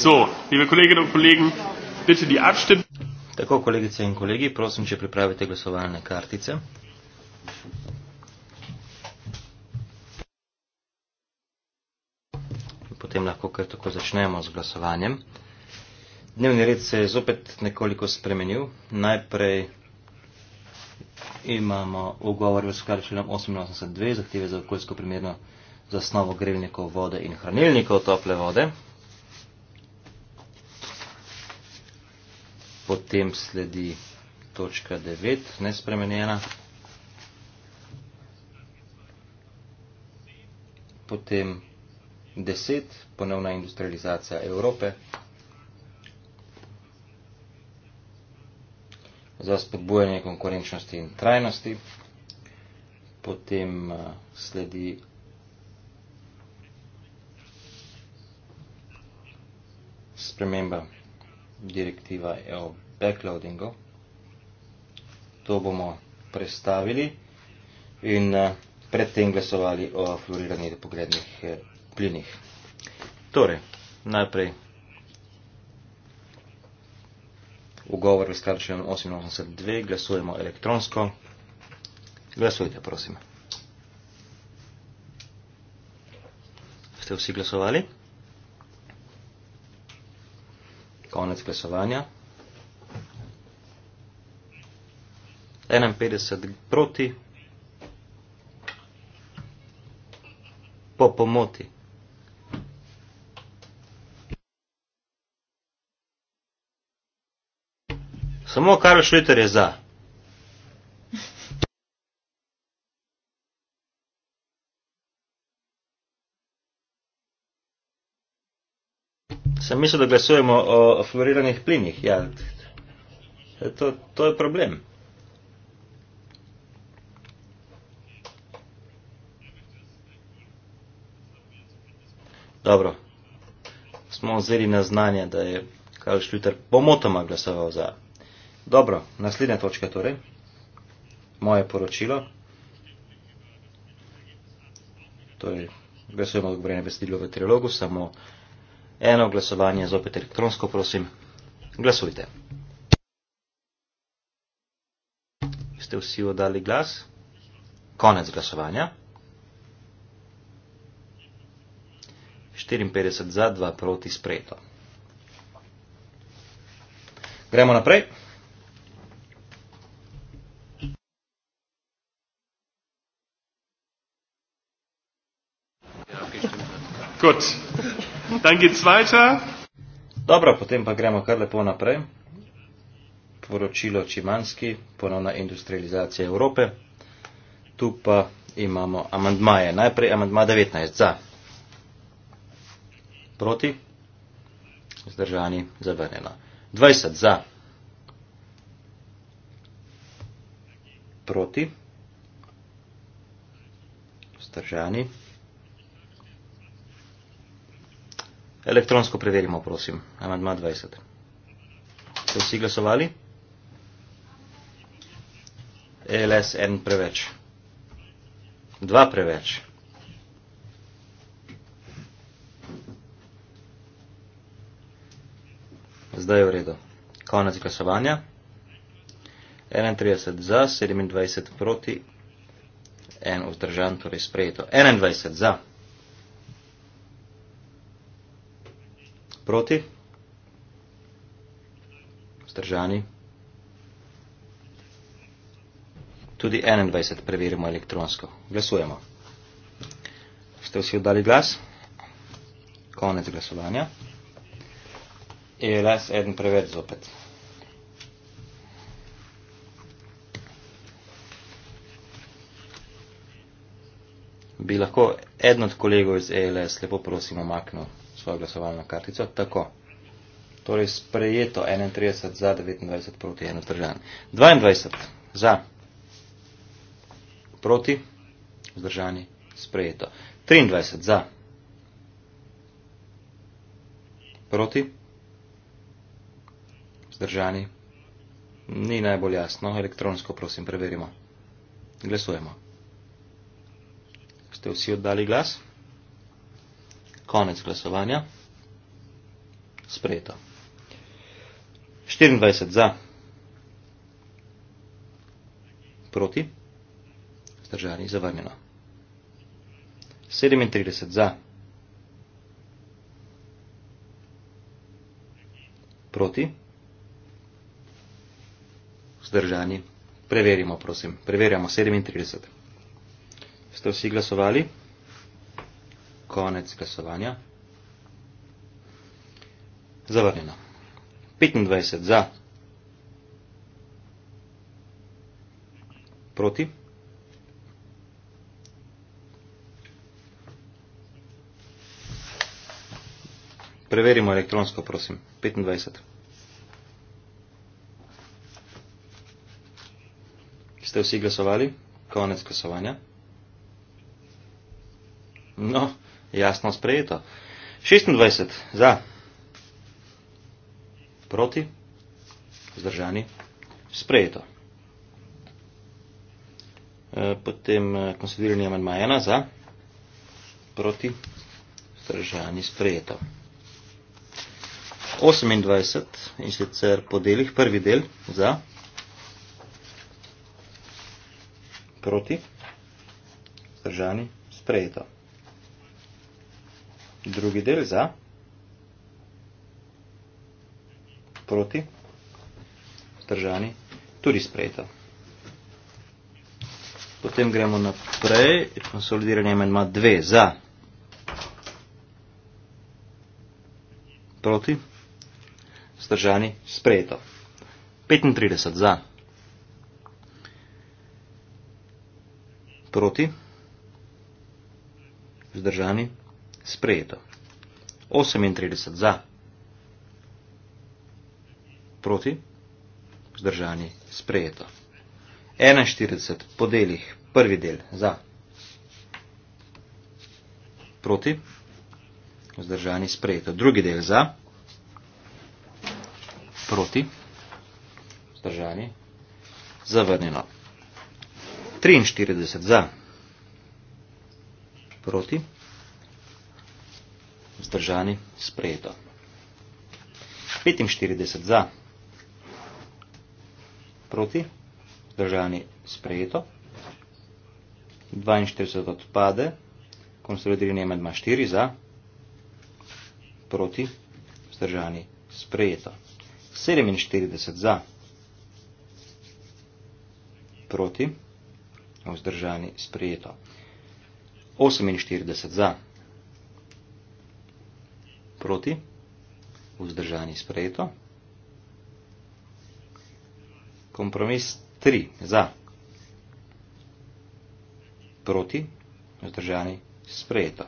So, liebe Kolleginnen und Kollegen, bitte die Abstimmung. Tako, kolegice in kolegi, prosim, če pripravite glasovalne kartice. Potem lahko kar tako začnemo z glasovanjem. Dnevni red se je zopet nekoliko spremenil. Najprej imamo ugovor v skladu členom 882, zahteve za okoljsko primerno zasnovo grelnikov vode in hranilnikov tople vode. Potem sledi točka 9, nespremenjena. Potem 10, ponovna industrializacija Evrope. Za spodbujanje konkurenčnosti in trajnosti. Potem eh, sledi sprememba direktiva EU backloadingov. To bomo predstavili in eh, predtem glasovali o fluoriranih pogrednih eh, plinih. Torej, najprej ugovor v skladu 882, glasujemo elektronsko. Glasujte, prosim. Ste vsi glasovali? Konec glasovanja. 51 proti, po pomoti. Samo Karl Schlitter je za. Sem mislil, da glasujemo o fluoriranih plinih. Ja, to, to je problem. Dobro, smo vzeli na znanje, da je Karl Šljuter pomotoma glasoval za. Dobro, naslednja točka torej, moje poročilo. Torej, glasujemo odgovorjene besedilo v trilogu, samo eno glasovanje, zopet elektronsko, prosim, glasujte. Ste vsi oddali glas? Konec glasovanja. 54 za, 2 proti sprejeto. Gremo naprej. Gut, dann geht's weiter. Dobro, potem pa gremo kar lepo naprej. Poročilo Čimanski, ponovna industrializacija Evrope. Tu pa imamo amandmaje. Najprej amandma 19 za. Proti? Zdržani, zavrnjeno. 20 za. Proti? Zdržani. Elektronsko preverimo, prosim. Amandma 20. Ste vsi glasovali? ELS en preveč. Dva preveč. Zdaj je v redu. Konec glasovanja. 31 za, 27 proti, en vzdržan, torej sprejeto. 21 za. Proti. Vzdržani. Tudi 21 preverimo elektronsko. Glasujemo. Ste vsi oddali glas? Konec glasovanja je raz en preveč zopet. Bi lahko en od kolegov iz ELS lepo prosim omaknil svojo glasovalno kartico? Tako. Torej sprejeto 31 za 29 proti 1 zdržan. 22 za proti zdržani sprejeto. 23 za proti vzdržani? Ni najbolj jasno. Elektronsko, prosim, preverimo. Glasujemo. Ste vsi oddali glas? Konec glasovanja. Sprejeto. 24 za. Proti. Zdržani. Zavrnjeno. 37 za. Proti zdržani. Preverimo, prosim. Preverjamo 37. Ste vsi glasovali? Konec glasovanja. Zavrnjeno. 25 za. Proti. Preverimo elektronsko, prosim. 25. Ste vsi glasovali? Konec glasovanja. No, jasno sprejeto. 26 za, proti, vzdržani, sprejeto. E, potem e, konsolidirani amandma 1 za, proti, vzdržani, sprejeto. 28 in sicer po delih, prvi del za, proti, vzdržani, sprejeto. proti, zdržani, sprejeto. Drugi del za, proti, zdržani, tudi sprejeto. Potem gremo naprej, konsolidiranje menima dve za, proti, zdržani, sprejeto. 35 za. proti, vzdržani, sprejeto. 38 za, proti, vzdržani, sprejeto. 41 po delih, prvi del za, proti, vzdržani, sprejeto. Drugi del za, proti, vzdržani, zavrnjeno. 43 za, proti, vzdržani, sprejeto. 45 za, proti, vzdržani, sprejeto. 42 odpade, konsolidirani med 4 za, proti, vzdržani, sprejeto. 47 za, proti, vzdržani, sprejeto enotno vzdržani sprejeto. 48 za, proti, vzdržani sprejeto. Kompromis 3 za, proti, vzdržani sprejeto.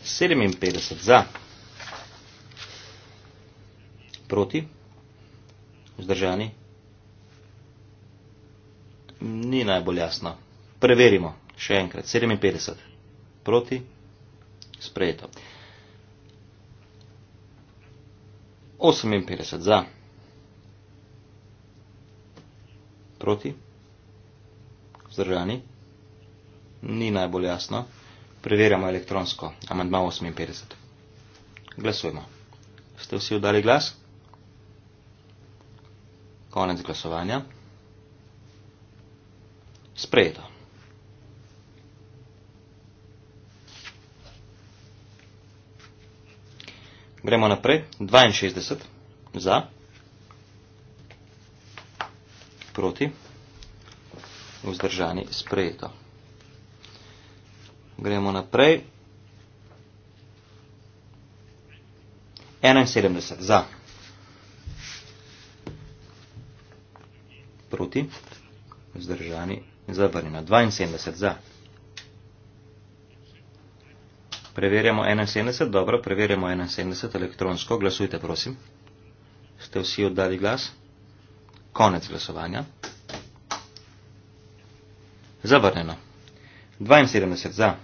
57 za, proti, vzdržani sprejeto ni najbolj jasno. Preverimo še enkrat. 57 proti sprejeto. 58 za. Proti. Zdržani. Ni najbolj jasno. Preverjamo elektronsko. Amandma 58. Glasujemo. Ste vsi oddali glas? Konec glasovanja sprejeta. Gremo naprej. 62 za, proti, vzdržani, sprejeto. Gremo naprej. 71 za, proti, vzdržani, sprejeto zavrnjeno. 72 za. Preverjamo 71, dobro, preverjamo 71 elektronsko. Glasujte, prosim. Ste vsi oddali glas? Konec glasovanja. Zavrnjeno. 72 za.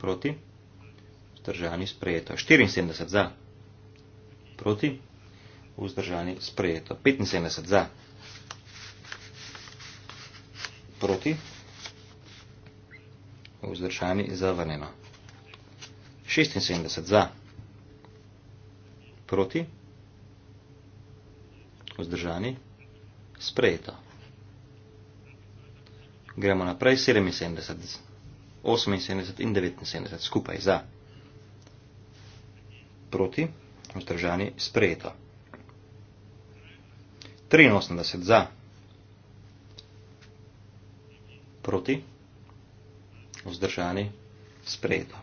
Proti. Vzdržani sprejeto. 74 za. Proti. Vzdržani sprejeto. 75 za proti, vzdržani zavrnjeno. 76 za, proti, vzdržani, sprejeto. Gremo naprej, 77, 78 in 79 skupaj za, proti, vzdržani, sprejeto. 83 za, proti, proti, vzdržani, sprejeto.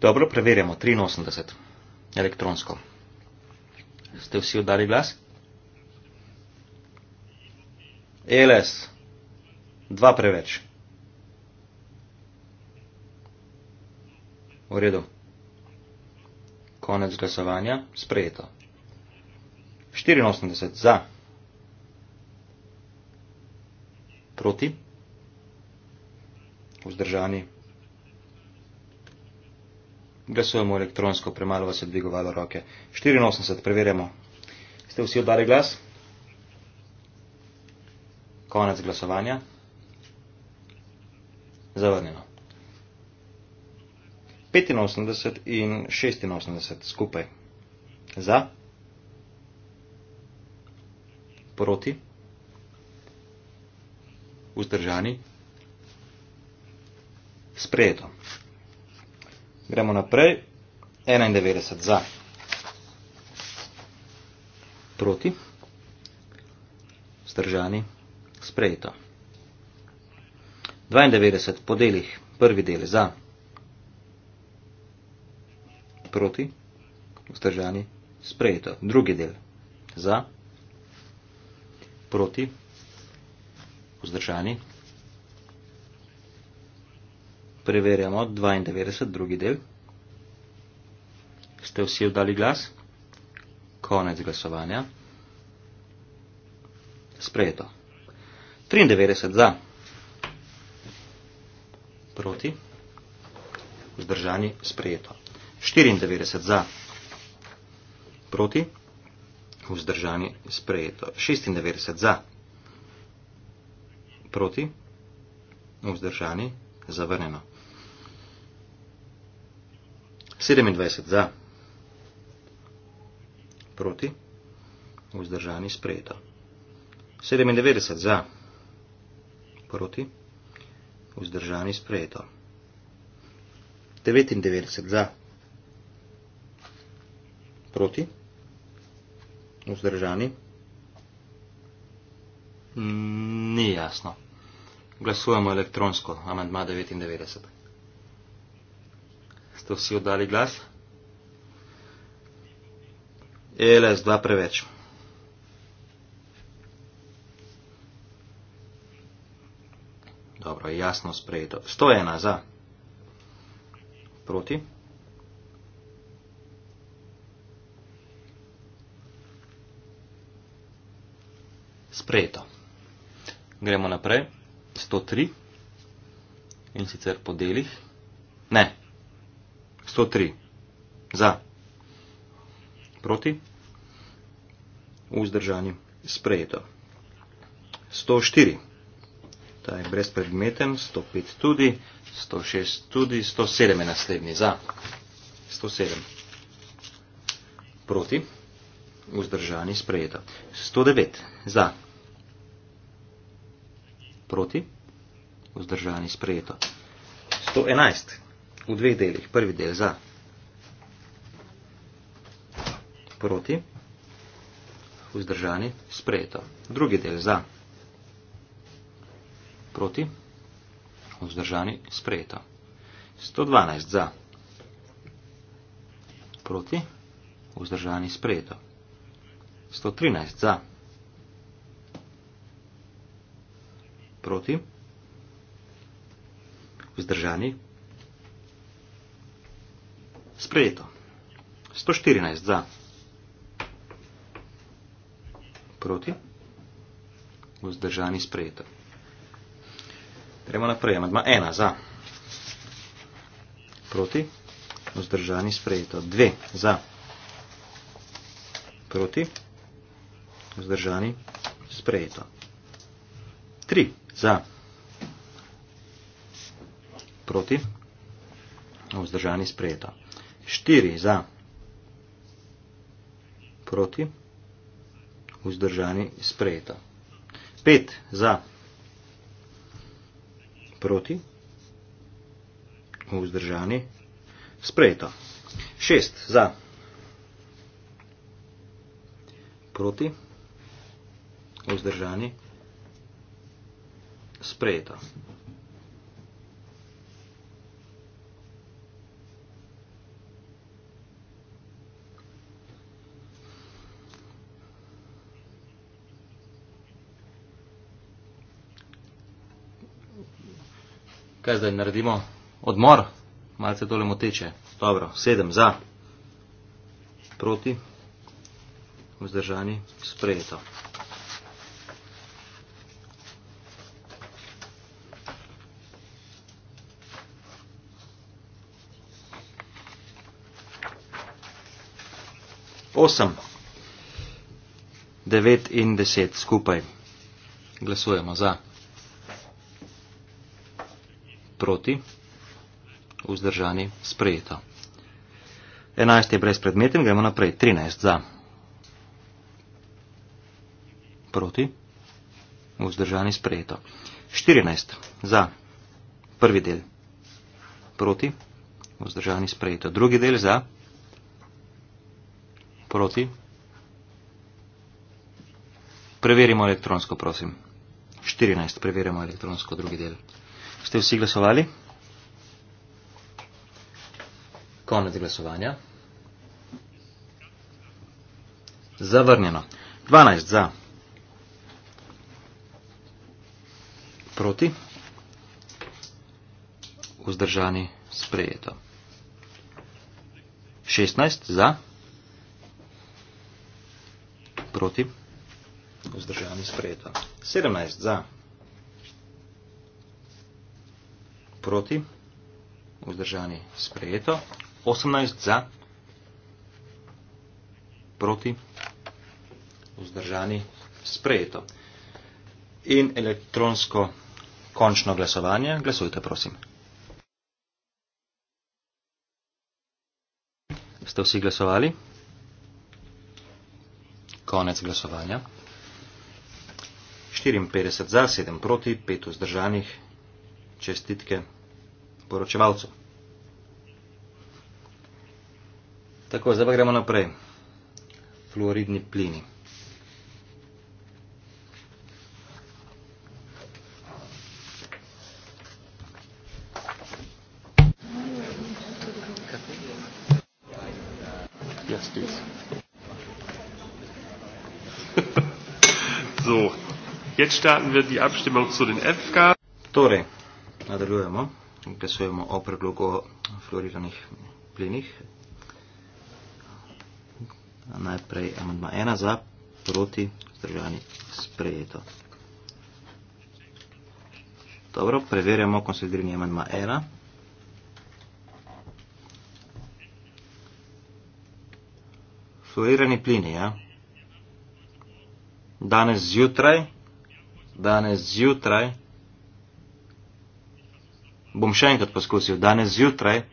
Dobro, preverjamo 83 elektronsko. Ste vsi oddali glas? LS, dva preveč. V redu. Konec glasovanja, sprejeto. 84 za. proti, vzdržani. Glasujemo elektronsko, premalo vas je dvigovalo roke. 84, preverjamo. Ste vsi oddali glas? Konec glasovanja. Zavrnjeno. 85 in 86 skupaj. Za. Proti vzdržani, sprejeto. Gremo naprej, 91 za, proti, vzdržani, sprejeto. 92 po delih, prvi del za, proti, vzdržani, sprejeto. Drugi del za, proti, vzdržani vzdržani. Preverjamo 92, drugi del. Ste vsi oddali glas? Konec glasovanja. Sprejeto. 93 za. Proti. Vzdržani. Sprejeto. 94 za. Proti. Vzdržani. Sprejeto. 96 za proti, vzdržani, zavrnjeno. 27 za, proti, vzdržani, sprejeto. 97 za, proti, vzdržani, sprejeto. 99 za, proti, vzdržani, sprejeto. Mm. Ni jasno. Glasujemo elektronsko, amantma 99. Ste vsi oddali glas? ELS 2 preveč. Dobro, jasno sprejeto. 101 za. Proti. Sprejeto. Gremo naprej. 103 in sicer po delih. Ne. 103. Za. Proti. Vzdržani. Sprejeto. 104. Ta je brezpredmeten. 105 tudi. 106 tudi. 107 je naslednji. Za. 107. Proti. Vzdržani. Sprejeto. 109. Za proti, vzdržani sprejeto. 111 v dveh delih, prvi del za, proti, vzdržani sprejeto, drugi del za, proti, vzdržani sprejeto, 112 za, proti, vzdržani sprejeto, 113 za, proti, proti, vzdržani, sprejeto. 114 za, proti, vzdržani, sprejeto. Gremo naprej, amadma 1 za, proti, vzdržani, sprejeto. 2 za, proti, vzdržani, sprejeto. 3 za, proti, vzdržani sprejeto. Štiri za, proti, vzdržani sprejeto. Pet za, proti, vzdržani sprejeto. Šest za, proti, vzdržani sprejeto sprejeta. Kaj zdaj naredimo? Odmor? Malce tole moteče. Dobro, sedem za, proti, vzdržani, sprejeto. 8, 9 in 10 skupaj. Glasujemo za, proti, vzdržani, sprejeto. 11 je brezpredmeten, gremo naprej. 13 za, proti, vzdržani, sprejeto. 14 za, prvi del, proti, vzdržani, sprejeto. Drugi del za, proti. Proti. Preverimo elektronsko, prosim. 14. Preverimo elektronsko drugi del. Ste vsi glasovali? Konec glasovanja. Zavrnjeno. 12 za. Proti. Vzdržani sprejeto. 16 za proti, vzdržani sprejeto. 17 za, proti, vzdržani sprejeto. 18 za, proti, vzdržani sprejeto. In elektronsko končno glasovanje, glasujte prosim. Ste vsi glasovali? Konec glasovanja. 54 za, 7 proti, 5 vzdržanih. Čestitke poročevalcu. Tako, zdaj pa gremo naprej. Fluoridni plini. Jetzt starten wir die Abstimmung zu den f Torej, nadaljujemo. Glasujemo o predlogu floriranih plinih. Najprej amandma 1 za, proti, vzdržani, sprejeto. Dobro, preverjamo konsolidiranje amandma 1. Florirani plini, ja? Danes zjutraj, danes zjutraj, bom še enkrat poskusil, danes zjutraj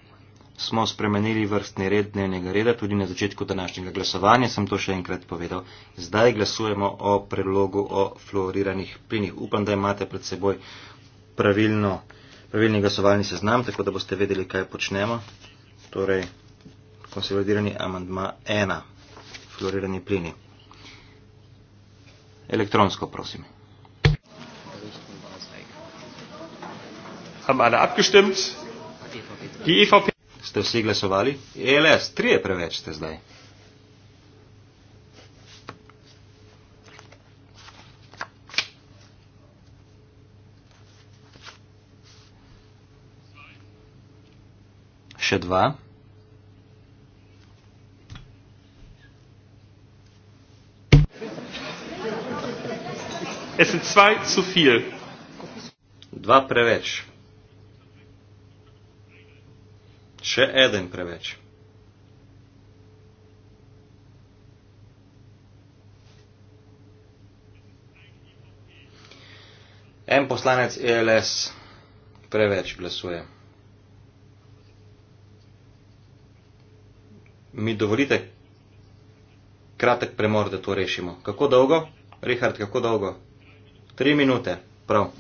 smo spremenili vrstni red dnevnega reda, tudi na začetku današnjega glasovanja sem to še enkrat povedal. Zdaj glasujemo o predlogu o fluoriranih plinih. Upam, da imate pred seboj pravilno, pravilni glasovalni seznam, tako da boste vedeli, kaj počnemo. Torej, konsolidirani amandma 1, fluorirani plini. Elektronsko, prosim. Haben alle abgestimmt? Die EVP. Ste vsi glasovali? ELS, tri je preveč ste zdaj. Še dva. Es sind zwei zu viel. Dva preveč. še eden preveč. En poslanec ELS preveč glasuje. Mi dovolite kratek premor, da to rešimo. Kako dolgo? Richard, kako dolgo? Tri minute. Prav.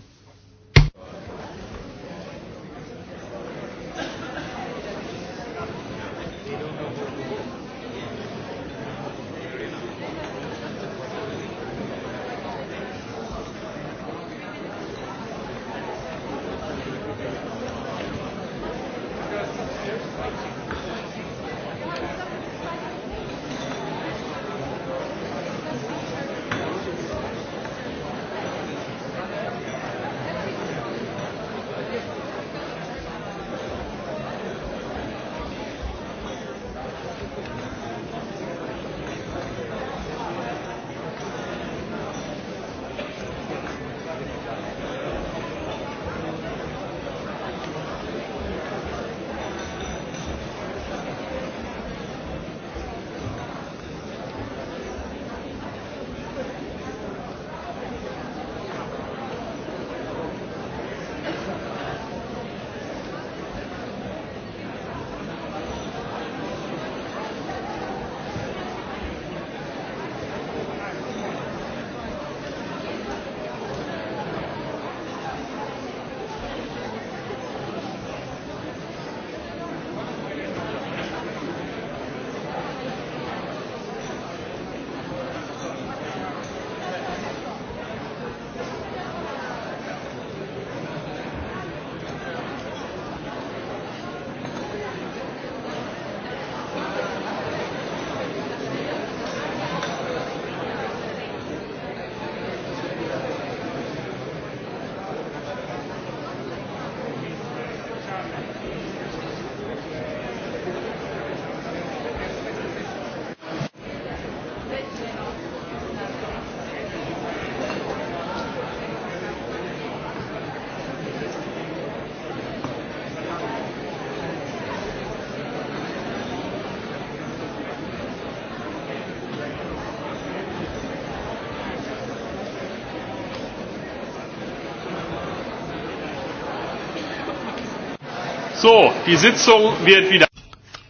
Die Sitzung wird wieder.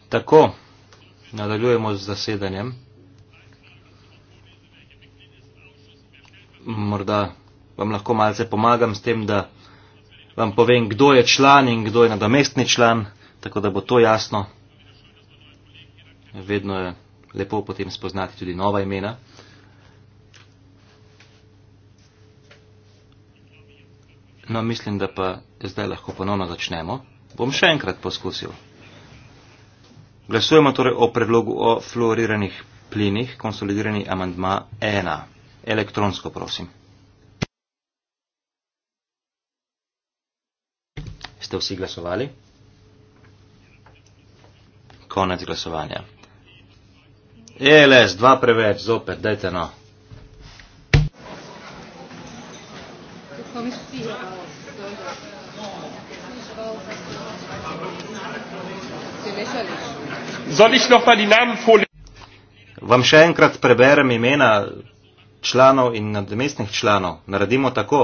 Tako, nadaljujemo z zasedanjem. Morda vam lahko malce pomagam s tem, da vam povem, kdo je član in kdo je nadomestni član, tako da bo to jasno. Vedno je lepo potem spoznati tudi nova imena. No, mislim, da pa zdaj lahko ponovno začnemo. Bom še enkrat poskusil. Glasujemo torej o predlogu o fluoriranih plinih, konsolidirani amandma 1. Elektronsko, prosim. Ste vsi glasovali? Konec glasovanja. ELS, dva preveč, zopet, dajte no. Vam še enkrat preberem imena članov in nadmestnih članov. Naredimo tako,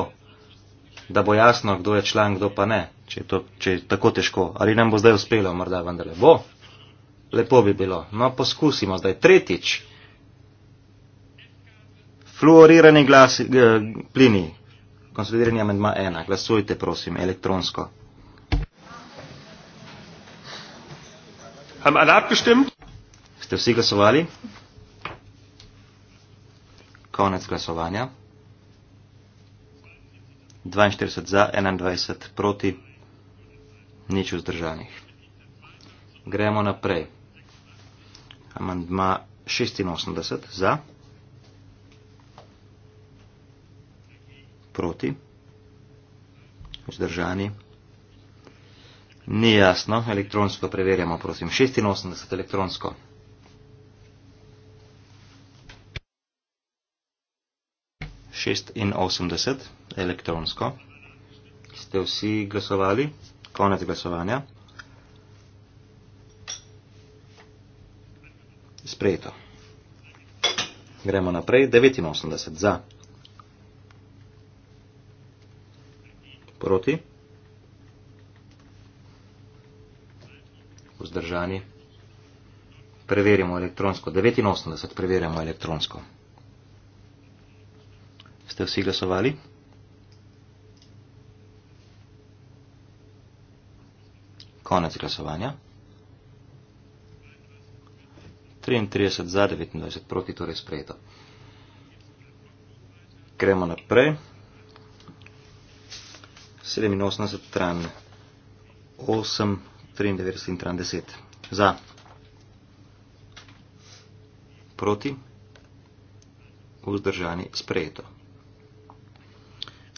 da bo jasno, kdo je član, kdo pa ne. Če je, to, če je tako težko. Ali nam bo zdaj uspelo, morda vendarle bo. Lepo bi bilo. No, poskusimo zdaj tretjič. Fluorirani glas, eh, plini. Konsolidirani amendma 1. Glasujte, prosim, elektronsko. Haben alle abgestimmt? Ste vsi glasovali? Konec glasovanja. 42 za, 21 proti, nič vzdržanih. Gremo naprej. Amandma 86 za, proti, vzdržani. Ni jasno, elektronsko preverjamo, prosim. 86 elektronsko. Šest in osemdeset, elektronsko. Ste vsi glasovali? Konec glasovanja. Sprejeto. Gremo naprej. 89 za. Proti. vzdržani. Preverimo elektronsko. 89 preverjamo elektronsko. Ste vsi glasovali? Konec glasovanja. 33 za, 29 proti, torej sprejeto. Gremo naprej. 87 tran 8 93 in 30. Za. Proti. Vzdržani sprejeto.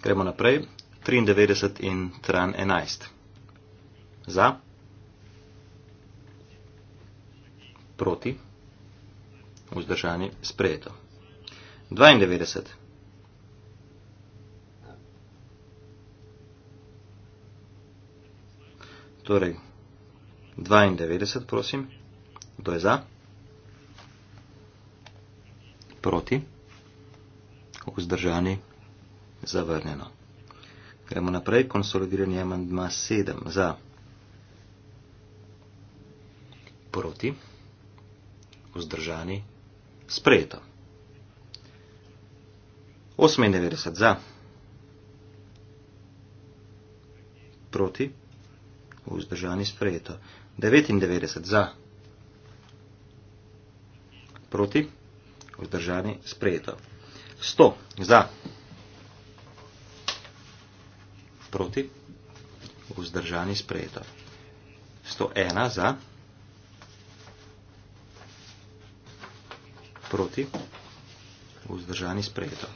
Gremo naprej. 93 in 11. Za. Proti. Vzdržani sprejeto. 92. Torej, 92, prosim. Kdo je za? Proti. Vzdržani. Zavrnjeno. Gremo naprej. Konsolidiranje amandma 7 za. Proti. Vzdržani. Sprejeto. 98 za. Proti. Vzdržani. Sprejeto. 99 za, proti, vzdržani, sprejeto. 100 za, proti, vzdržani, sprejeto. 101 za, proti, vzdržani, sprejeto.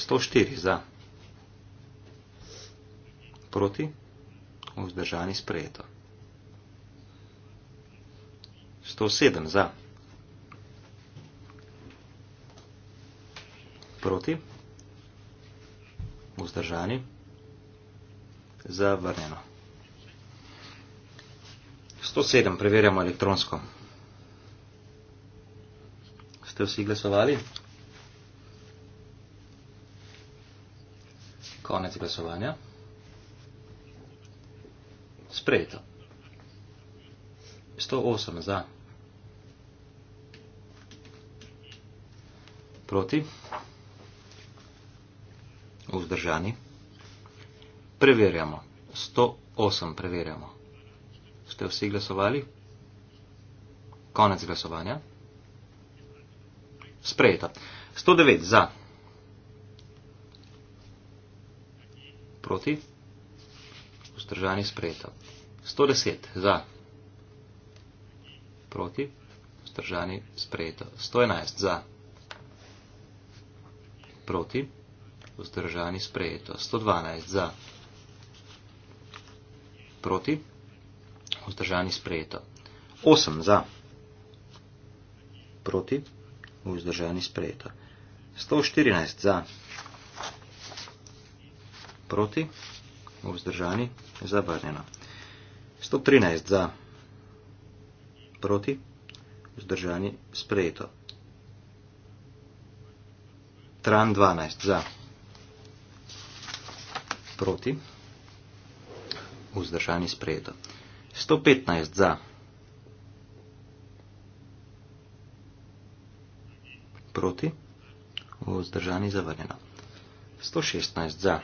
104 za, proti, vzdržani, sprejeto. 105 za, proti, vzdržani, sprejeto. 107 za, proti, vzdržani, zavrneno. 107 preverjamo elektronsko. Ste vsi glasovali? Konec glasovanja. Sprejeto. 108 za. proti, vzdržani. Preverjamo. 108 preverjamo. Ste vsi glasovali? Konec glasovanja. Sprejeto. 109 za. Proti. Vzdržani sprejeto. 110 za. Proti. Vzdržani sprejeto. 111 za proti, vzdržani sprejeto. 112 za, proti, vzdržani sprejeto. 8 za, proti, vzdržani sprejeto. 114 za, proti, vzdržani, zavrnjeno. 113 za, proti, vzdržani, sprejeto stran 12 za proti, vzdržani sprejeto. 115 za proti, vzdržani zavrnjeno. 116 za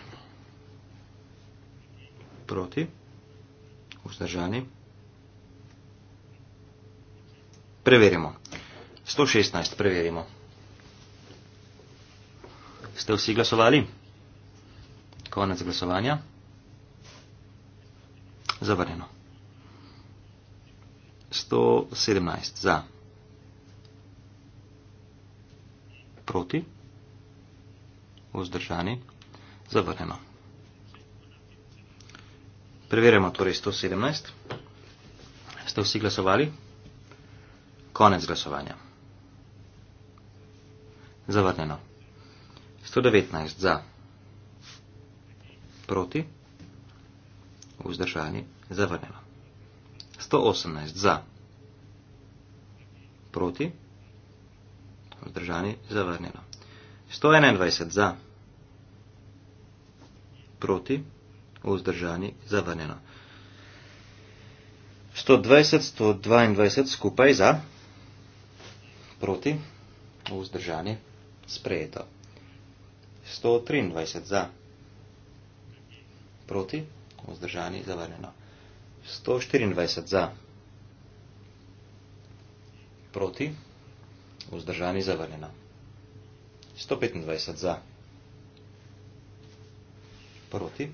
proti, vzdržani preverimo. 116 preverimo. Ste vsi glasovali? Konec glasovanja. Zavrjeno. 117 za. Proti. Vzdržani. Zavrjeno. Preverjamo torej 117. Ste vsi glasovali? Konec glasovanja. Zavrnjeno. 119 za, proti, vzdržani, zavrnjeno. 118 za, proti, vzdržani, zavrnjeno. 121 za, proti, vzdržani, zavrnjeno. 120, 122 skupaj za, proti, vzdržani, sprejeto. 123 za, proti, vzdržani, zavrnjeno. 124 za, proti, vzdržani, zavrnjeno. 125 za, proti,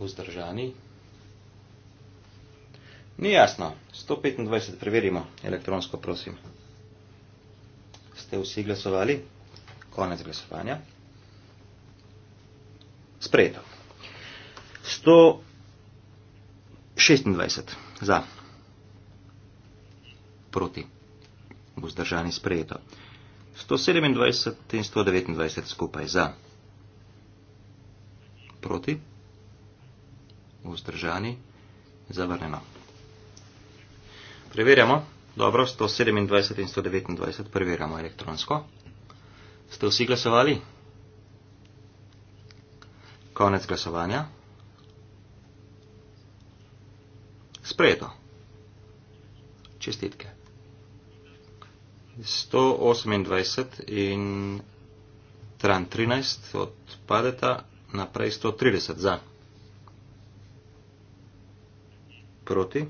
vzdržani. Ni jasno, 125 preverimo elektronsko, prosim. Ste vsi glasovali? Konec glasovanja. Sprejeto. 126 za. Proti. Bo zdržani sprejeto. 127 in 129 skupaj za. Proti. Bo zdržani. Zavrneno. Preverjamo. Dobro, 127 in 129 preverjamo elektronsko. Ste vsi glasovali? Konec glasovanja. Sprejeto. Čestitke. 128 in tran 13 odpadeta naprej 130 za. Proti.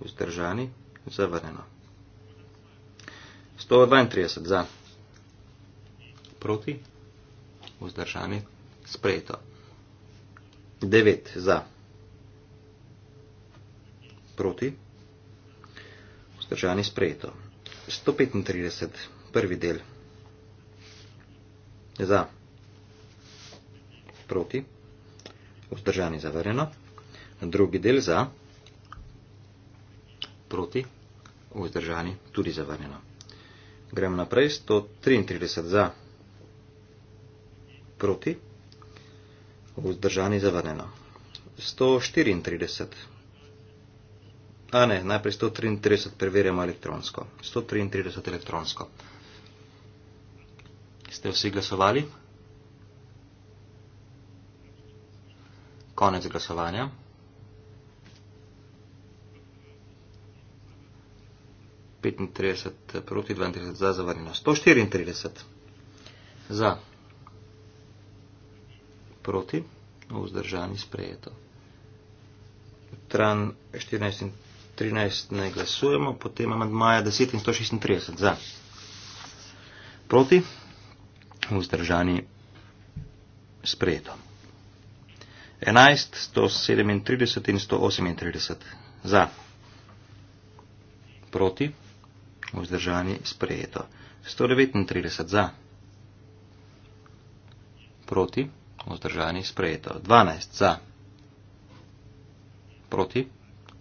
Vzdržani. Zavrneno. 132 za. Proti? Vzdržani. Sprejeto. 9 za. Proti? Vzdržani. Sprejeto. 135. Prvi del. Za. Proti? Vzdržani. Zavrjeno. Drugi del za. Proti? Vzdržani. Tudi zavrjeno. Gremo naprej. 133 za, proti, vzdržani zavrnjeno. 134, a ne, najprej 133 preverjamo elektronsko. 133 elektronsko. Ste vsi glasovali? Konec glasovanja. 35 proti 32 za zavrnjeno. 134 za proti, vzdržani sprejeto. Tran 14 in 13 ne glasujemo, potem imamo maja 10 in 136 za proti, vzdržani sprejeto. 11, 137 in 138 za proti vzdržani sprejeto. 139 za. Proti, vzdržani sprejeto. 12 za. Proti,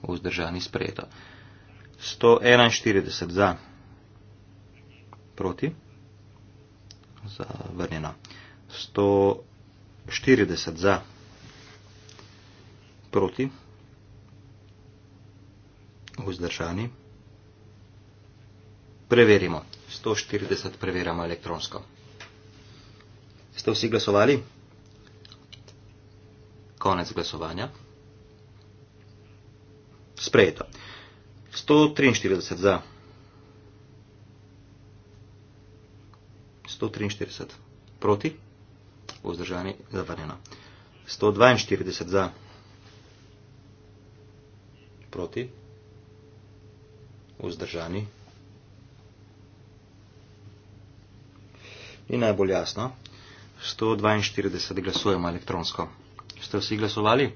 vzdržani sprejeto. 141 za. Proti, zavrnjeno. 140 za. Proti, vzdržani sprejeto. Preverimo. 140 preverjamo elektronsko. Ste vsi glasovali? Konec glasovanja. Sprejeto. 143 za. 143 proti. Vzdržani zavrnjeno. 142 za. Proti. Vzdržani zavrnjeno. Ni najbolj jasno. 142 glasujemo elektronsko. Ste vsi glasovali?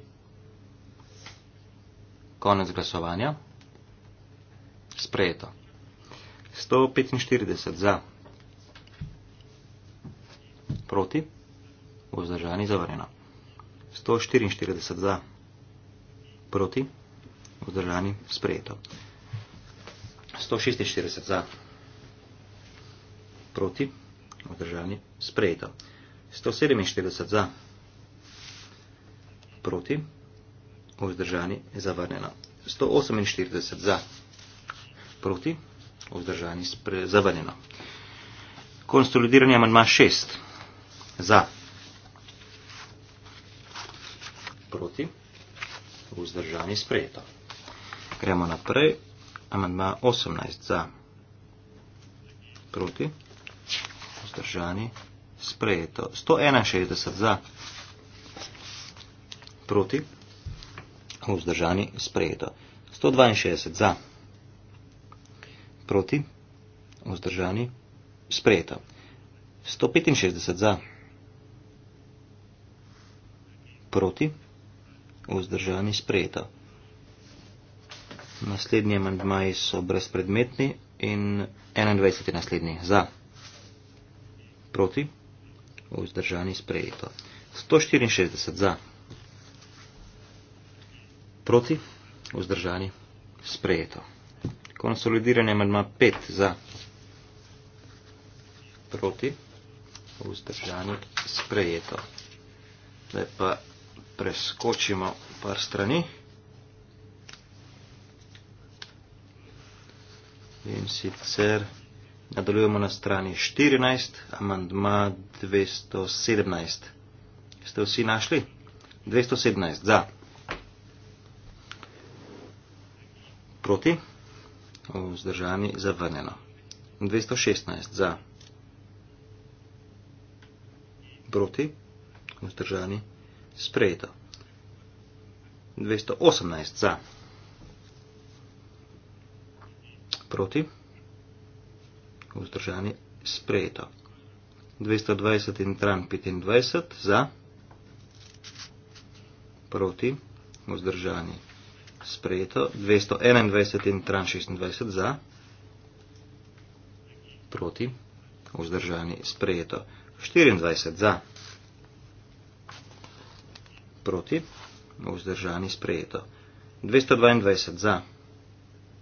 Konec glasovanja. Sprejeto. 145 za. Proti. Vzdržani zavrnjeno. 144 za. Proti. Vzdržani sprejeto. 146 za. Proti održani, sprejeto. 147 za, proti, vzdržani, zavrnjeno. 148 za, proti, vzdržani, zavrnjeno. Konsolidirani amandma 6 za, proti, vzdržani, sprejeto. Gremo naprej. Amandma 18 za, proti, vzdržani, sprejeto vzdržani, sprejeto. 161 za, proti, vzdržani, sprejeto. 162 za, proti, vzdržani, sprejeto. 165 za, proti, vzdržani, sprejeto. Naslednji amandmaji so brezpredmetni in 21 je naslednji za. Proti? Vzdržani sprejeto. 164 za. Proti? Vzdržani sprejeto. Konsolidiranje ima 5 za. Proti? Vzdržani sprejeto. Zdaj pa preskočimo par strani. In sicer Nadaljujemo na strani 14, amandma 217. Ste vsi našli? 217. Za. Proti. Vzdržani. Zavrnjeno. 216. Za. Proti. Vzdržani. Sprejeto. 218. Za. Proti vzdržani sprejeto. 220 in tram 25 za, proti, vzdržani sprejeto. 221 in tram 26 za, proti, vzdržani sprejeto. 24 za, proti, vzdržani sprejeto. 222 za,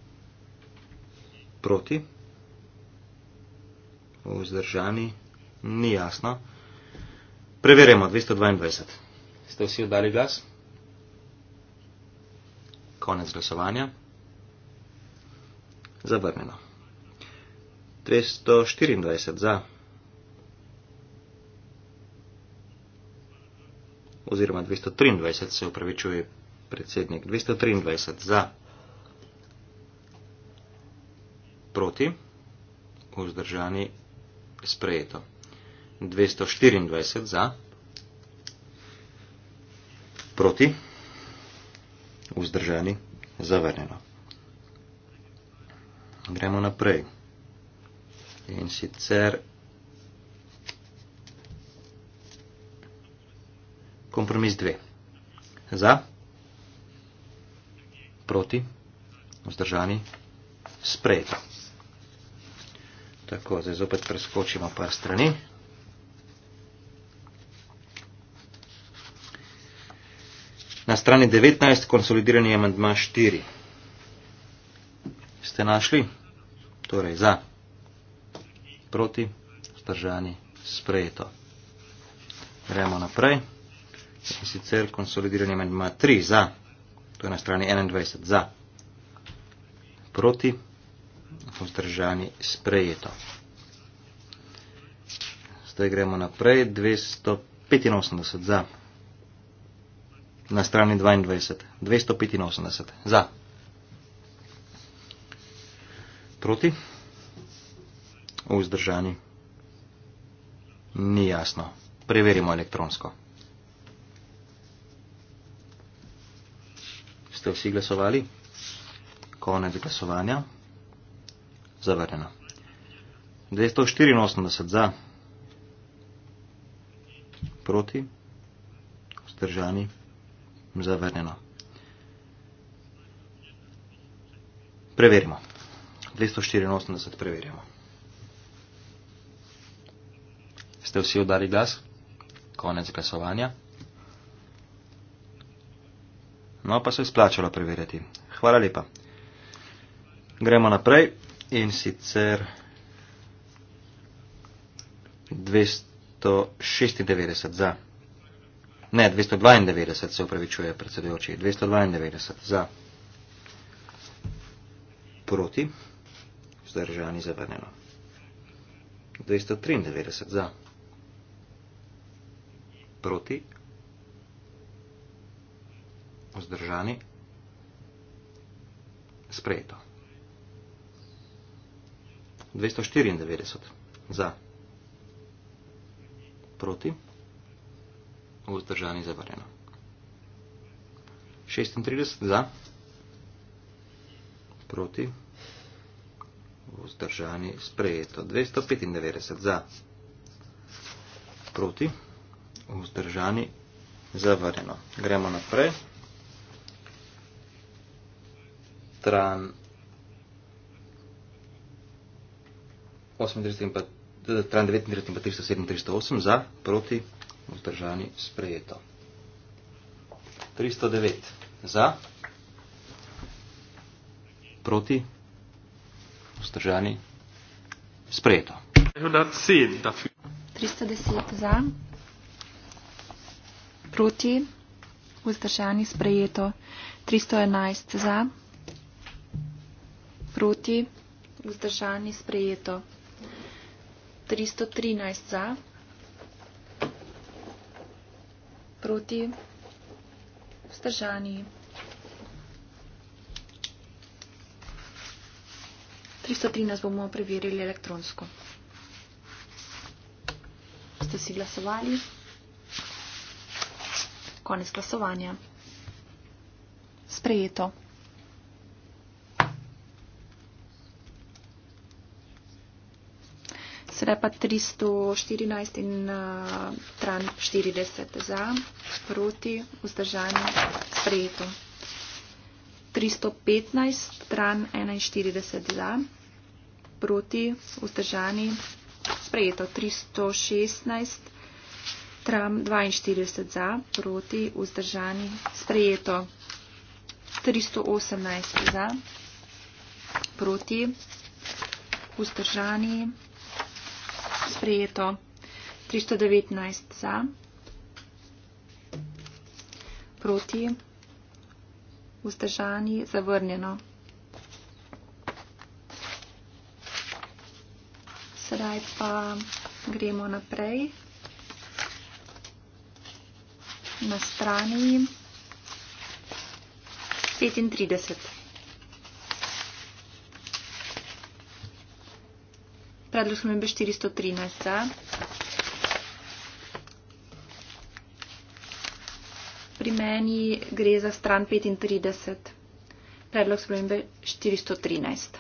proti, vzdržani sprejeto vzdržani, ni jasno. Preverjamo, 222. Ste vsi oddali glas? Konec glasovanja. Zavrnjeno. 224 za. Oziroma 223 se upravičuje predsednik. 223 za. Proti. Vzdržani sprejeto. 224 za, proti, vzdržani, zavrnjeno. Gremo naprej. In sicer kompromis 2. Za, proti, vzdržani, sprejeto. Tako, zdaj zopet preskočimo par strani. Na strani 19 konsolidirani je mandma 4. Ste našli? Torej za, proti, vzdržani, sprejeto. Gremo naprej. In sicer konsolidirani je mandma 3 za, to je na strani 21 za, proti, vzdržani, sprejeto vzdržani sprejeto. Zdaj gremo naprej. 285 za. Na strani 22. 285 za. Proti. Vzdržani. Ni jasno. Preverimo elektronsko. Ste vsi glasovali? Konec glasovanja zavrnjeno. 284 za, proti, vzdržani, zavrnjeno. Preverimo. 284 preverjamo. Ste vsi oddali glas? Konec glasovanja. No, pa se je splačalo preverjati. Hvala lepa. Gremo naprej in sicer 296 za. Ne, 292 se upravičuje predsedujoči. 292 za. Proti. Zdržani zavrnjeno. 293 za. Proti. Vzdržani, sprejeto. 294. Za. Proti. Vzdržani zavarjeno. 36. Za. Proti. Vzdržani sprejeto. 295. Za. Proti. Vzdržani zavarjeno. Gremo naprej. Tran. 39 in 307 in 308 za, proti, vzdržani, sprejeto. 309 za, proti, vzdržani, sprejeto. 310 za, proti, vzdržani, sprejeto. 311 za, proti, vzdržani, sprejeto. 313 za, proti vzdržani. 313 bomo preverili elektronsko. Ste si glasovali? Konec glasovanja. Sprejeto. repa 314 in uh, tran 40 za, proti, vzdržanje, sprejeto. 315, tran 41 za, proti, vzdržanje, sprejeto. 316, tran 42 za, proti, vzdržanje, sprejeto. 318 za, proti, vzdržanje, sprejeto sprejeto. 319 za, proti, vzdržani, zavrnjeno. Sedaj pa gremo naprej na strani 35. Predlog smo imeli 413. Za. Pri meni gre za stran 35. Predlog smo imeli 413.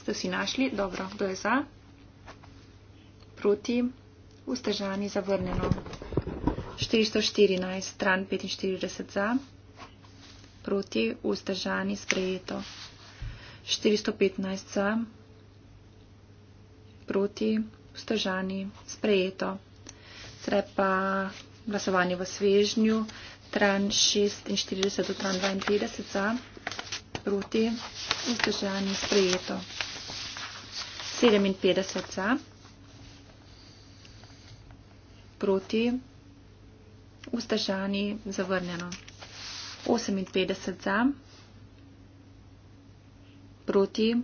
Ste vsi našli? Dobro, kdo je za? Proti? Ustežani, zavrnjeno. 414, stran 45 za. Proti? Ustežani, sprejeto. 415 za proti, vzdržani, sprejeto. Trepa glasovanje v svežnju, tran 46 do tran 32 za, proti, vzdržani, sprejeto. 57 za, proti, vzdržani, zavrnjeno. 58 za, proti,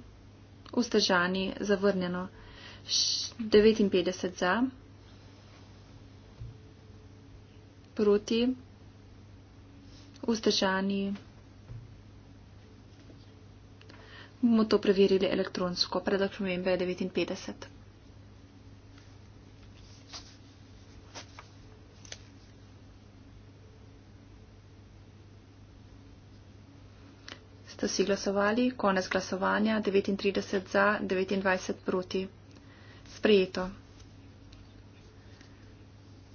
vzdržani, zavrnjeno. 59 za, proti, vzdržani. Bomo to preverili elektronsko, predlog novembe je 59. Ste si glasovali, konec glasovanja, 39 za, 29 proti sprejeto.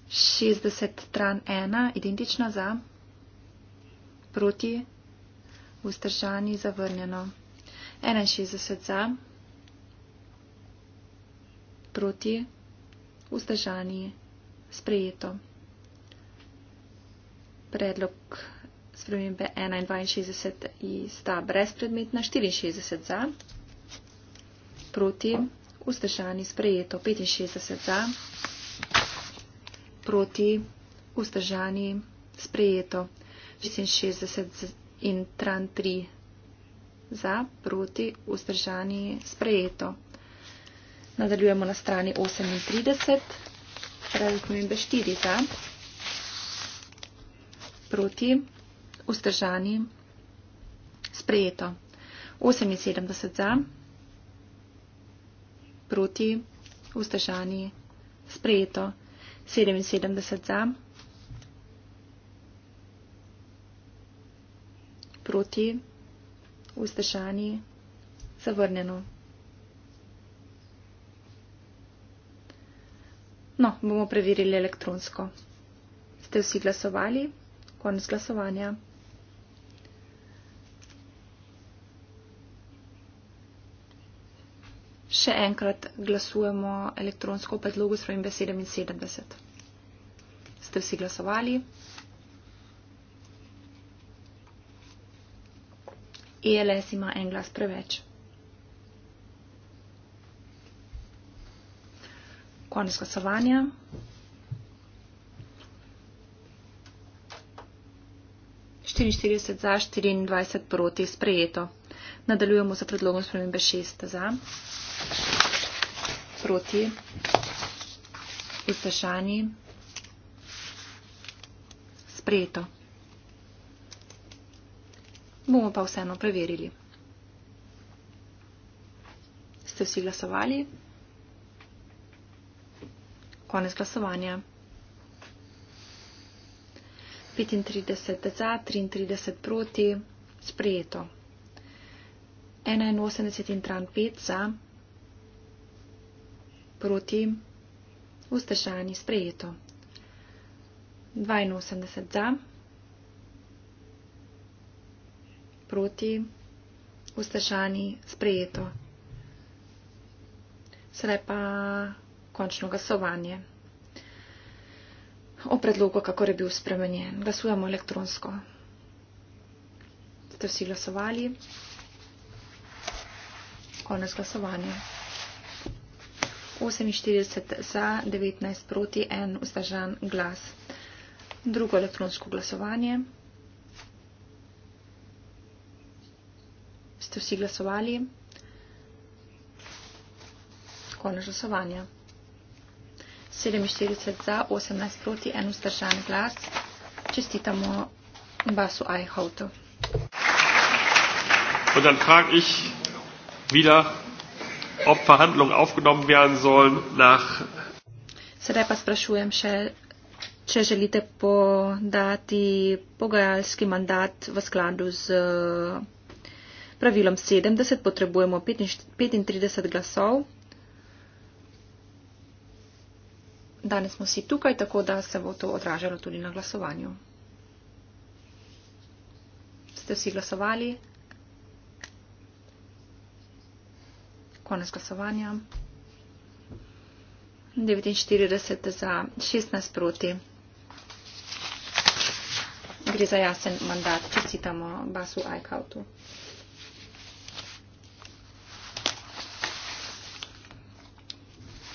60 stran 1, identično za, proti, vzdržani, zavrnjeno. 61 za, proti, vzdržani, sprejeto. Predlog spremembe 61 je sta brezpredmetna, 64 za, proti, vzdržani sprejeto 65 za, proti vzdržani sprejeto 66 in 33 za, proti vzdržani sprejeto. Nadaljujemo na strani 38, trenutno imamo 4 za, proti vzdržani sprejeto. 78 za, proti, vzdržani, sprejeto, 77 za, proti, vzdržani, zavrnjeno. No, bomo preverili elektronsko. Ste vsi glasovali? Konec glasovanja. še enkrat glasujemo elektronsko v predlogu s svojim 77. Ste vsi glasovali? ELS ima en glas preveč. Konec glasovanja. za, 24 proti, sprejeto. Nadaljujemo za predlogom spremembe 6 za proti ustašani sprejeto. Bomo pa vseeno preverili. Ste vsi glasovali? Konec glasovanja. 35 za, 33 proti, sprejeto. 81 in 35 za proti vstešani sprejeto. 82 za, proti vstešani sprejeto. Sedaj pa končno glasovanje o predlogu, kako je bil spremenjen. Glasujemo elektronsko. Ste vsi glasovali? Konec glasovanja. 48 za, 19 proti, 1 vzdržan glas. Drugo elektronsko glasovanje. Ste vsi glasovali? Konec glasovanja. 47 za, 18 proti, 1 vzdržan glas. Čestitamo basu Eichhautu. Und dann frage ich wieder ob Verhandlungen aufgenommen werden sollen nach Sedaj pa sprašujem še, če želite podati pogajalski mandat v skladu z eh, pravilom 70, potrebujemo 35 glasov. Danes smo si tukaj, tako da se bo to odražalo tudi na glasovanju. Ste vsi glasovali? konec glasovanja. 49 za 16 proti. Gre za jasen mandat, čestitamo Basu Aikautu.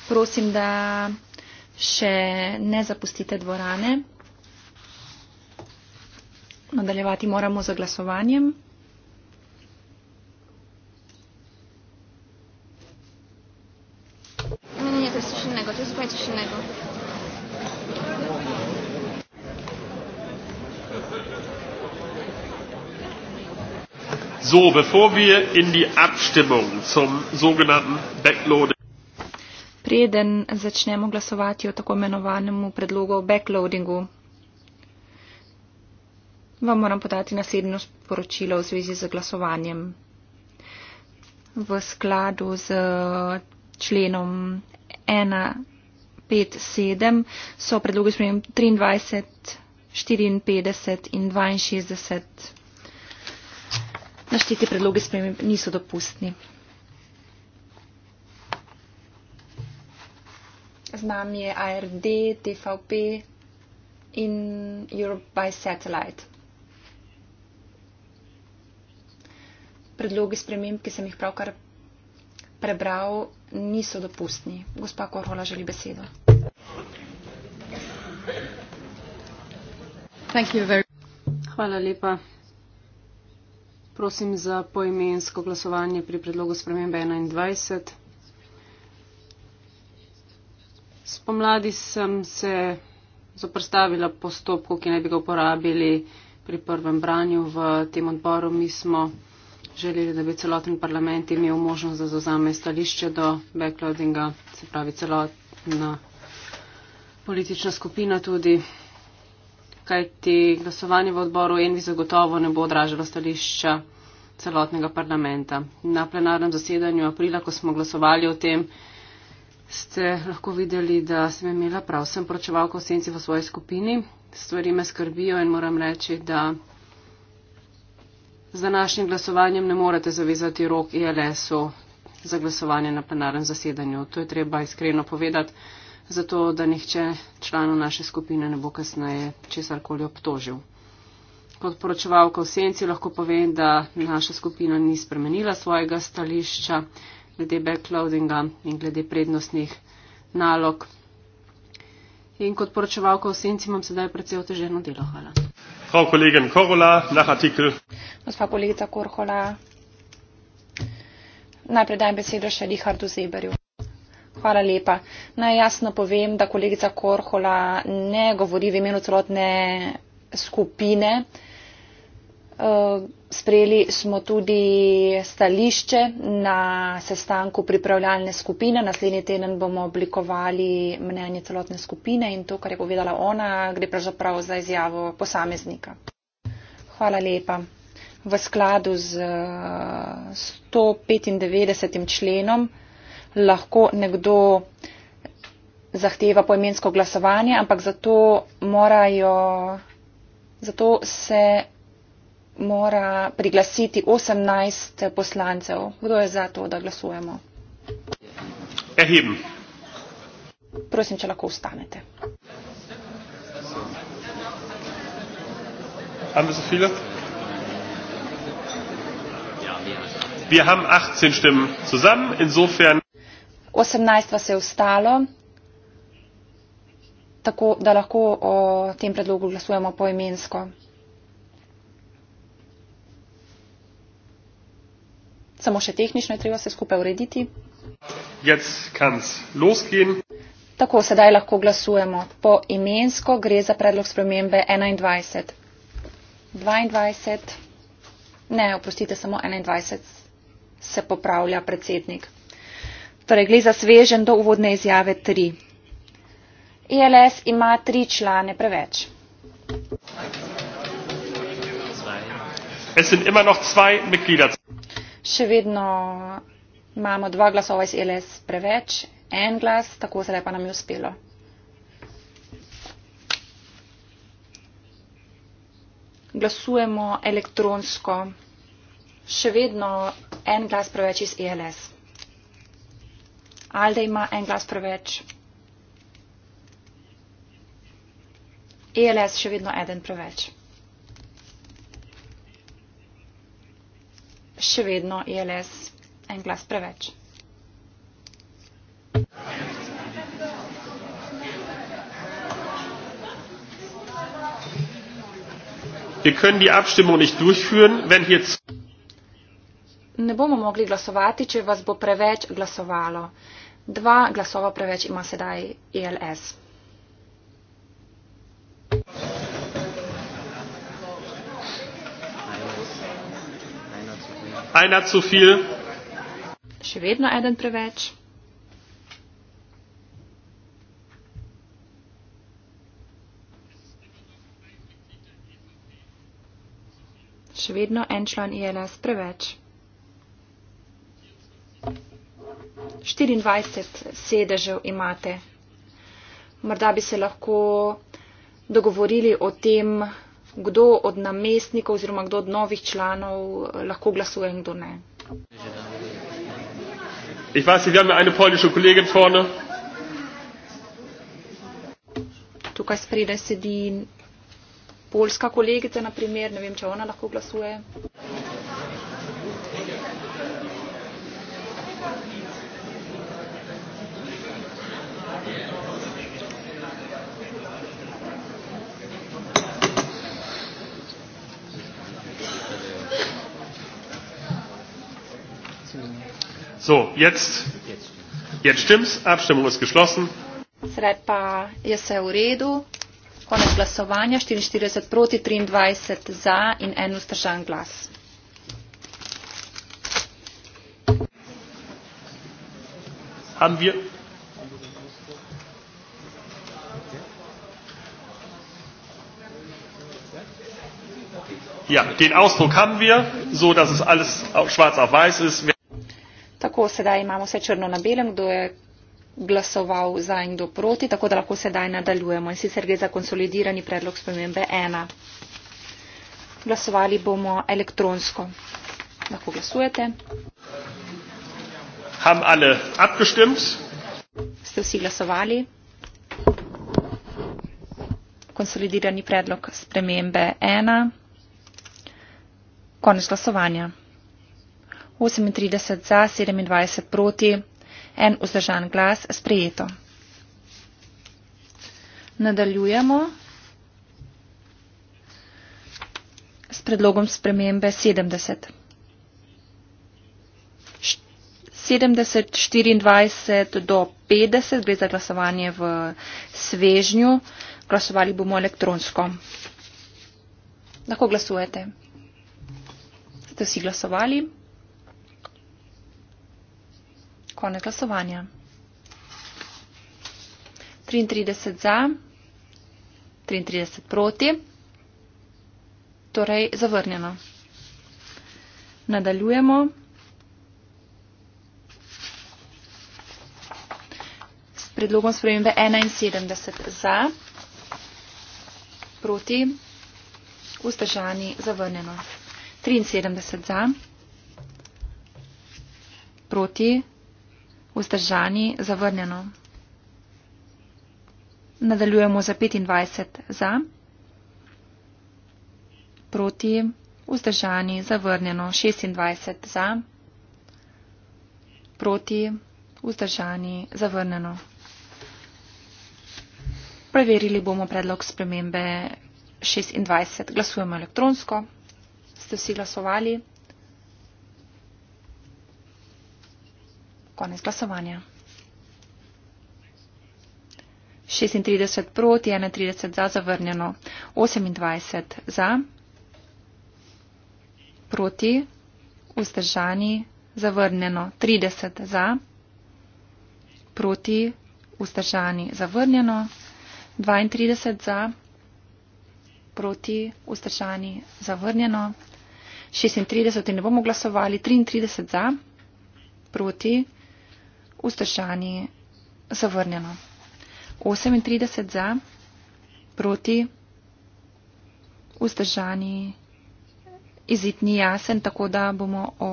Prosim, da še ne zapustite dvorane. Nadaljevati moramo z glasovanjem. So, bevor wir in die Abstimmung zum sogenannten Backloading. Preden začnemo glasovati o tako imenovanemu predlogu o backloadingu, vam moram podati naslednjo sporočilo v zvezi z glasovanjem. V skladu z členom 157 so predlogi sprejem 23, 54 in 62. Našteti predlogi sprememb niso dopustni. Z nami je ARD, TVP in Europe by Satellite. Predlogi sprememb, ki sem jih pravkar prebral, niso dopustni. Gospa Korhola želi besedo. Hvala lepa. Prosim za poimensko glasovanje pri predlogu spremembe 21. Spomladi sem se zoprstavila postopku, ki naj bi ga uporabili pri prvem branju v tem odboru. Mi smo želeli, da bi celoten parlament imel možnost, da zauzame stališče do backloadinga, se pravi celotna politična skupina tudi kajti glasovanje v odboru Envi zagotovo ne bo odražalo stališča celotnega parlamenta. Na plenarnem zasedanju aprila, ko smo glasovali o tem, ste lahko videli, da sem imela prav. Sem poročevalka v senci v svoji skupini. Stvari me skrbijo in moram reči, da z današnjim glasovanjem ne morete zavezati rok ILS-u e za glasovanje na plenarnem zasedanju. To je treba iskreno povedati zato da nihče članov naše skupine ne bo kasneje česar koli obtožil. Kot poročevalka v senci lahko povem, da naša skupina ni spremenila svojega stališča glede backloadinga in glede prednostnih nalog. In kot poročevalka v senci imam sedaj predvsej oteženo delo. Hvala. Frau Kollegin Korola, nach Artikel. Gospa kolegica Korhola, najprej dajem besedo še Richardu Zeberju. Hvala lepa. Naj jasno povem, da kolegica Korhola ne govori v imenu celotne skupine. Eh, sprejeli smo tudi stališče na sestanku pripravljalne skupine. Naslednji teden bomo oblikovali mnenje celotne skupine in to, kar je povedala ona, gre pravzaprav za izjavo posameznika. Hvala lepa. V skladu z 195. Eh, členom lahko nekdo zahteva poimensko glasovanje, ampak zato morajo, zato se mora priglasiti 18 poslancev. Kdo je za to, da glasujemo? Ehim. Prosim, če lahko ustanete. Haben so viele? Wir haben 18 Stimmen zusammen, insofern. 18 vas je ostalo, tako da lahko o tem predlogu glasujemo poimensko. Samo še tehnično je treba se skupaj urediti. Jetzt kann's losgehen. Tako, sedaj lahko glasujemo. Po imensko gre za predlog spremembe 21. 22. Ne, oprostite, samo 21 se popravlja predsednik torej gre za svežen do uvodne izjave 3. ILS e ima tri člane preveč. Še vedno imamo dva glasova iz ILS e preveč, en glas, tako se lepa nam je uspelo. Glasujemo elektronsko, še vedno en glas preveč iz ILS. E ali da ima en glas preveč. ELS še vedno eden preveč. Še vedno ELS en glas preveč. Wir können die Abstimmung nicht durchführen, wenn hier ne bomo mogli glasovati, če vas bo preveč glasovalo dva glasova preveč ima sedaj ELS. Ena zu viel. Še vedno eden preveč. Še vedno en član ILS e preveč. 24 sedežev imate. Morda bi se lahko dogovorili o tem, kdo od namestnikov oziroma kdo od novih članov eh, lahko glasuje in kdo ne. Ich weiß, wir haben ja eine polnische Kollegin vorne. Tukaj spredaj sedi polska kolegica, na primer, ne vem, če ona lahko glasuje. So, jetzt, jetzt stimmt's. Abstimmung ist geschlossen. Srepa je se v redu. Konec glasovanja 44 proti 23 za in en ustržan glas. Haben wir Ja, den Ausdruck haben wir, so dass es alles auf schwarz auf weiß ist. Wir Tako sedaj imamo vse črno na belem, kdo je glasoval za in kdo proti, tako da lahko sedaj nadaljujemo. In sicer gre za konsolidirani predlog spremembe 1. Glasovali bomo elektronsko. Lahko glasujete. Ham alle abgestimmt? Ste vsi glasovali? Konsolidirani predlog spremembe 1. Konec glasovanja. 38 za, 27 proti, en vzdržan glas, sprejeto. Nadaljujemo s predlogom spremembe 70. 70, 24 do 50 gre za glasovanje v svežnju. Glasovali bomo elektronsko. Lahko glasujete. Ste vsi glasovali? Konec glasovanja. 33 za, 33 proti, torej zavrnjeno. Nadaljujemo. S predlogom spremembe 71 za, proti, vzdržani, zavrnjeno. 73 za, proti, vzdržani vzdržani, zavrnjeno. Nadaljujemo za 25 za, proti, vzdržani, zavrnjeno, 26 za, proti, vzdržani, zavrnjeno. Preverili bomo predlog spremembe 26. Glasujemo elektronsko. Ste vsi glasovali? Konec glasovanja. 36 proti, 31 za zavrnjeno, 28 za, proti, vzdržani, zavrnjeno, 30 za, proti, vzdržani, zavrnjeno, 32 za, proti, vzdržani, zavrnjeno, 36 ne bomo glasovali, 33 za, proti, vzdržani, zavrnjeno vzdržani zavrnjeno. 38 za, proti, vzdržani, izid ni jasen, tako da bomo o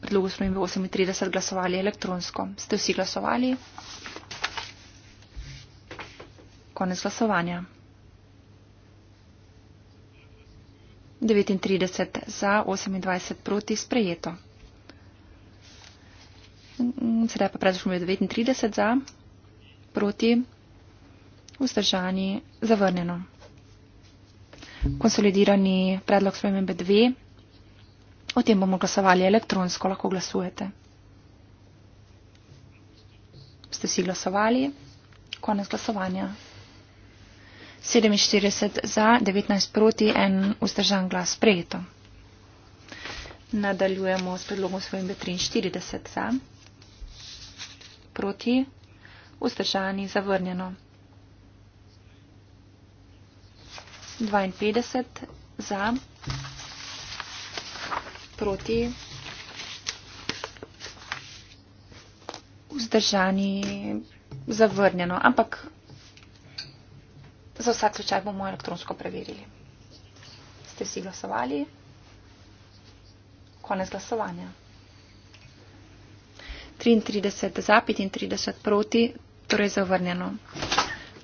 predlogu spremembe 38 glasovali elektronsko. Ste vsi glasovali? Konec glasovanja. 39 za, 28 proti, sprejeto. Mm, sedaj pa predvršujemo 39 za, proti, vzdržani, zavrnjeno. Konsolidirani predlog spremembe 2. O tem bomo glasovali elektronsko, lahko glasujete. Ste si glasovali? Konec glasovanja. 47 za, 19 proti, en vzdržan glas sprejeto. Nadaljujemo s predlogom svojim 43 za proti? Vzdržani zavrnjeno. 52 za, proti, vzdržani, zavrnjeno, ampak za vsak slučaj bomo elektronsko preverili. Ste vsi glasovali? Konec glasovanja. 33 za, 35 proti, torej zavrnjeno.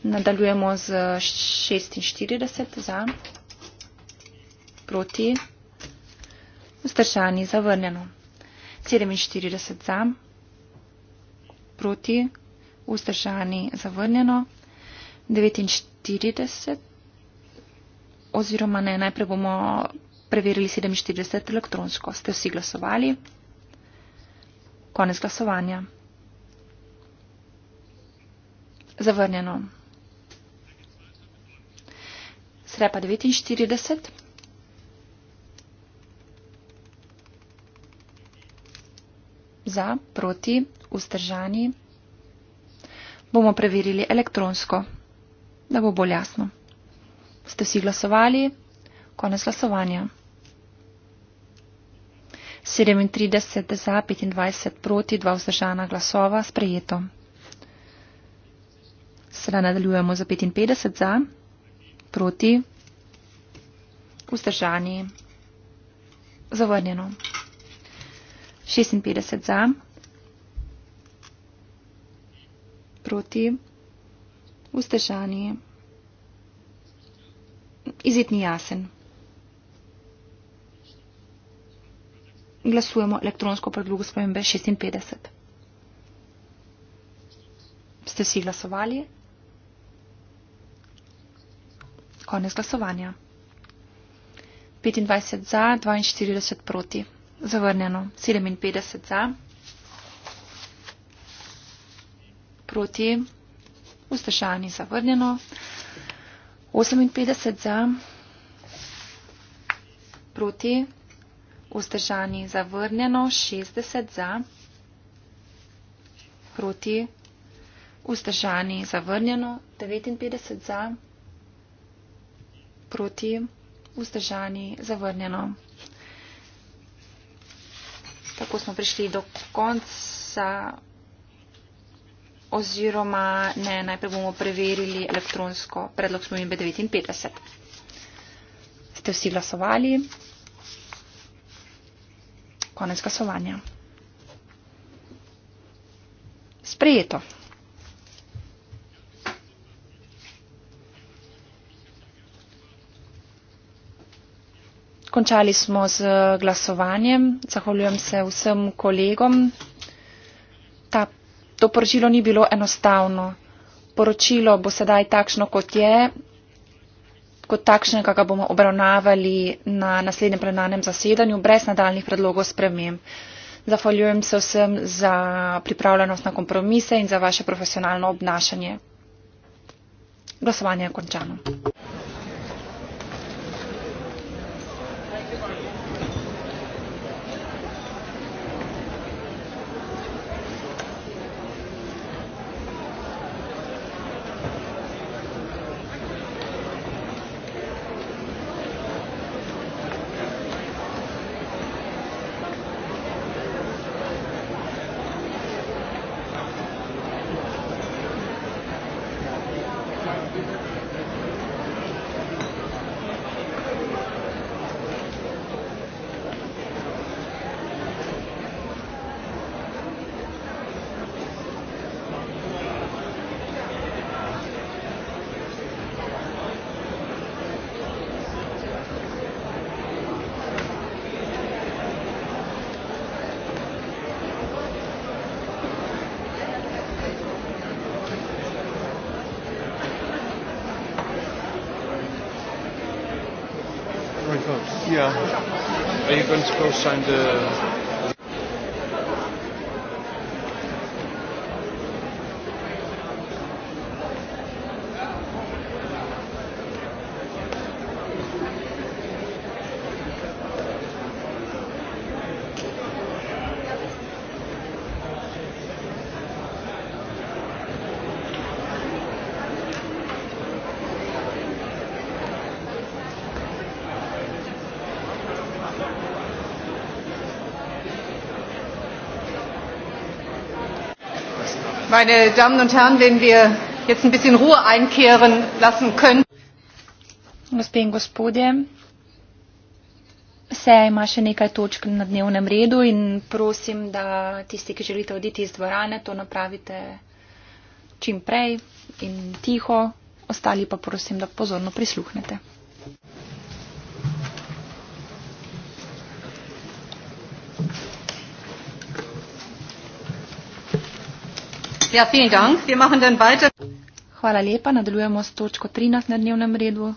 Nadaljujemo z 46 za, proti, vzdržani, zavrnjeno. 47 za, proti, vzdržani, zavrnjeno. 49 oziroma ne, najprej bomo preverili 47 elektronsko. Ste vsi glasovali? Konec glasovanja. Zavrnjeno. Srepa 49. Za, proti, vzdržani. Bomo preverili elektronsko, da bo bolj jasno. Ste vsi glasovali? Konec glasovanja. 37 za, 25 proti, 2 vzdržana glasova, sprejeto. Sedaj nadaljujemo za 55 za, proti, vzdržani, zavrnjeno. 56 za, proti, vzdržani, izjetni jasen. glasujemo elektronsko predlogu spremembe 56. Ste si glasovali? Konec glasovanja. 25 za, 42 proti. Zavrnjeno. 57 za. Proti. Vzdržani zavrnjeno. 58 za. Proti vzdržani zavrnjeno, 60 za, proti vzdržani zavrnjeno, 59 za, proti vzdržani zavrnjeno. Tako smo prišli do konca oziroma ne, najprej bomo preverili elektronsko predlog smo imeli 59. Ste vsi glasovali? Konec glasovanja. Sprejeto. Končali smo z glasovanjem. Zahvaljujem se vsem kolegom. Ta, to poročilo ni bilo enostavno. Poročilo bo sedaj takšno, kot je kot takšnega ga bomo obravnavali na naslednjem plenarnem zasedanju brez nadaljnih predlogov sprememb. Zahvaljujem se vsem za pripravljenost na kompromise in za vaše profesionalno obnašanje. Glasovanje je končano. scheint meine Damen und Herren, wenn wir jetzt ein bisschen Ruhe einkehren lassen können. Gospodin, gospodje, seja ima še nekaj točk na dnevnem redu in prosim, da tisti, ki želite oditi iz dvorane, to napravite čim prej in tiho, ostali pa prosim, da pozorno prisluhnete. Thank you. Ja, vielen Dank. Wir machen dann weiter. Hvala lepa, nadaljujemo s točko 13 na dnevnem redu.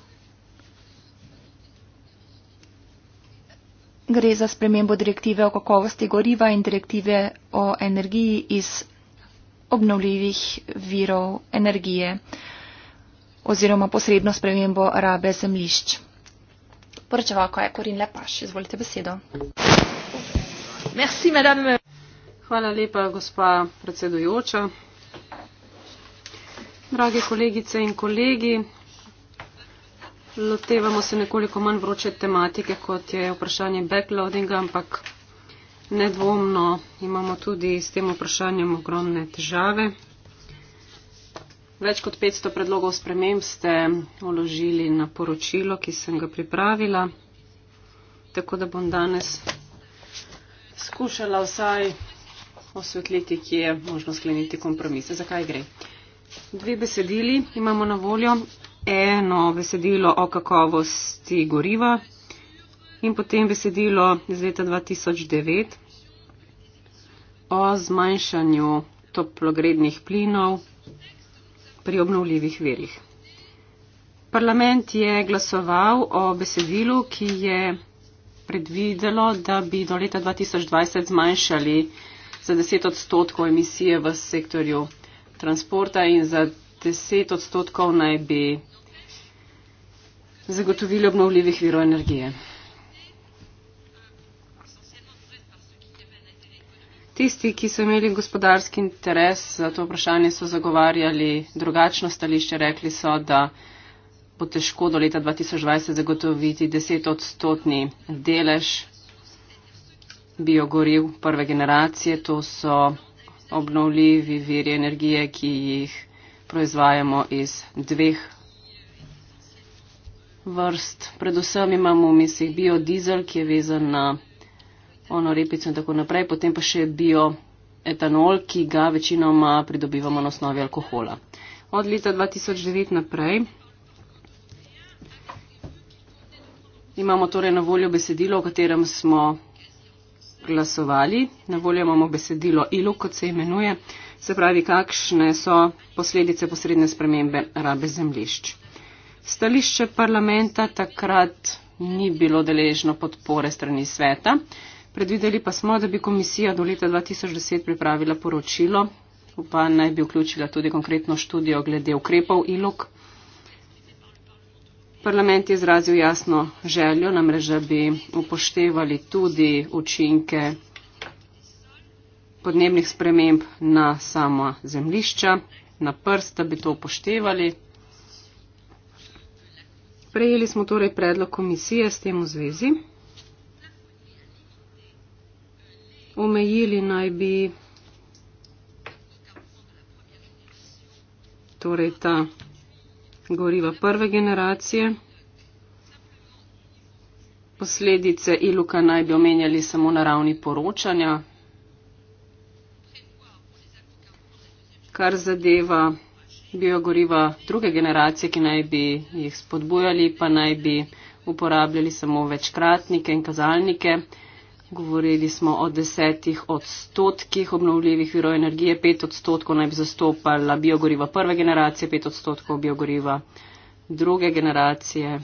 Gre za spremembo direktive o kakovosti goriva in direktive o energiji iz obnovljivih virov energije oziroma posredno spremembo rabe zemljišč. Poročevalko je Korin Lepaš, izvolite besedo. Merci, madame. Hvala lepa, gospa predsedujoča. Dragi kolegice in kolegi, lotevamo se nekoliko manj vroče tematike, kot je vprašanje backloadinga, ampak nedvomno imamo tudi s tem vprašanjem ogromne težave. Več kot 500 predlogov sprememb ste uložili na poročilo, ki sem ga pripravila, tako da bom danes skušala vsaj osvetliti, kje je možno skleniti kompromise, zakaj gre. Dve besedili imamo na voljo. Eno besedilo o kakovosti goriva in potem besedilo iz leta 2009 o zmanjšanju toplogrednih plinov pri obnovljivih verjih. Parlament je glasoval o besedilu, ki je predvidelo, da bi do leta 2020 zmanjšali za 10 odstotkov emisije v sektorju transporta in za 10 odstotkov naj bi zagotovili obnovljivih virov energije. Tisti, ki so imeli gospodarski interes za to vprašanje, so zagovarjali drugačno stališče. Rekli so, da bo težko do leta 2020 zagotoviti 10-odstotni delež biogoriv prve generacije, to so obnovljivi viri energije, ki jih proizvajamo iz dveh vrst. Predvsem imamo v mislih biodizel, ki je vezan na ono repico in tako naprej, potem pa še bioetanol, ki ga večinoma pridobivamo na osnovi alkohola. Od leta 2009 naprej imamo torej na voljo besedilo, v katerem smo glasovali. Na voljo imamo besedilo ILU, kot se imenuje, se pravi, kakšne so posledice posredne spremembe rabe zemlišč. Stališče parlamenta takrat ni bilo deležno podpore strani sveta. Predvideli pa smo, da bi komisija do leta 2010 pripravila poročilo, pa naj bi vključila tudi konkretno študijo glede ukrepov ILUK. Parlament je izrazil jasno željo, namreč da bi upoštevali tudi učinke podnebnih sprememb na sama zemlišča, na prst, da bi to upoštevali. Prejeli smo torej predlog komisije s tem v zvezi. Omejili naj bi torej ta goriva prve generacije. Posledice Iluka naj bi omenjali samo na ravni poročanja. Kar zadeva biogoriva druge generacije, ki naj bi jih spodbujali, pa naj bi uporabljali samo večkratnike in kazalnike. Govorili smo o desetih odstotkih obnovljivih virov energije, pet odstotkov naj bi zastopala biogoriva prve generacije, pet odstotkov biogoriva druge generacije.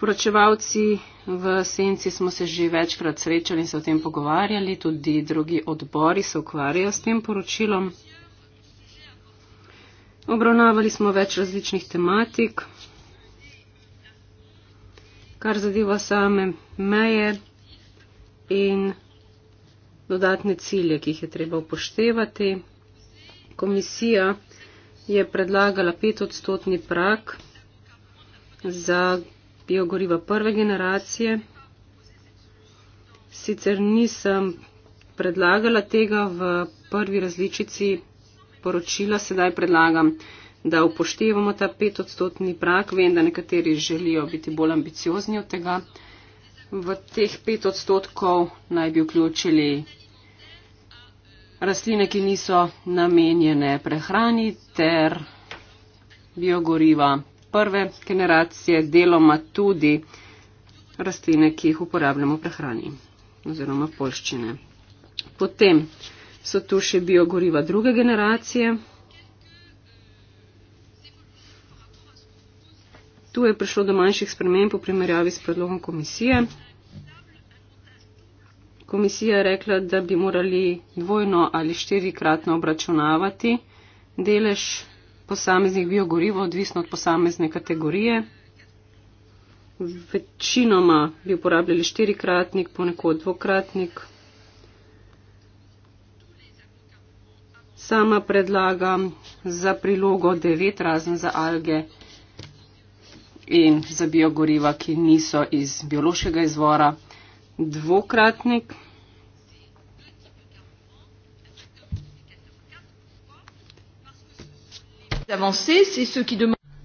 Poročevalci v senci smo se že večkrat srečali in se o tem pogovarjali, tudi drugi odbori se ukvarjajo s tem poročilom. Obravnavali smo več različnih tematik kar zadeva same meje in dodatne cilje, ki jih je treba upoštevati. Komisija je predlagala petodstotni prak za biogoriva prve generacije. Sicer nisem predlagala tega v prvi različici poročila, sedaj predlagam da upoštevamo ta petodstotni prak. Vem, da nekateri želijo biti bolj ambiciozni od tega. V teh pet odstotkov naj bi vključili rastline, ki niso namenjene prehrani, ter biogoriva prve generacije, deloma tudi rastline, ki jih uporabljamo prehrani oziroma polščine. Potem so tu še biogoriva druge generacije. Tu je prišlo do manjših sprememb v primerjavi s predlogom komisije. Komisija je rekla, da bi morali dvojno ali štirikratno obračunavati delež posameznih biogorivo, odvisno od posamezne kategorije. Večinoma bi uporabljali štirikratnik, ponekod dvokratnik. Sama predlagam za prilogo 9 razen za alge in za biogoriva, ki niso iz biološkega izvora, dvokratnik.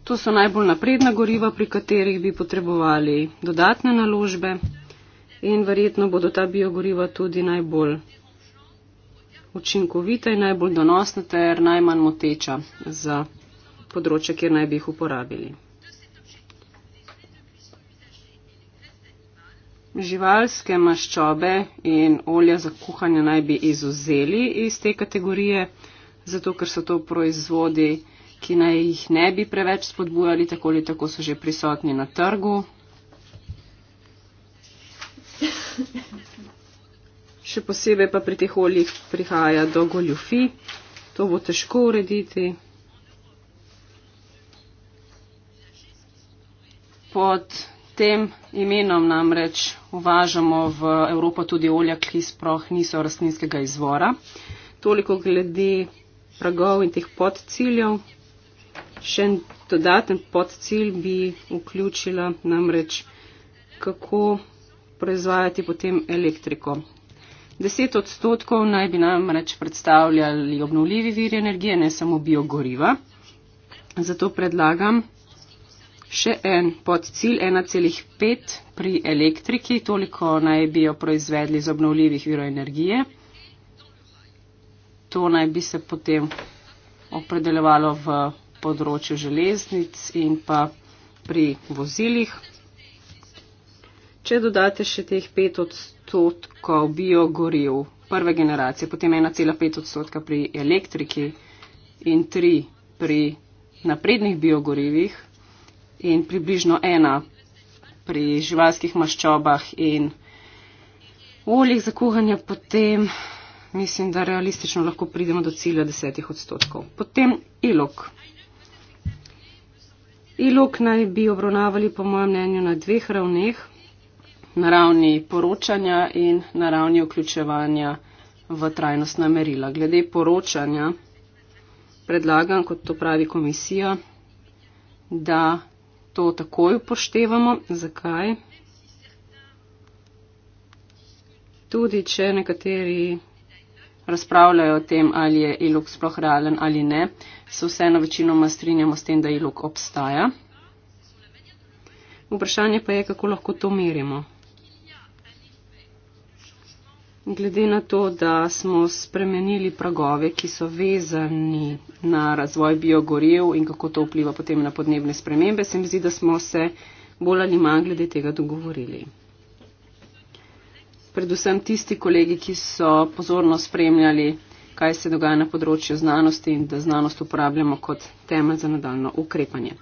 To so najbolj napredna goriva, pri katerih bi potrebovali dodatne naložbe in verjetno bodo ta biogoriva tudi najbolj učinkovita in najbolj donosna ter najmanj moteča za področje, kjer naj bi jih uporabili. Živalske maščobe in olja za kuhanje naj bi izuzeli iz te kategorije, zato ker so to proizvodi, ki naj jih ne bi preveč spodbujali, tako ali tako so že prisotni na trgu. Še posebej pa pri teh oljih prihaja do goljufi, to bo težko urediti. Pod tem imenom namreč uvažamo v Evropo tudi olja, ki sploh niso rastlinskega izvora. Toliko glede pragov in teh podciljev. Še en dodaten podcilj bi vključila namreč, kako proizvajati potem elektriko. Deset odstotkov naj bi namreč predstavljali obnovljivi vir energije, ne samo biogoriva. Zato predlagam, Še en pod cilj 1,5 pri elektriki, toliko naj bi jo proizvedli iz obnovljivih virov energije. To naj bi se potem opredeljevalo v področju železnic in pa pri vozilih. Če dodate še teh 5 odstotkov biogoriv prve generacije, potem 1,5 odstotka pri elektriki in 3 pri naprednih biogorivih, in približno ena pri živalskih maščobah in oljih za kuhanje, potem mislim, da realistično lahko pridemo do cilja desetih odstotkov. Potem ilok. Ilok naj bi obravnavali po mojem mnenju na dveh ravneh, na ravni poročanja in na ravni vključevanja v trajnostna merila. Glede poročanja predlagam, kot to pravi komisija, da to takoj upoštevamo. Zakaj? Tudi, če nekateri razpravljajo o tem, ali je ilok sploh realen ali ne, se vseeno večinoma strinjamo s tem, da ilok obstaja. Vprašanje pa je, kako lahko to merimo. Glede na to, da smo spremenili pragove, ki so vezani na razvoj biogorev in kako to vpliva potem na podnebne spremembe, se mi zdi, da smo se bolj ali manj glede tega dogovorili. Predvsem tisti kolegi, ki so pozorno spremljali, kaj se dogaja na področju znanosti in da znanost uporabljamo kot temelj za nadaljno ukrepanje.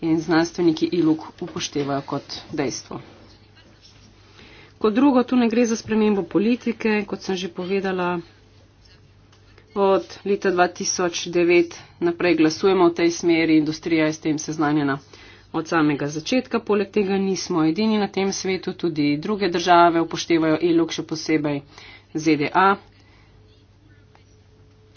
In znanstveniki ilog upoštevajo kot dejstvo. Kot drugo, tu ne gre za spremembo politike, kot sem že povedala, od leta 2009 naprej glasujemo v tej smeri, industrija je s tem seznanjena od samega začetka, poleg tega nismo edini na tem svetu, tudi druge države upoštevajo ELUK, še posebej ZDA,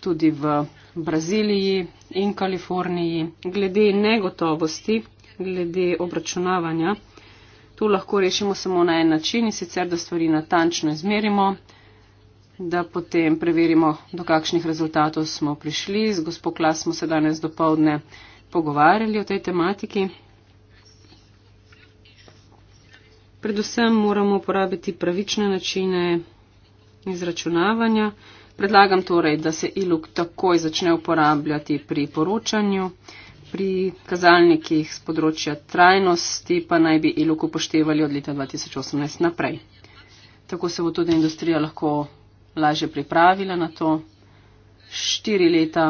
tudi v Braziliji in Kaliforniji. Glede negotovosti, glede obračunavanja, To lahko rešimo samo na en način in sicer, da stvari natančno izmerimo, da potem preverimo, do kakšnih rezultatov smo prišli. Z gospod Klas smo se danes dopoledne pogovarjali o tej tematiki. Predvsem moramo uporabiti pravične načine izračunavanja. Predlagam torej, da se ilug takoj začne uporabljati pri poročanju pri kazalnikih z področja trajnosti pa naj bi ILUK upoštevali od leta 2018 naprej. Tako se bo tudi industrija lahko lažje pripravila na to. Štiri leta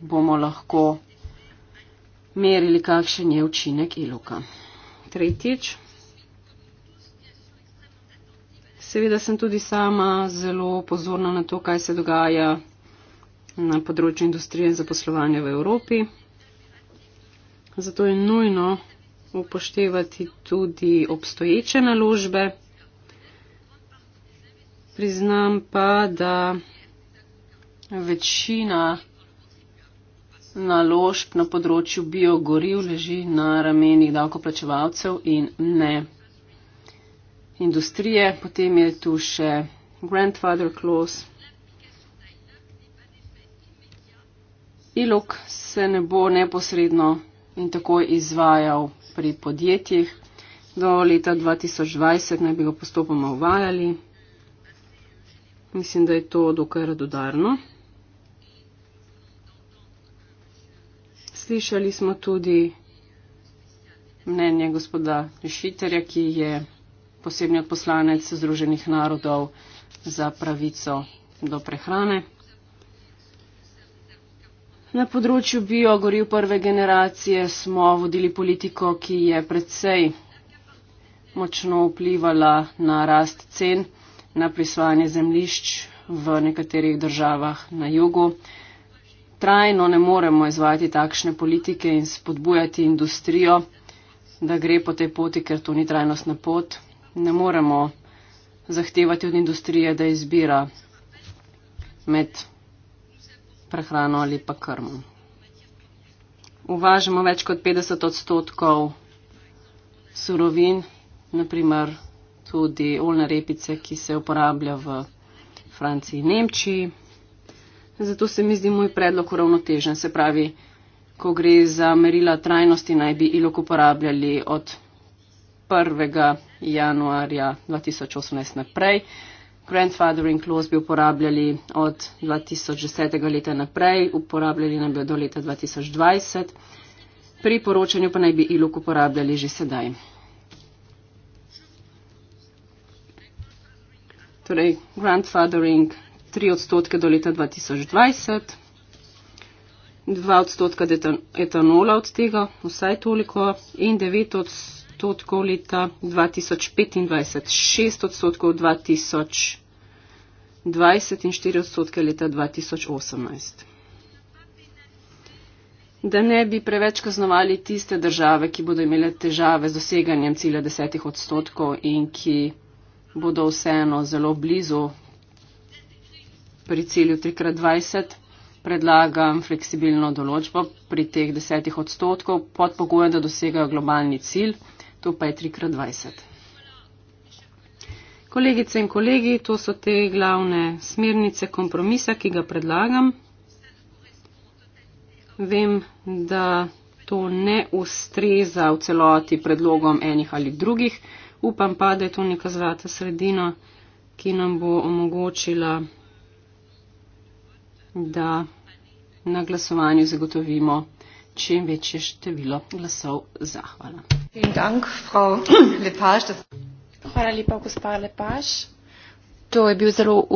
bomo lahko merili, kakšen je učinek ILUK-a. Tretjič. Seveda sem tudi sama zelo pozorna na to, kaj se dogaja na področju industrije in zaposlovanja v Evropi. Zato je nujno upoštevati tudi obstoječe naložbe. Priznam pa, da večina naložb na področju biogoriv leži na ramenih davkoplačevalcev in ne industrije. Potem je tu še grandfather clause. Ilok se ne bo neposredno in tako izvajal pri podjetjih. Do leta 2020 naj bi ga postopoma uvajali. Mislim, da je to dokaj radodarno. Slišali smo tudi mnenje gospoda Rešiterja, ki je posebni odposlanec Združenih narodov za pravico do prehrane. Na področju biogoriv prve generacije smo vodili politiko, ki je predvsej močno vplivala na rast cen, na prisvajanje zemlišč v nekaterih državah na jugu. Trajno ne moremo izvajati takšne politike in spodbujati industrijo, da gre po tej poti, ker to ni trajnostna pot. Ne moremo zahtevati od industrije, da izbira med prehrano ali pa krmo. Uvažamo več kot 50 odstotkov surovin, naprimer tudi oljne repice, ki se uporablja v Franciji in Nemčiji. Zato se mi zdi moj predlog uravnotežen. Se pravi, ko gre za merila trajnosti, naj bi ilok uporabljali od 1. januarja 2018 naprej grandfathering clause bi uporabljali od 2010. leta naprej, uporabljali naj bi do leta 2020, pri poročanju pa naj bi ILUK uporabljali že sedaj. Torej, grandfathering 3 odstotke do leta 2020, 2 odstotka etanola od tega, vsaj toliko, in 9 odstotka odstotkov leta 2025, 6 odstotkov 2020 in 4 odstotke leta 2018. Da ne bi preveč kaznovali tiste države, ki bodo imele težave z doseganjem cilja desetih odstotkov in ki bodo vseeno zelo blizu pri cilju 3x20, predlagam fleksibilno določbo pri teh desetih odstotkov pod pogojem, da dosegajo globalni cilj to pa je 3x20. Kolegice in kolegi, to so te glavne smernice kompromisa, ki ga predlagam. Vem, da to ne ustreza v celoti predlogom enih ali drugih. Upam pa, da je to neka zlata sredina, ki nam bo omogočila, da na glasovanju zagotovimo čim večje število glasov zahvala. Hvala lepa, gospa Lepaš. To je bil zelo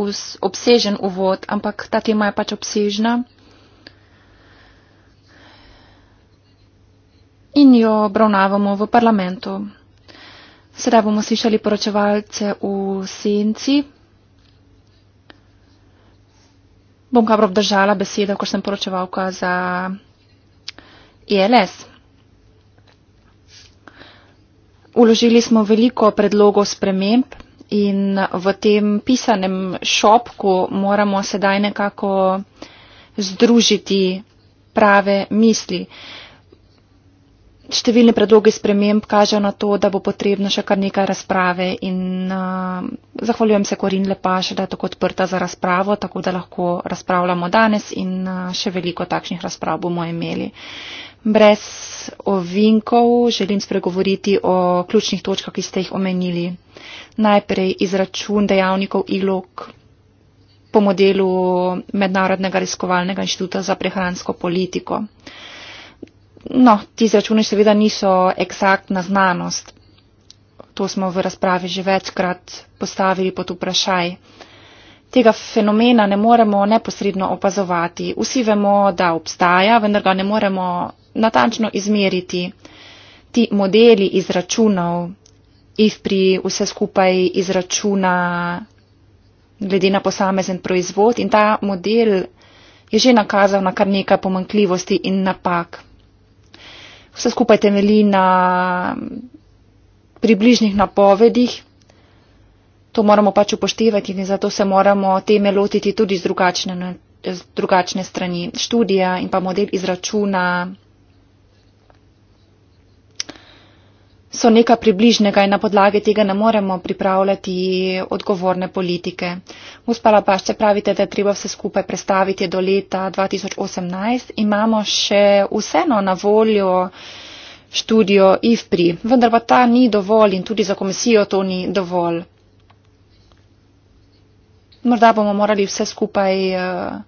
obsežen uvod, ampak ta tema je pač obsežna. In jo obravnavamo v parlamentu. Sedaj bomo slišali poročevalce v senci. Bom kar obdržala besedo, ko sem poročevalka za ILS. E Uložili smo veliko predlogov sprememb in v tem pisanem šopku moramo sedaj nekako združiti prave misli. Uh, številni predlogi sprememb kažejo na to, da bo potrebno še kar nekaj razprave in uh, zahvaljujem se Korin Lepaš, da je tako odprta za razpravo, tako da lahko razpravljamo danes in uh, še veliko takšnih razprav bomo imeli. Brez ovinkov želim spregovoriti o ključnih točkah, ki ste jih omenili. Najprej izračun dejavnikov ILOK po modelu Mednarodnega reskovalnega inštituta za prehransko politiko. Uh, No, ti izračuni seveda niso eksaktna znanost. To smo v razpravi že večkrat postavili pod vprašaj. Tega fenomena ne moremo neposredno opazovati. Vsi vemo, da obstaja, vendar ga ne moremo natančno izmeriti. Ti modeli izračunov, IF pri vse skupaj izračuna glede na posamezen proizvod in ta model je že nakazal na kar nekaj pomankljivosti in napak vse skupaj temeli na približnih napovedih. To moramo pač upoštevati in zato se moramo teme lotiti tudi z drugačne, z drugačne strani. Študija in pa model izračuna so nekaj približnega in na podlage tega ne moremo pripravljati odgovorne politike. Uspala pa, če pravite, da je treba vse skupaj prestaviti do leta 2018, imamo še vseeno na voljo študijo IFPRI, vendar pa ta ni dovolj in tudi za komisijo to ni dovolj. Morda bomo morali vse skupaj eh,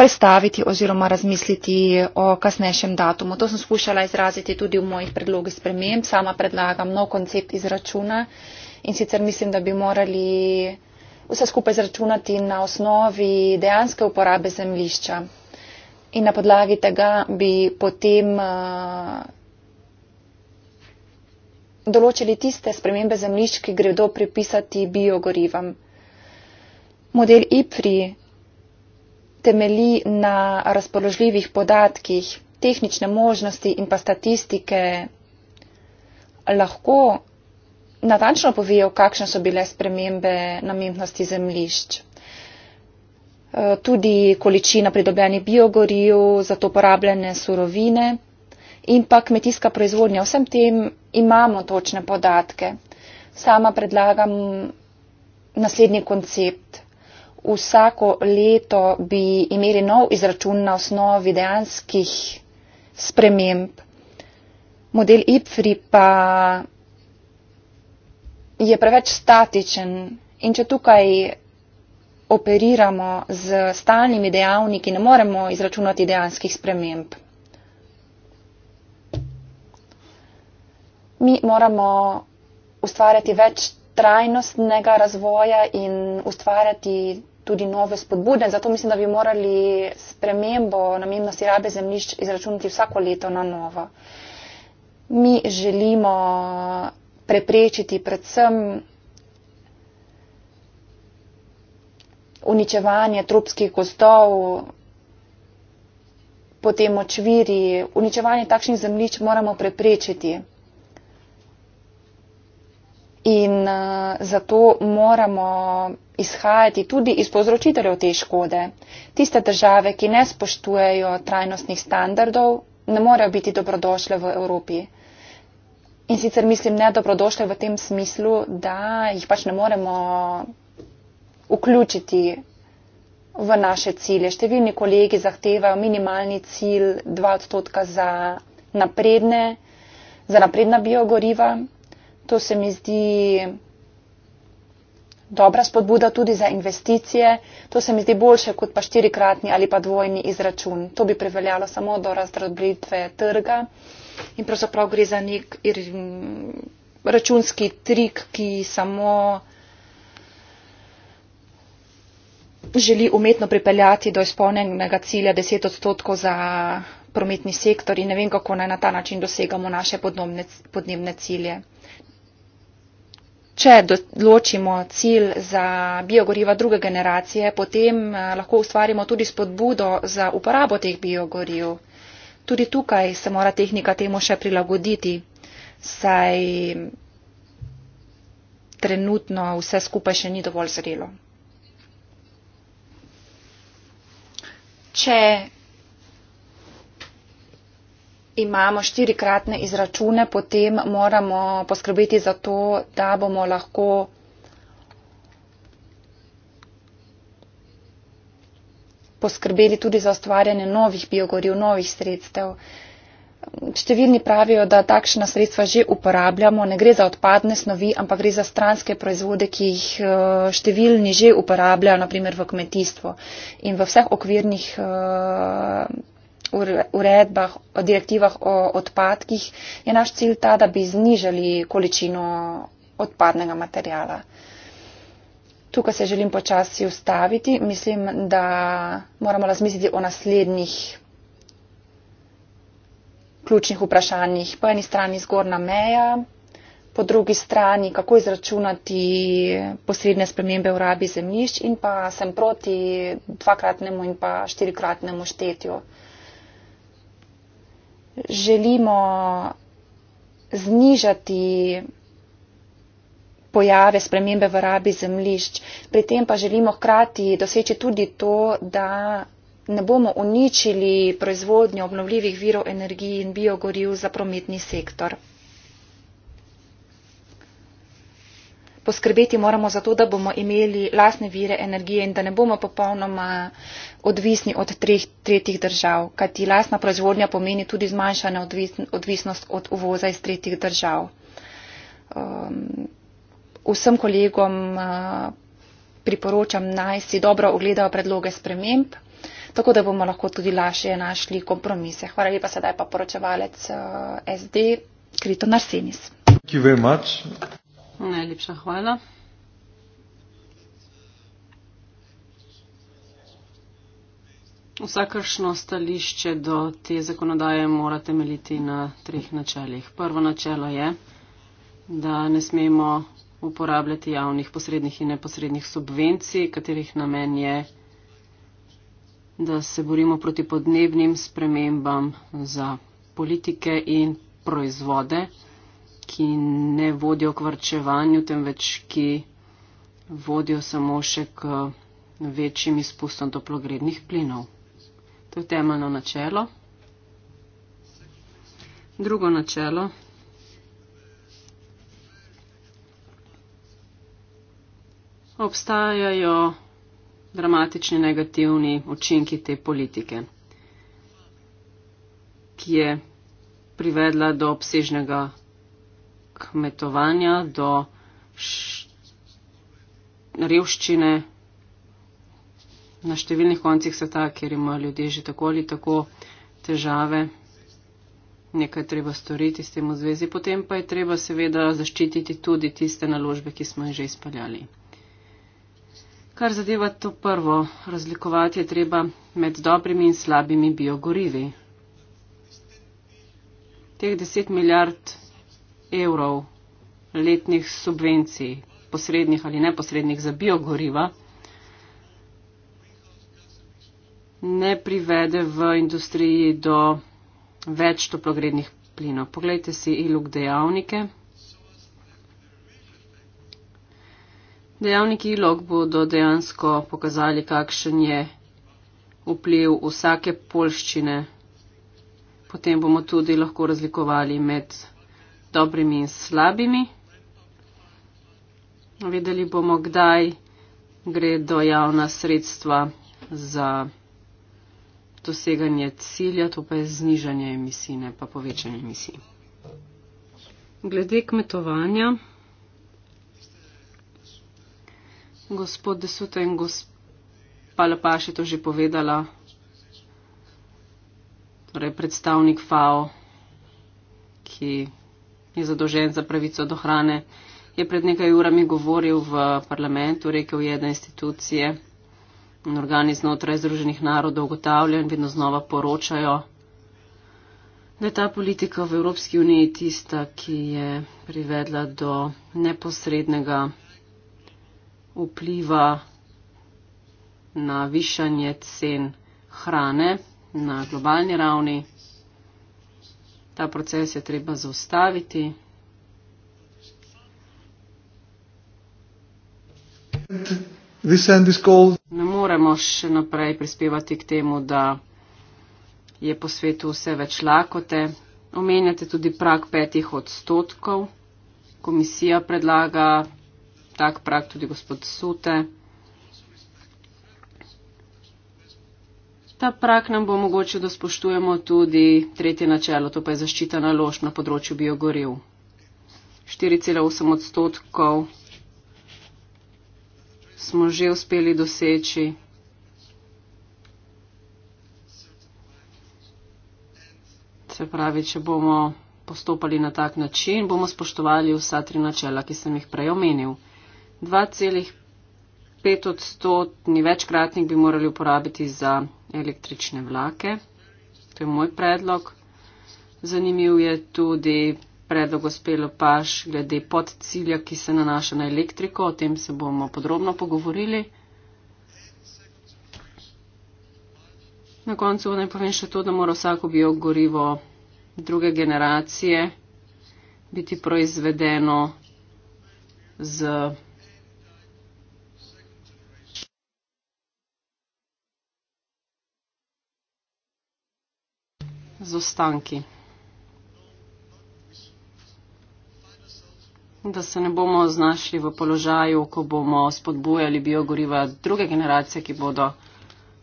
prestaviti oziroma razmisliti o kasnejšem datumu. To sem skušala izraziti tudi v mojih predlogih sprememb. Sama predlagam nov koncept izračuna in sicer mislim, da bi morali vse skupaj izračunati na osnovi dejanske uporabe zemljišča. In na podlagi tega bi potem uh, določili tiste spremembe zemljišč, ki gredo pripisati biogorivam. Model IPRI temelji na razpoložljivih podatkih, tehnične možnosti in pa statistike, lahko natančno povejo, kakšne so bile spremembe namembnosti zemlišč. E, tudi količina pridobljenih biogorijo, za to porabljene surovine in pa kmetijska proizvodnja. Vsem tem imamo točne podatke. Sama predlagam naslednji koncept vsako leto bi imeli nov izračun na osnovi dejanskih sprememb. Model IPFRI pa je preveč statičen in če tukaj operiramo z stalnimi dejavniki, ne moremo izračunati dejanskih sprememb. Mi moramo ustvarjati več trajnostnega razvoja in ustvarjati tudi nove spodbude. Zato mislim, da bi morali spremembo namennosti rabe zemljišč izračunati vsako leto na novo. Mi želimo preprečiti predvsem uničevanje tropskih gozdov, potem očviri. Uničevanje takšnih zemljišč moramo preprečiti. In uh, zato moramo izhajati tudi iz povzročiteljev te škode. Tiste države, ki ne spoštujejo trajnostnih standardov, ne morejo biti dobrodošle v Evropi. In sicer mislim ne dobrodošle v tem smislu, da jih pač ne moremo vključiti v naše cilje. Številni kolegi zahtevajo minimalni cilj 2 odstotka za napredne, za napredna biogoriva. To se mi zdi dobra spodbuda tudi za investicije. To se mi zdi boljše kot pa štirikratni ali pa dvojni izračun. To bi priveljalo samo do razdrobitve trga in pravzaprav gre za nek računski trik, ki samo želi umetno pripeljati do izpolnenega cilja 10 odstotkov za prometni sektor in ne vem, kako naj na ta način dosegamo naše podnebne cilje. Če določimo cilj za biogoriva druge generacije, potem eh, lahko ustvarimo tudi spodbudo za uporabo teh biogoriv. Tudi tukaj se mora tehnika temu še prilagoditi, saj trenutno vse skupaj še ni dovolj zrelo. Če imamo štirikratne izračune, potem moramo poskrbeti za to, da bomo lahko poskrbeli tudi za ustvarjanje novih biogoriv, novih sredstev. Številni pravijo, da takšna sredstva že uporabljamo, ne gre za odpadne snovi, ampak gre za stranske proizvode, ki jih eh, številni že uporabljajo, naprimer v kmetijstvo in v vseh okvirnih eh, uredbah, o direktivah o odpadkih, je naš cilj ta, da bi znižali količino odpadnega materijala. Tukaj se želim počasi ustaviti. Mislim, da moramo razmisliti o naslednjih ključnih vprašanjih. Po eni strani zgorna meja, po drugi strani, kako izračunati posredne spremembe v rabi zemljišč in pa sem proti dvakratnemu in pa štirikratnemu štetju želimo znižati pojave spremembe v rabi zemlišč. Pri tem pa želimo hkrati doseči tudi to, da ne bomo uničili proizvodnjo obnovljivih virov energiji in biogoriv za prometni sektor. poskrbeti moramo za to, da bomo imeli lasne vire energije in da ne bomo popolnoma odvisni od treh, tretjih držav, kajti lasna proizvodnja pomeni tudi zmanjšana odvisn, odvisnost od uvoza iz tretjih držav. Um, vsem kolegom uh, priporočam naj si dobro ogledajo predloge sprememb, tako da bomo lahko tudi lažje našli kompromise. Hvala lepa sedaj pa poročevalec uh, SD, Krito Narsenis. Thank you very much. Najlepša hvala. Vsakršno stališče do te zakonodaje mora temeljiti na treh načeljih. Prvo načelo je, da ne smemo uporabljati javnih posrednih in neposrednih subvencij, katerih namen je, da se borimo proti podnebnim spremembam za politike in proizvode ki ne vodijo k vrčevanju, temveč ki vodijo samo še k večjim izpustom toplogrednih plinov. To je temeljno načelo. Drugo načelo. Obstajajo dramatični negativni učinki te politike, ki je privedla do obsežnega kmetovanja do revščine na številnih koncih sveta, kjer imajo ljudje že tako ali tako težave. Nekaj treba storiti s tem v zvezi, potem pa je treba seveda zaščititi tudi tiste naložbe, ki smo jih že izpeljali. Kar zadeva to prvo, razlikovati je treba med dobrimi in slabimi biogorivi. Teh 10 milijard evrov letnih subvencij, posrednih ali neposrednih za biogoriva, ne privede v industriji do več toplogrednih plinov. Poglejte si ilug dejavnike. Dejavniki ilug bodo dejansko pokazali, kakšen je vpliv vsake polščine. Potem bomo tudi lahko razlikovali med dobrimi in slabimi. Videli bomo, kdaj gre do javna sredstva za doseganje cilja, to pa je znižanje emisij, ne pa povečanje emisij. Glede kmetovanja. Gospod Desuta in gospa Lapaš je to že povedala, torej predstavnik FAO, ki je zadolžen za pravico do hrane, je pred nekaj urami govoril v parlamentu, rekel je, da institucije in organi znotraj Združenih narodov ugotavljajo in vedno znova poročajo, da je ta politika v Evropski uniji tista, ki je privedla do neposrednega vpliva na višanje cen hrane na globalni ravni ta proces je treba zaustaviti. Ne moremo še naprej prispevati k temu, da je po svetu vse več lakote. Omenjate tudi prak petih odstotkov. Komisija predlaga tak prak tudi gospod Sute. Ta prak nam bo omogočil, da spoštujemo tudi tretje načelo, to pa je zaščita naložb na področju biogoriv. 4,8 odstotkov smo že uspeli doseči. Se pravi, če bomo postopali na tak način, bomo spoštovali vsa tri načela, ki sem jih prej omenil. 5 odstotni večkratnik bi morali uporabiti za električne vlake. To je moj predlog. Zanimiv je tudi predlog ospelo paš glede podcilja, ki se nanaša na elektriko. O tem se bomo podrobno pogovorili. Na koncu naj povem še to, da mora vsako biogorivo druge generacije biti proizvedeno z. z ostanki. Da se ne bomo znašli v položaju, ko bomo spodbujali biogoriva druge generacije, ki bodo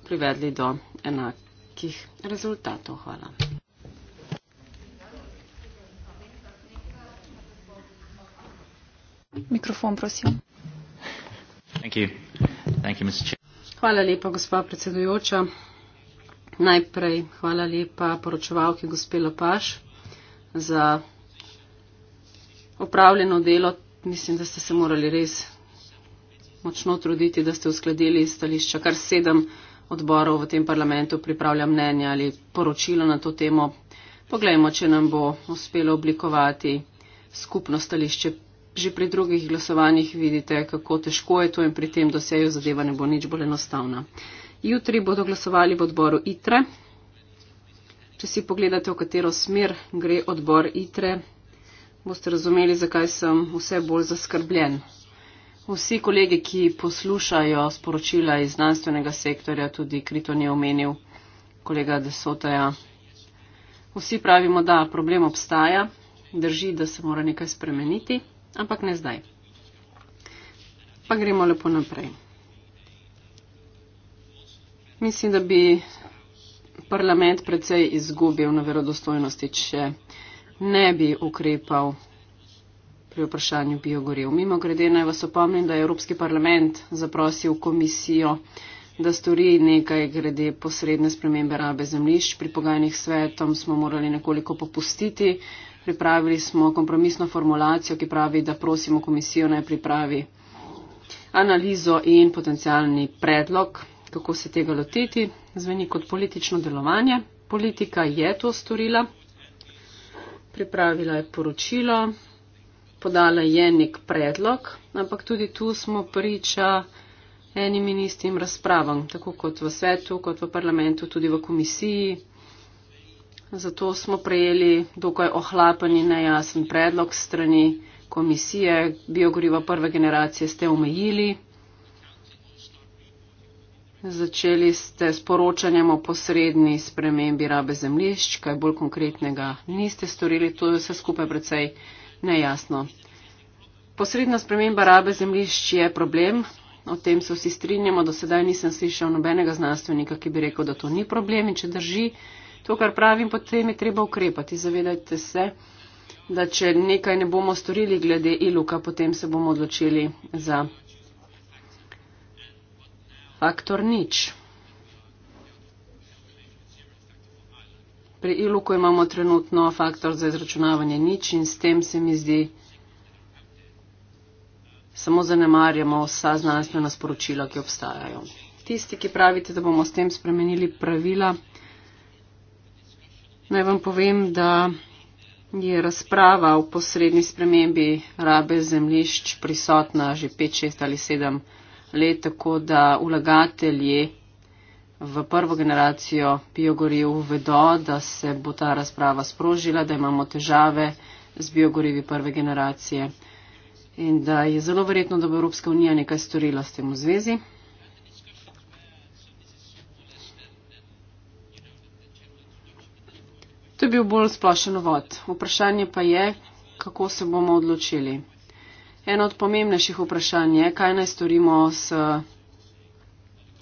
privedli do enakih rezultatov. Hvala. Mikrofon, prosim. Thank you. Thank you, Hvala lepa, gospa predsedujoča. Najprej hvala lepa poročevalki gospe Lopaš za opravljeno delo. Mislim, da ste se morali res močno truditi, da ste uskladili stališča. Kar sedem odborov v tem parlamentu pripravlja mnenja ali poročilo na to temo. Poglejmo, če nam bo uspelo oblikovati skupno stališče. Že pri drugih glasovanjih vidite, kako težko je to in pri tem dosejo zadeva ne bo nič bolj enostavna. Uh, Jutri bodo glasovali v odboru ITRE. Če si pogledate, v katero smer gre odbor ITRE, boste razumeli, zakaj sem vse bolj zaskrbljen. Vsi kolegi, ki poslušajo sporočila iz znanstvenega sektorja, tudi Kriton je omenil kolega Desotaja, vsi pravimo, da problem obstaja, drži, da se mora nekaj spremeniti, ampak ne zdaj. Pa gremo lepo naprej. Mislim, da bi parlament precej izgubil na verodostojnosti, če ne bi ukrepal pri vprašanju biogoriv. Mimo grede naj vas opomnim, da je Evropski parlament zaprosil komisijo, da stori nekaj grede posredne spremembe rabe zemljišč. Pri pogajanjih svetom smo morali nekoliko popustiti. Pripravili smo kompromisno formulacijo, ki pravi, da prosimo komisijo naj pripravi analizo in potencialni predlog kako se tega loteti. Zveni kot politično delovanje. Politika je to storila. Pripravila je poročilo, podala je nek predlog, ampak tudi tu smo priča enim in istim razpravam, tako kot v svetu, kot v parlamentu, tudi v komisiji. Zato smo prejeli dokaj ohlapen in nejasen predlog strani komisije. Biogoriva prve generacije ste omejili. Začeli ste s poročanjem o posredni spremembi rabe zemlišč, kaj bolj konkretnega niste storili, to je vse skupaj precej nejasno. Posredna sprememba rabe zemlišč je problem, o tem se vsi strinjamo, do sedaj nisem slišal nobenega znanstvenika, ki bi rekel, da to ni problem in če drži to, kar pravim, potem je treba ukrepati. Zavedajte se, da če nekaj ne bomo storili glede iluka, potem se bomo odločili za. Faktor nič. Pri iluku imamo trenutno faktor za izračunavanje nič in s tem se mi zdi, samo zanemarjamo vsa znanstvena sporočila, ki obstajajo. Tisti, ki pravite, da bomo s tem spremenili pravila, naj vam povem, da je razprava o posredni spremembi rabe zemlišč prisotna že 5, 6 ali 7 let let, tako da vlagatelji v prvo generacijo biogoriv vedo, da se bo ta razprava sprožila, da imamo težave z biogorivi prve generacije in da je zelo verjetno, da bo Evropska unija nekaj storila s tem v zvezi. To je bil bolj splošen vod. Vprašanje pa je, kako se bomo odločili. Eno od pomembnejših vprašanj je, kaj naj storimo s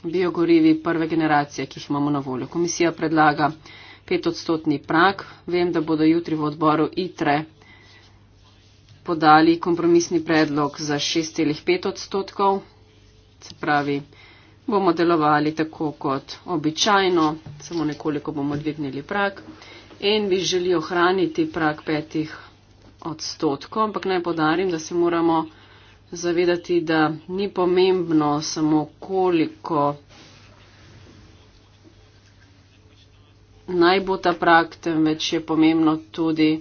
biogorivi prve generacije, ki jih imamo na voljo. Komisija predlaga petodstotni prak. Vem, da bodo jutri v odboru ITRE podali kompromisni predlog za 6,5 odstotkov. Se pravi, bomo delovali tako kot običajno, samo nekoliko bomo dvignili prak. In bi želi ohraniti prak petih odstotkov, ampak naj podarim, da se moramo zavedati, da ni pomembno samo koliko naj bo ta prak, temveč je pomembno tudi,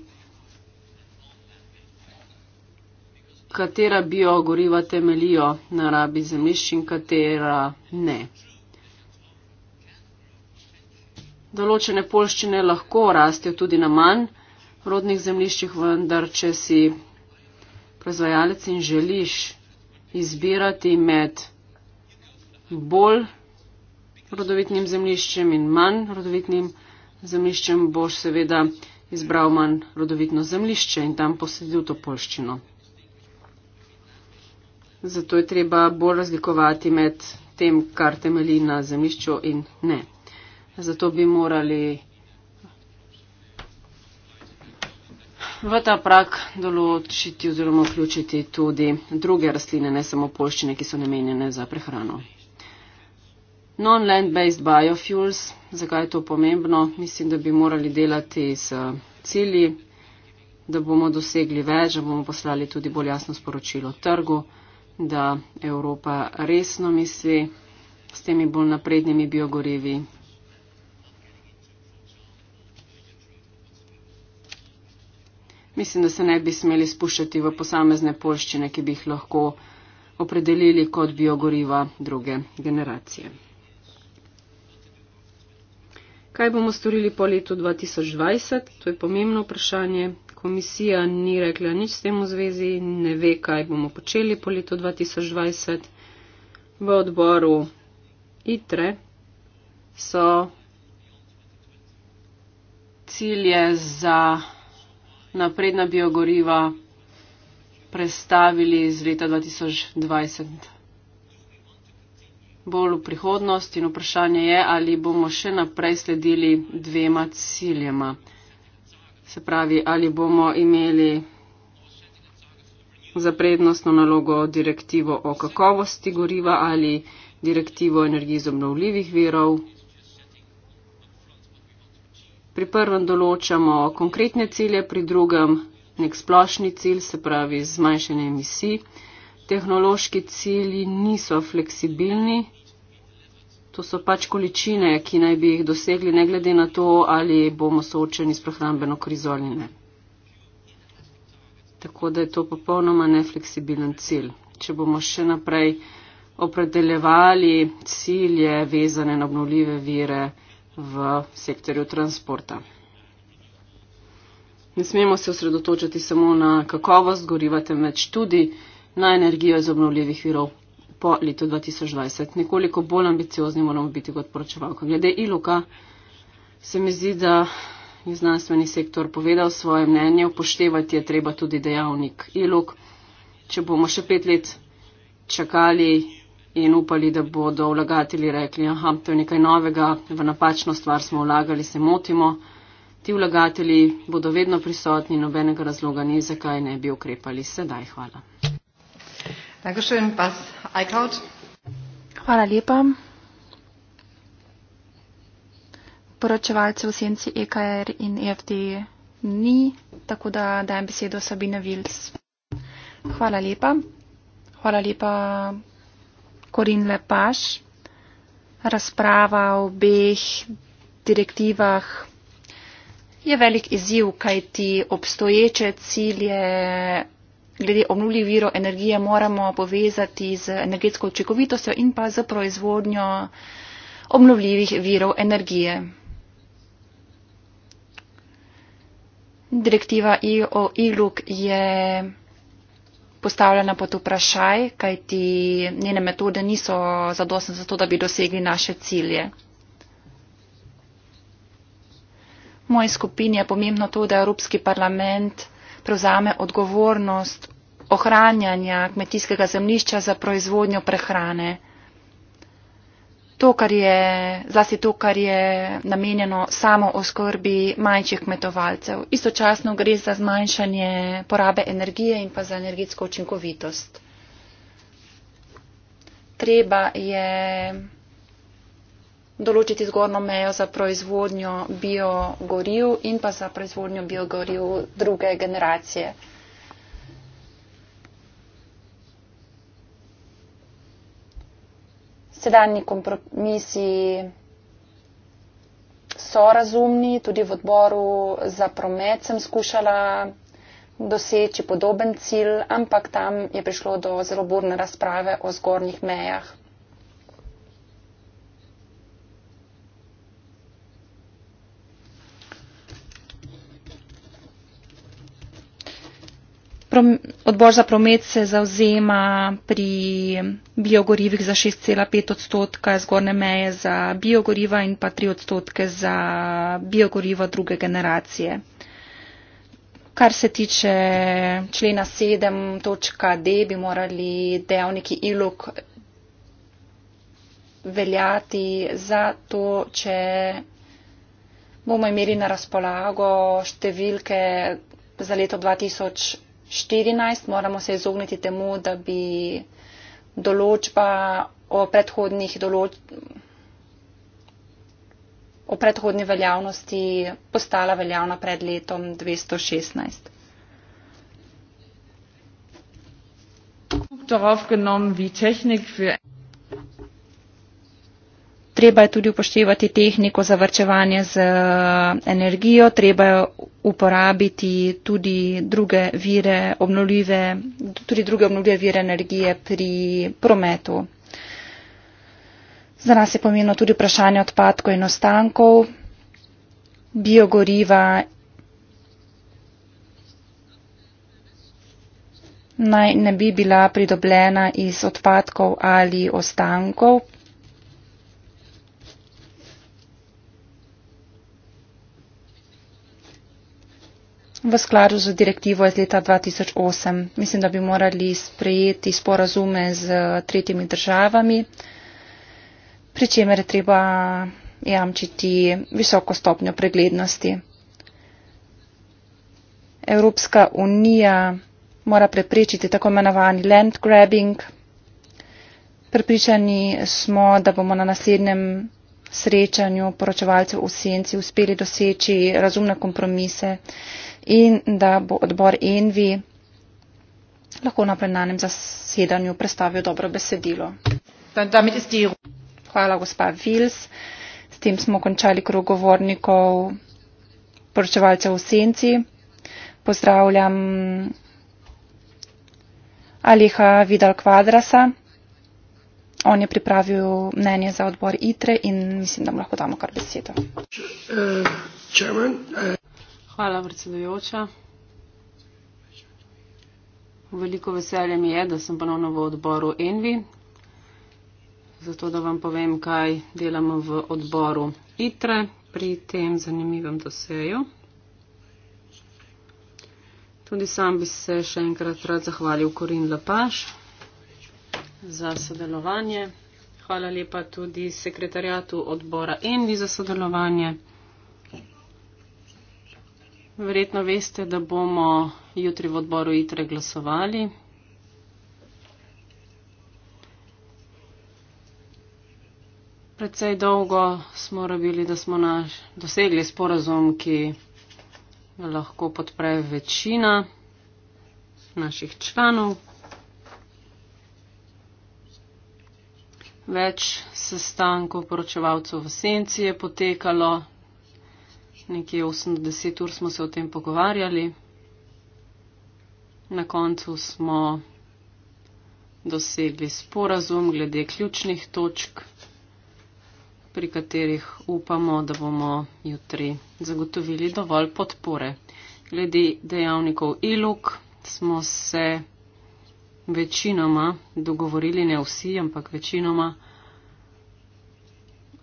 katera biogoriva temelijo na rabi zemljišč in katera ne. Določene polščine lahko rastejo tudi na manj, rodnih zemljiščih, vendar če si proizvajalec in želiš izbirati med bolj rodovitnim zemljiščem in manj rodovitnim zemljiščem, boš seveda izbral manj rodovitno zemljišče in tam posedil to polščino. Zato je treba bolj razlikovati med tem, kar temelji na zemljišču in ne. Zato bi morali v ta prak določiti oziroma vključiti tudi druge rastline, ne samo polščine, ki so namenjene za prehrano. Non-land-based biofuels, zakaj je to pomembno? Mislim, da bi morali delati z cilji, da bomo dosegli več, da bomo poslali tudi bolj jasno sporočilo trgu, da Evropa resno misli s temi bolj naprednimi biogorivi, Mislim, da se ne bi smeli spuščati v posamezne polščine, ki bi jih lahko opredelili kot biogoriva druge generacije. Kaj bomo storili po letu 2020? To je pomembno vprašanje. Komisija ni rekla nič s tem v zvezi, ne ve, kaj bomo počeli po letu 2020. V odboru ITRE so cilje za napredna biogoriva prestavili iz leta 2020 bolj v prihodnost in vprašanje je, ali bomo še naprej sledili dvema ciljema. Se pravi, ali bomo imeli za prednostno nalogo direktivo o kakovosti goriva ali direktivo o energiji iz obnovljivih verov pri prvem določamo konkretne cilje, pri drugem nek splošni cilj, se pravi zmanjšanje emisij. Tehnološki cilji niso fleksibilni, to so pač količine, ki naj bi jih dosegli, ne glede na to, ali bomo soočeni s prehrambeno krizo ali ne. Tako da je to popolnoma nefleksibilen cilj. Če bomo še naprej opredeljevali cilje vezane na obnovljive vire, v sektorju transporta. Ne smemo se osredotočiti samo na kakovost goriva, temveč tudi na energijo iz obnovljivih virov po letu 2020. Nekoliko bolj ambiciozni moramo biti kot poročevalka. Glede iluka se mi zdi, da je znanstveni sektor povedal svoje mnenje, upoštevati je treba tudi dejavnik iluk. Če bomo še pet let čakali in upali, da bodo vlagatelji rekli, aha, to je nekaj novega, v napačno stvar smo vlagali, se motimo. Ti vlagatelji bodo vedno prisotni, nobenega razloga ni, zakaj ne bi ukrepali sedaj. Hvala. Dankeschön, Bas Eickhout. Hvala lepa. Poročevalce v senci EKR in EFD ni, tako da dajem besedo Sabine Vils. Hvala lepa. Hvala lepa Korin Lepaš. Razprava o obeh direktivah je velik izziv, kaj ti obstoječe cilje glede obnuljivih virov energije moramo povezati z energetsko očekovitostjo in pa z proizvodnjo obnuljivih virov energije. Direktiva EU-ILUK je postavljena pod vprašaj, kajti njene metode niso zadostne za to, da bi dosegli naše cilje. V moji skupini je pomembno to, da Evropski parlament prevzame odgovornost ohranjanja kmetijskega zemlišča za proizvodnjo prehrane. To, kar je, zlasti to, kar je namenjeno samo oskrbi manjših kmetovalcev. Istočasno gre za zmanjšanje porabe energije in pa za energetsko učinkovitost. Treba je določiti zgornjo mejo za proizvodnjo biogoriv in pa za proizvodnjo biogoriv druge generacije. sedajni kompromisi so razumni, tudi v odboru za promet sem skušala doseči podoben cilj, ampak tam je prišlo do zelo burne razprave o zgornjih mejah Odbor za promet se zauzema pri biogorivih za 6,5 odstotka zgorne meje za biogoriva in pa 3 odstotke za biogoriva druge generacije. Kar se tiče člena 7.d, bi morali dejavniki ILUK veljati za to, če bomo imeli na razpolago številke za leto 2000. 14, moramo se izogniti temu, da bi določba o predhodnih določbah o predhodni veljavnosti postala veljavna pred letom 216 treba je tudi upoštevati tehniko za vrčevanje z eh, energijo, treba je uporabiti tudi druge vire, obnovljive, tudi druge obnovljive vire energije pri prometu. Za nas je pomembno tudi vprašanje odpadkov in ostankov, biogoriva. Naj ne bi bila pridobljena iz odpadkov ali ostankov, v skladu z direktivo iz leta 2008. Mislim, da bi morali sprejeti sporazume z tretjimi državami, pri čemer je treba jamčiti visoko stopnjo preglednosti. Evropska unija mora preprečiti tako imenovani land grabbing. Pripričani smo, da bomo na naslednjem srečanju poročevalcev v senci uspeli doseči razumne kompromise, in da bo odbor Envi lahko na plenarnem zasedanju predstavil dobro besedilo. Hvala, gospa Vils. S tem smo končali krog govornikov poročevalcev v senci. Pozdravljam Aliha Vidal Kvadrasa. On je pripravil mnenje za odbor ITRE in mislim, da mu lahko damo kar besedo. Če, uh, čemen, uh. Hvala, predsedujoča. Veliko veselje mi je, da sem ponovno v odboru Envi, zato da vam povem, kaj delamo v odboru ITRE pri tem zanimivem doseju. Tudi sam bi se še enkrat rad zahvalil Korin Lepaš za sodelovanje. Hvala lepa tudi sekretarjatu odbora Envi za sodelovanje. Verjetno veste, da bomo jutri v odboru ITRE glasovali. Predvsej dolgo smo rabili, da smo naš, dosegli sporazum, ki lahko podpre večina naših članov. Več sestankov poročevalcev v senci je potekalo, nekje 80 ur smo se o tem pogovarjali. Na koncu smo dosegli sporazum glede ključnih točk, pri katerih upamo, da bomo jutri zagotovili dovolj podpore. Glede dejavnikov ILUK smo se večinoma dogovorili, ne vsi, ampak večinoma,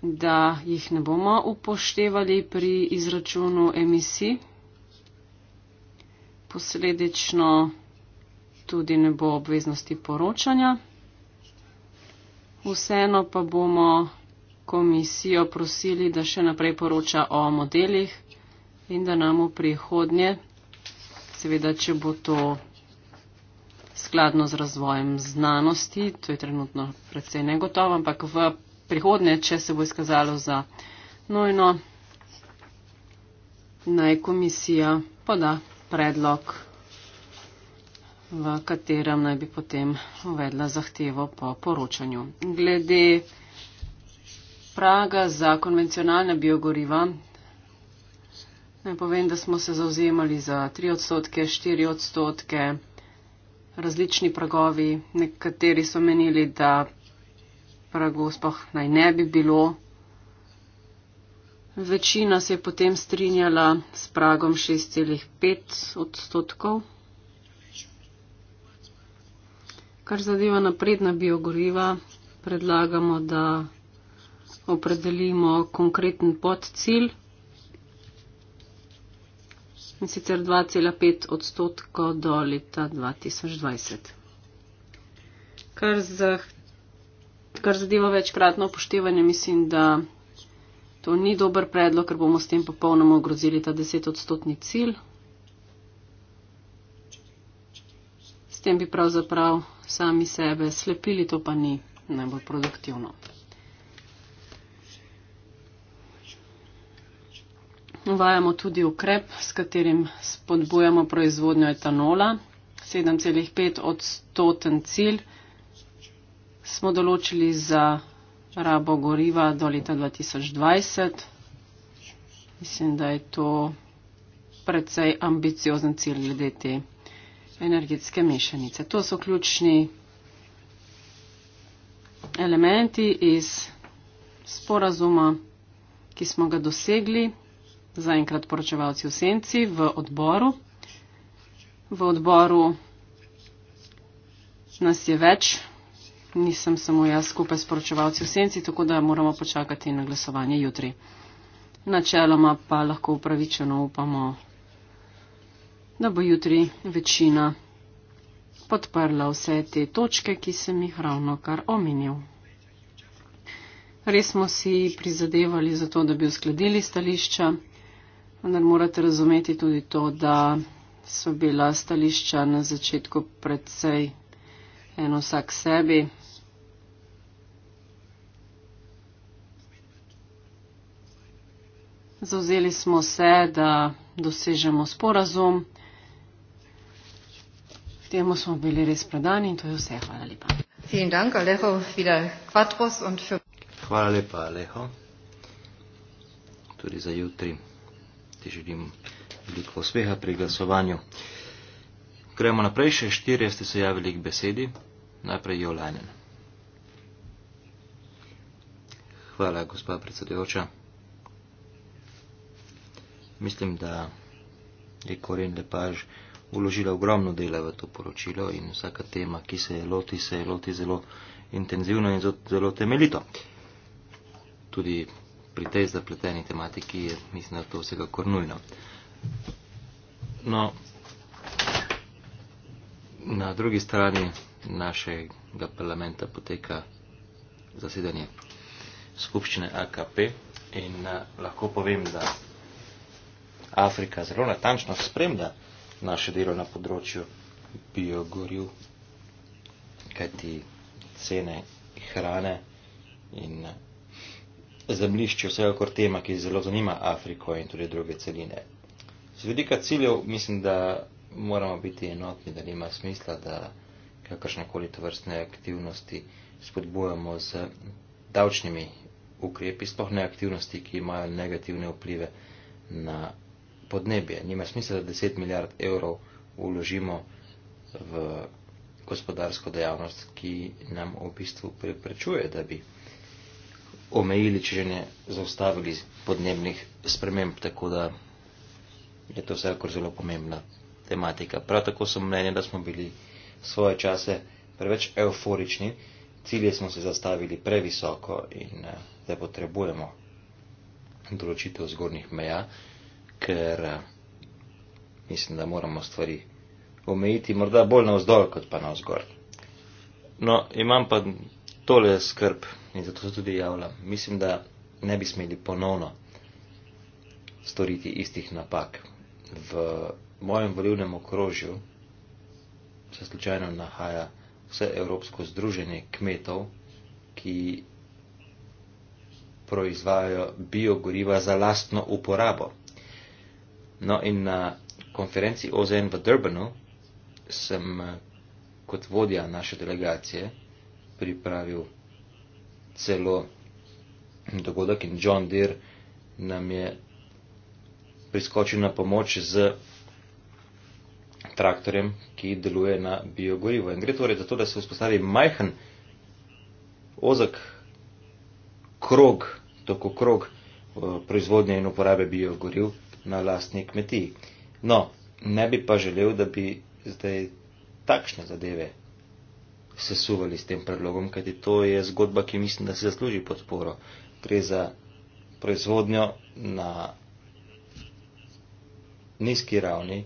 da jih ne bomo upoštevali pri izračunu emisij. Posledično tudi ne bo obveznosti poročanja. Vseeno pa bomo komisijo prosili, da še naprej poroča o modelih in da nam v prihodnje, seveda, če bo to skladno z razvojem znanosti, to je trenutno precej negotovo, ampak v prihodnje, če se bo izkazalo za nojno, naj komisija poda predlog, v katerem naj bi potem uvedla zahtevo po poročanju. Glede praga za konvencionalne biogoriva. Naj povem, da smo se zauzemali za 3 odstotke, 4 odstotke, različni pragovi, nekateri so menili, da pragu sploh naj ne bi bilo. Večina se je potem strinjala s pragom 6,5 odstotkov. Kar zadeva napredna biogoriva, predlagamo, da opredelimo konkreten podcilj. In sicer 2,5 odstotkov do leta 2020. Kar zahteva kar zadeva večkratno upoštevanje, mislim, da to ni dober predlog, ker bomo s tem popolnoma ogrozili ta desetodstotni cilj. S tem bi pravzaprav sami sebe slepili, to pa ni najbolj produktivno. Uvajamo tudi ukrep, s katerim spodbujamo proizvodnjo etanola, 7,5 odstoten cilj smo določili za rabo goriva do leta 2020. Mislim, da je to predvsej ambiciozen cilj glede te energetske mešanice. To so ključni elementi iz sporazuma, ki smo ga dosegli zaenkrat poročevalci v senci v odboru. V odboru nas je več nisem samo jaz skupaj s poročevalci v senci, tako da moramo počakati na glasovanje jutri. Načeloma pa lahko upravičeno upamo, da bo jutri večina podprla vse te točke, ki sem jih ravno kar omenil. Res smo si prizadevali za to, da bi uskladili stališča, vendar morate razumeti tudi to, da so bila stališča na začetku predvsej eno vsak sebi. Zauzeli smo se, da dosežemo sporazum. Temu smo bili res predani in to je vse. Hvala lepa. Hvala lepa, Aleho. Tudi za jutri ti želim veliko uspeha pri glasovanju. Gremo naprej, še štirje ste se javili k besedi. Najprej Jolanen. Hvala, gospa predsedujoča. Mislim, da je Korin Lepaž uložila ogromno dela v to poročilo in vsaka tema, ki se je loti, se je loti zelo intenzivno in zelo temeljito. Tudi pri tej zapleteni tematiki je, mislim, da to vsega kor nujno. No, na drugi strani našega parlamenta poteka zasedanje skupščine AKP in eh, lahko povem, da Afrika zelo natančno spremlja naše delo na področju biogoriv, kajti cene hrane in zemlišče vse okor tema, ki zelo zanima Afriko in tudi druge celine. Z vedika ciljev mislim, da moramo biti enotni, da nima smisla, da kakršnekoli tovrstne aktivnosti spodbujamo z davčnimi ukrepi, sploh ne aktivnosti, ki imajo negativne vplive na podnebje. Nima smisla, da 10 milijard evrov uložimo v gospodarsko dejavnost, ki nam v bistvu preprečuje, da bi omejili, če že ne zaustavili podnebnih sprememb, tako da je to vsekakor zelo pomembna tematika. Prav tako sem mnenja, da smo bili svoje čase preveč euforični, cilje smo se zastavili previsoko in eh, da potrebujemo določitev zgornjih meja. Uh, ker eh, mislim, da moramo stvari omejiti, morda bolj na vzdolj, kot pa na vzgor. No, imam pa tole skrb in zato se tudi javljam. Mislim, da ne bi smeli ponovno storiti istih napak. V mojem volivnem okrožju se slučajno nahaja vse Evropsko združenje kmetov, ki proizvajajo biogoriva za lastno uporabo. No in na konferenci OZN v Durbanu sem eh, kot vodja naše delegacije pripravil celo dogodek in John Deere nam je priskočil na pomoč z traktorjem, ki deluje na biogorivo. In gre torej za to, da se vzpostavi majhen ozek krog, tako krog eh, proizvodnje in uporabe biogoriv, na lastni kmetiji. No, ne bi pa želel, da bi zdaj takšne zadeve sesuvali s tem predlogom, kajti to je zgodba, ki mislim, da si zasluži podporo. Gre za proizvodnjo na nizki ravni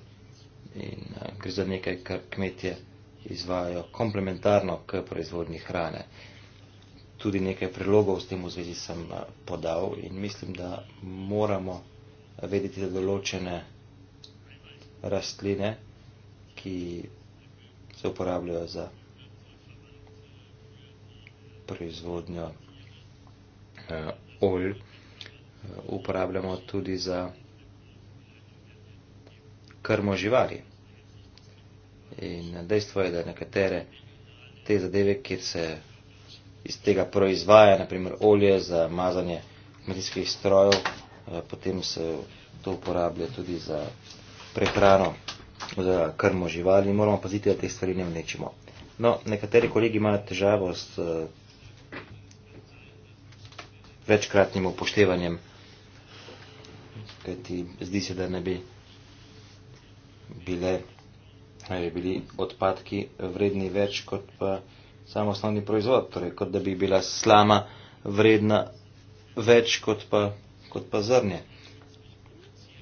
in eh, gre za nekaj, kar kmetje izvajo komplementarno k proizvodni hrane. Tudi nekaj predlogov s tem v zvezi sem eh, podal in mislim, da moramo vedeti za določene rastline, ki se uporabljajo za proizvodnjo uh, olj. Eh, uporabljamo tudi za krmo živali. In dejstvo je, da nekatere te zadeve, kjer se iz tega proizvaja, naprimer olje za mazanje kmetijskih strojev, Eh, potem se to uporablja tudi za prehrano, za krmo živali. Moramo paziti, da te stvari ne vnečimo. No, nekateri kolegi imajo težavo s eh, večkratnim upoštevanjem, kajti zdi se, da ne bi bile, ne bi bili odpadki vredni več kot pa sam osnovni proizvod, torej kot da bi bila slama vredna več kot pa kot pa zrnje.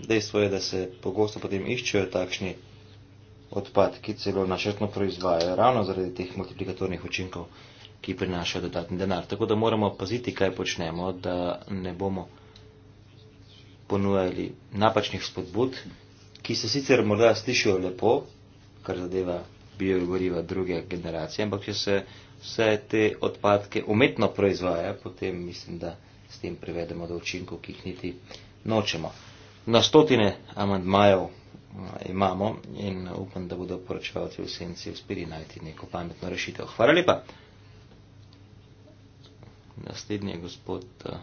Dejstvo je, da se pogosto potem iščejo takšni odpadki, celo načrtno proizvajajo, ravno zaradi teh multiplikatornih učinkov, ki prinašajo dodatni denar. Tako da moramo paziti, kaj počnemo, da ne bomo ponujali napačnih spodbud, ki se sicer morda slišijo lepo, kar zadeva biogoriva druge generacije, ampak če se vse te odpadke umetno proizvaja, potem mislim, da s tem privedemo do učinkov, ki jih niti nočemo. Na stotine amandmajev eh, imamo in upam, da bodo poročevalci v senci uspeli najti neko pametno rešitev. Hvala lepa. Naslednji je gospod eh,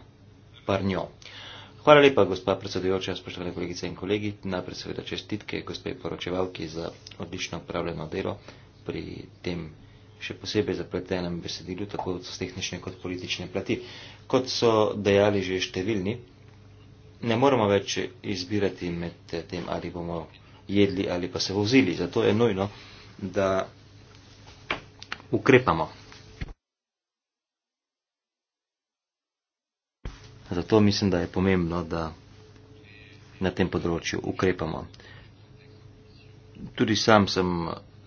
Parnjo. Hvala lepa, gospa predsedujoča, spoštovane kolegice in kolegi. Najprej seveda čestitke gospe poročevalki za odlično upravljeno delo pri tem še posebej zapletenem besedilu, tako z tehnične kot politične plati. Kot so dejali že številni, ne moramo več izbirati med tem, ali bomo jedli ali pa se vozili. Zato je nujno, da ukrepamo. Zato mislim, da je pomembno, da na tem področju ukrepamo. Tudi sam sem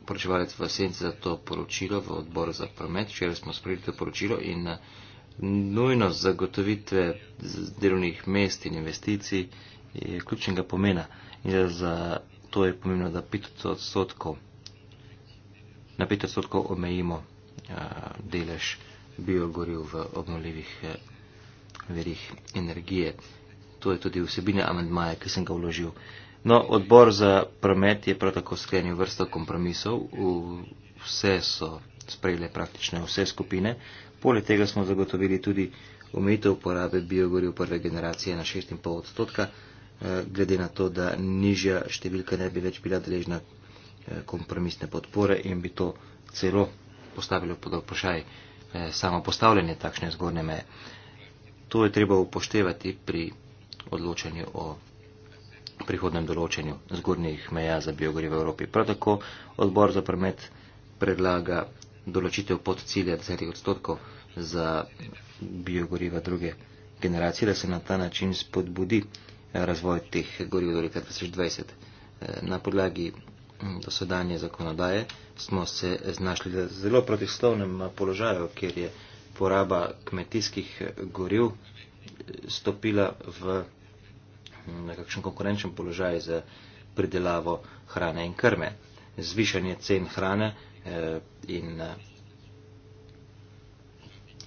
poročevalec v senci za to poročilo v odboru za promet. Včeraj smo sprejeli to poročilo in eh, nujnost zagotovitve delovnih mest in investicij je ključnega pomena. In za to je pomembno, da 5%, na 5 odstotkov omejimo a, eh, delež biogoriv v obnovljivih eh, verjih energije. To je tudi vsebina amendmaja, ki sem ga vložil. No, odbor za promet je prav tako sklenil vrsto kompromisov, vse so sprejele praktično vse skupine. Poleg tega smo zagotovili tudi omejitev uporabe biogoriv prve generacije na 6,5 odstotka, eh, glede na to, da nižja številka ne bi več bila deležna eh, kompromisne podpore in bi to celo postavilo pod vprašaj eh, samo postavljanje takšne zgornje meje. To je treba upoštevati pri odločanju o prihodnem določenju zgornjih meja za biogoriv v Evropi. Prav tako odbor za promet predlaga določitev pod cilja 10 odstotkov za biogoriva druge generacije, da se na ta način spodbudi eh, razvoj teh goriv do leta 2020. Eh, na podlagi hm, dosedanje zakonodaje smo se znašli v zelo protislovnem eh, položaju, kjer je poraba kmetijskih goriv stopila v nekakšen konkurenčen položaj za pridelavo hrane in krme. Zvišanje cen hrane eh, in eh,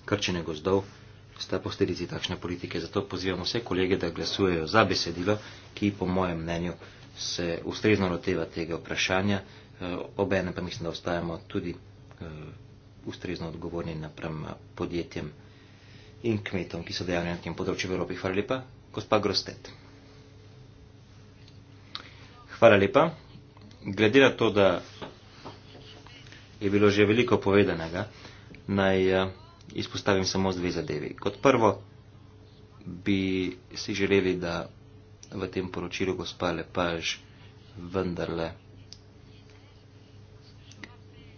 krčenje gozdov sta posledici takšne politike. Zato pozivam vse kolege, da glasujejo za besedilo, ki po mojem mnenju se ustrezno loteva tega vprašanja. Eh, Obene pa mislim, da ostajamo tudi ustrezno odgovorni naprem podjetjem in kmetom, ki so dejavni na tem področju v Evropi. Hvala lepa, gospa Grostet. Hvala lepa. Glede na to, da je bilo že veliko povedanega, naj eh, izpostavim samo dve zadevi. Kot prvo, bi si želeli, da v tem poročilu gospa Lepaž vendarle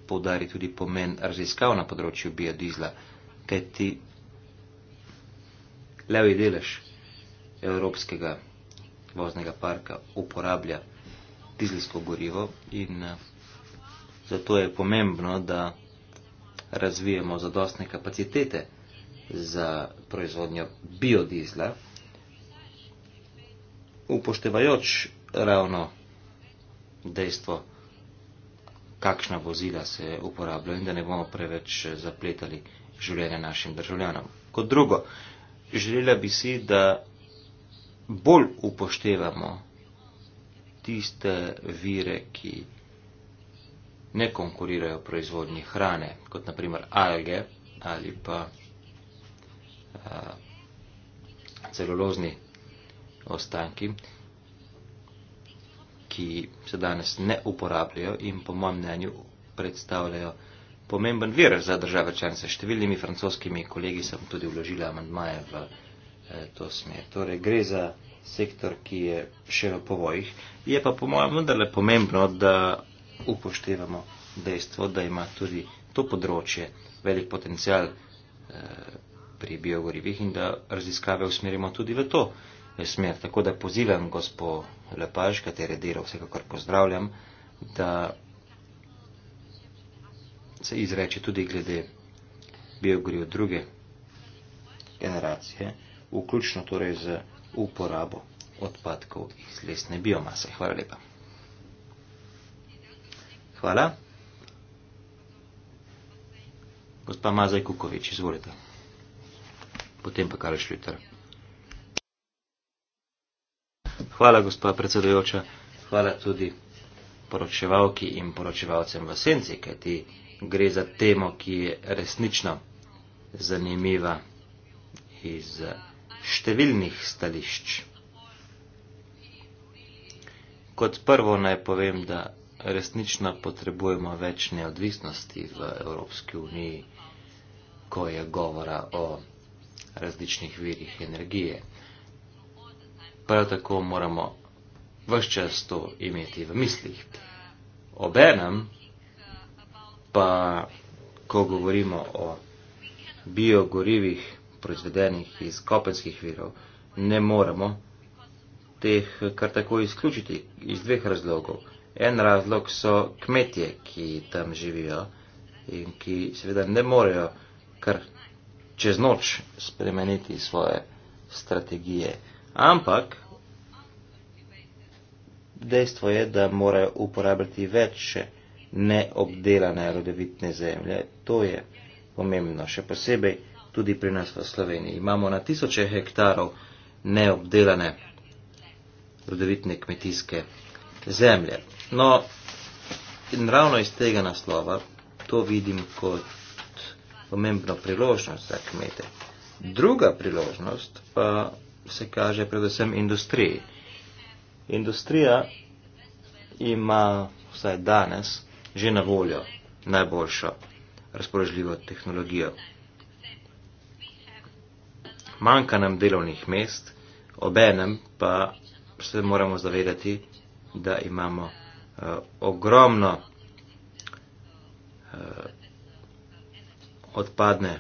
poudari tudi pomen raziskav na področju biodizla, kajti levi delež Evropskega voznega parka uporablja dizelsko gorivo in eh, zato je pomembno, da razvijemo zadostne kapacitete za proizvodnjo biodizla, upoštevajoč ravno dejstvo, kakšna vozila se uporabljajo in da ne bomo preveč zapletali življenja našim državljanom. Kot drugo, želela bi si, da bolj upoštevamo tiste vire, ki ne konkurirajo proizvodnji hrane, kot naprimer alge ali pa a, eh, celulozni ostanki, ki se danes ne uporabljajo in po mojem mnenju predstavljajo pomemben vir za države članice. Številnimi francoskimi kolegi sem tudi vložila amandmaje v eh, to smer. Torej gre za sektor, ki je še v povojih. Je pa po mojem vendarle pomembno, da upoštevamo dejstvo, da ima tudi to področje velik potencial eh, pri biogorivih in da raziskave usmerimo tudi v to eh, smer. Tako da pozivam gospo Lepaž, katere delo vsekakor pozdravljam, da se izreče tudi glede biogoriv druge generacije, vključno torej z uporabo odpadkov iz lesne biomase. Hvala lepa. Hvala. Gospa Mazaj Kukovič, izvolite. Potem pa Karl Šljuter. Hvala, gospa predsedujoča. Hvala tudi poročevalki in poročevalcem v senci, kaj ti gre za temo, ki je resnično zanimiva iz številnih stališč. Kot prvo naj povem, da resnično potrebujemo več neodvisnosti v Evropski uniji, ko je govora o različnih virih energije. Prav tako moramo vse čas to imeti v mislih. Obenem pa, ko govorimo o biogorivih, proizvedenih iz kopenskih virov, ne moremo teh kar tako izključiti iz dveh razlogov. En razlog so kmetje, ki tam živijo in ki seveda ne morejo kar čez noč spremeniti svoje strategije. Ampak dejstvo je, da morajo uporabljati več neobdelane rodovitne zemlje. To je pomembno. Še posebej tudi pri nas v Sloveniji. Imamo na tisoče hektarov neobdelane rodovitne kmetijske zemlje. No, in ravno iz tega naslova to vidim kot pomembno priložnost za kmete. Druga priložnost pa se kaže predvsem industriji. Industrija ima vsaj danes že na voljo najboljšo razpoložljivo tehnologijo manjka nam delovnih mest, obenem pa se moramo zavedati, da imamo uh, ogromno uh, odpadne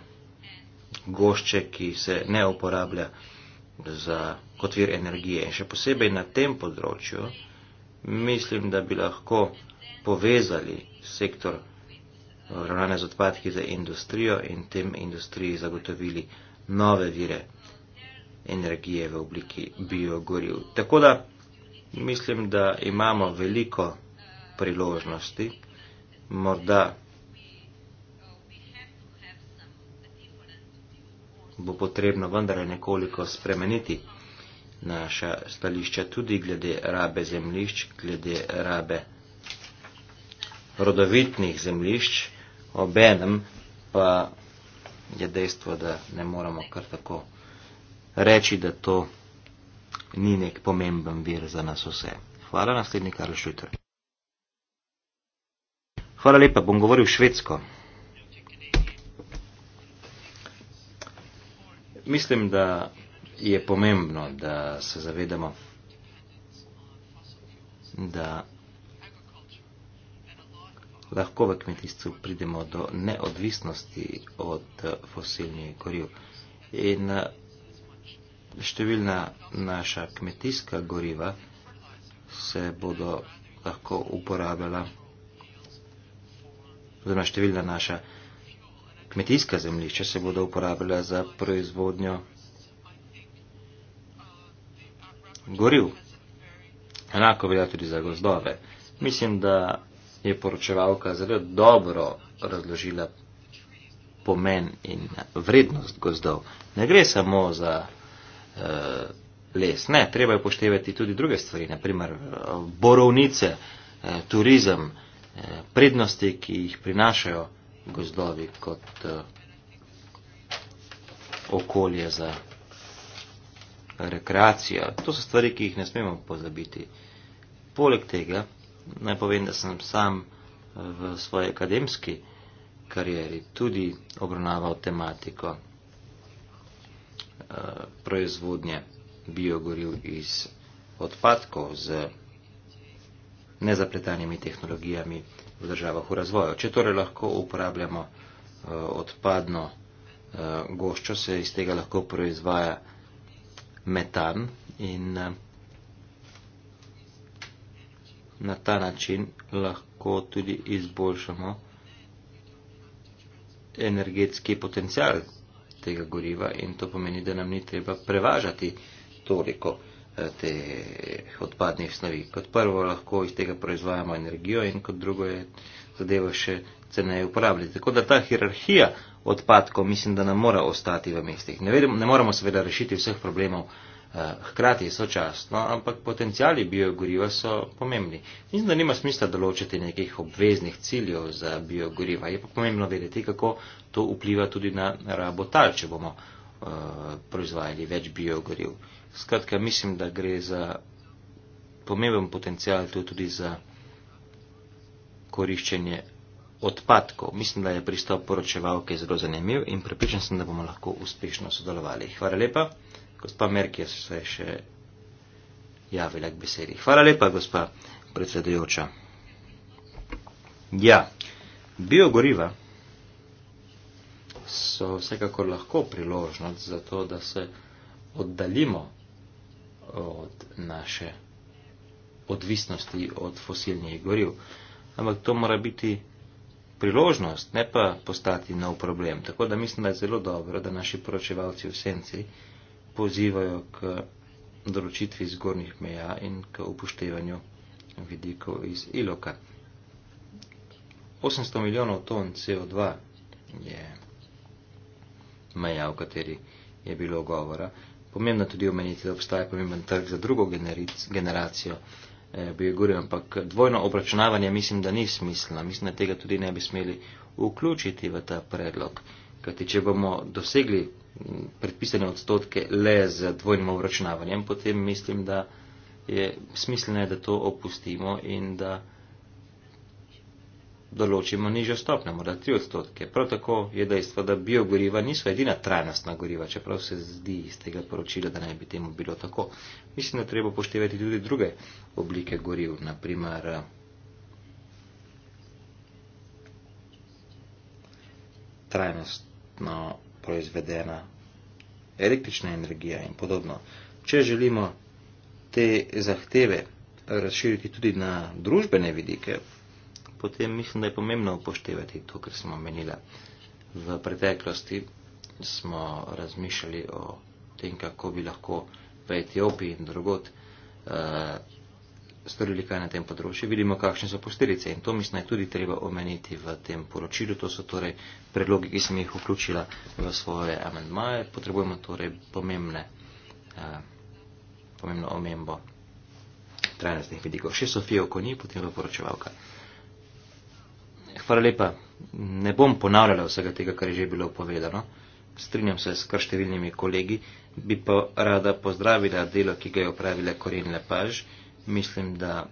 gošče, ki se ne uporablja za, kot vir energije. In še posebej na tem področju mislim, da bi lahko povezali sektor eh, ravnanja z odpadki za industrijo in tem industriji zagotovili uh, nove vire energije v obliki biogoriv. Tako da mislim, da imamo veliko priložnosti, morda bo potrebno vendarle nekoliko spremeniti naša stališča tudi glede rabe zemljišč, glede rabe rodovitnih zemljišč, obenem pa je dejstvo, da ne moramo kar tako reči, da to ni nek pomemben vir za nas vse. Hvala, naslednji Karl Šuter. Hvala lepa, bom govoril švedsko. Mislim, da je pomembno, da se zavedamo, da lahko v kmetijstvu pridemo do neodvisnosti od eh, fosilnih goriv. In eh, številna naša kmetijska goriva se bodo lahko uporabljala, oziroma številna naša kmetijska zemljišča se bodo uporabljala za proizvodnjo goriv. Enako velja tudi za gozdove. Mislim, da je poročevalka zelo dobro razložila pomen in vrednost gozdov. Ne gre samo za uh, les, ne, treba je poštevati tudi druge stvari, naprimer eh, borovnice, uh, turizem, uh, prednosti, ki jih prinašajo gozdovi kot uh, okolje za rekreacijo. To so stvari, ki jih ne smemo pozabiti. Poleg tega, Naj povem, da sem sam eh, v svoji akademski karieri tudi obravnaval tematiko eh, proizvodnje biogoriv iz odpadkov z nezapletanimi tehnologijami v državah v razvoju. Če torej lahko uporabljamo eh, odpadno goščo, se iz tega lahko proizvaja metan in na ta način lahko tudi izboljšamo energetski potencial tega goriva in to pomeni, da nam ni treba prevažati toliko eh, teh odpadnih snovi. Kot prvo lahko iz tega proizvajamo energijo in kot drugo je zadevo še ceneje uporabljati. Tako da ta hierarhija odpadkov mislim, da nam mora ostati v mestih. Ne, vedem, ne moramo seveda rešiti vseh problemov uh, Eh, hkrati sočasno, ampak potencijali biogoriva so pomembni. Mislim, da nima smisla določiti nekih obveznih ciljev za biogoriva. Je pa pomembno vedeti, kako to vpliva tudi na rabo tal, če bomo uh, proizvajali več biogoriv. Skratka, mislim, da gre za pomemben potencijal tudi za koriščenje odpadkov. Mislim, da je pristop poročevalke zelo zanimiv in prepričan sem, da bomo lahko uspešno sodelovali. Hvala lepa gospa Merkija se je še javila k besedi. Hvala lepa, gospa predsedujoča. Ja, biogoriva so vsekakor lahko priložnost za to, da se oddaljimo od naše odvisnosti od fosilnih goriv. Ampak to mora biti priložnost, ne pa postati nov problem. Tako da mislim, da je zelo dobro, da naši poročevalci v senci pozivajo k določitvi zgornjih meja in k upoštevanju vidikov iz iloka. 800 milijonov ton CO2 je meja, o kateri je bilo govora. Pomembno tudi omeniti, da obstaja pomemben trg za drugo generacijo eh, biogoriv, ampak dvojno obračunavanje mislim, da ni smiselno. Mislim, da tega tudi ne bi smeli vključiti v ta predlog. Kajti, če bomo dosegli predpisane odstotke le z dvojnim obračunavanjem, potem mislim, da je smiselno, da to opustimo in da določimo nižjo stopnjo, morda tri odstotke. Prav tako je dejstvo, da biogoriva niso edina trajnostna goriva, čeprav se zdi iz tega poročila, da naj bi temu bilo tako. Mislim, da treba poštevati tudi druge oblike goriv, naprimer trajnostno proizvedena električna energija in podobno. Če želimo te zahteve razširiti tudi na družbene vidike, potem mislim, da je pomembno upoštevati to, kar smo omenila. V preteklosti smo razmišljali o tem, kako bi lahko v Etiopiji in drugot uh, eh, storili kaj na tem področju, vidimo, kakšne so posledice in to mislim, da je tudi treba omeniti v tem poročilu. To so torej predlogi, ki sem jih vključila v svoje amendmaje. Potrebujemo torej pomembne, eh, pomembno omembo trajnostnih vidikov. Še Sofijo Koni, potem pa poročevalka. Hvala lepa. Ne bom ponavljala vsega tega, kar je že bilo povedano. Strinjam se s kar številnimi kolegi. Bi pa rada pozdravila delo, ki ga je opravila Korin Lepaž mislim, da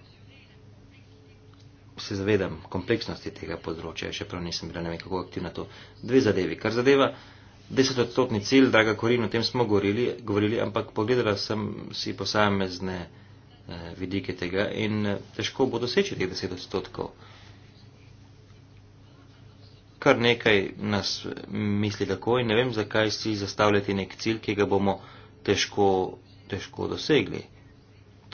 se zavedam kompleksnosti tega področja, še prav nisem bila ne vem kako aktivna to. Dve zadevi. Kar zadeva 10-odstotni cilj, draga Korin, o tem smo govorili, govorili ampak pogledala sem si posamezne eh, vidike tega in eh, težko bo doseči teh 10 odstotkov. Kar nekaj nas eh, misli tako in ne vem, zakaj si zastavljati nek cilj, ki ga bomo težko, težko dosegli.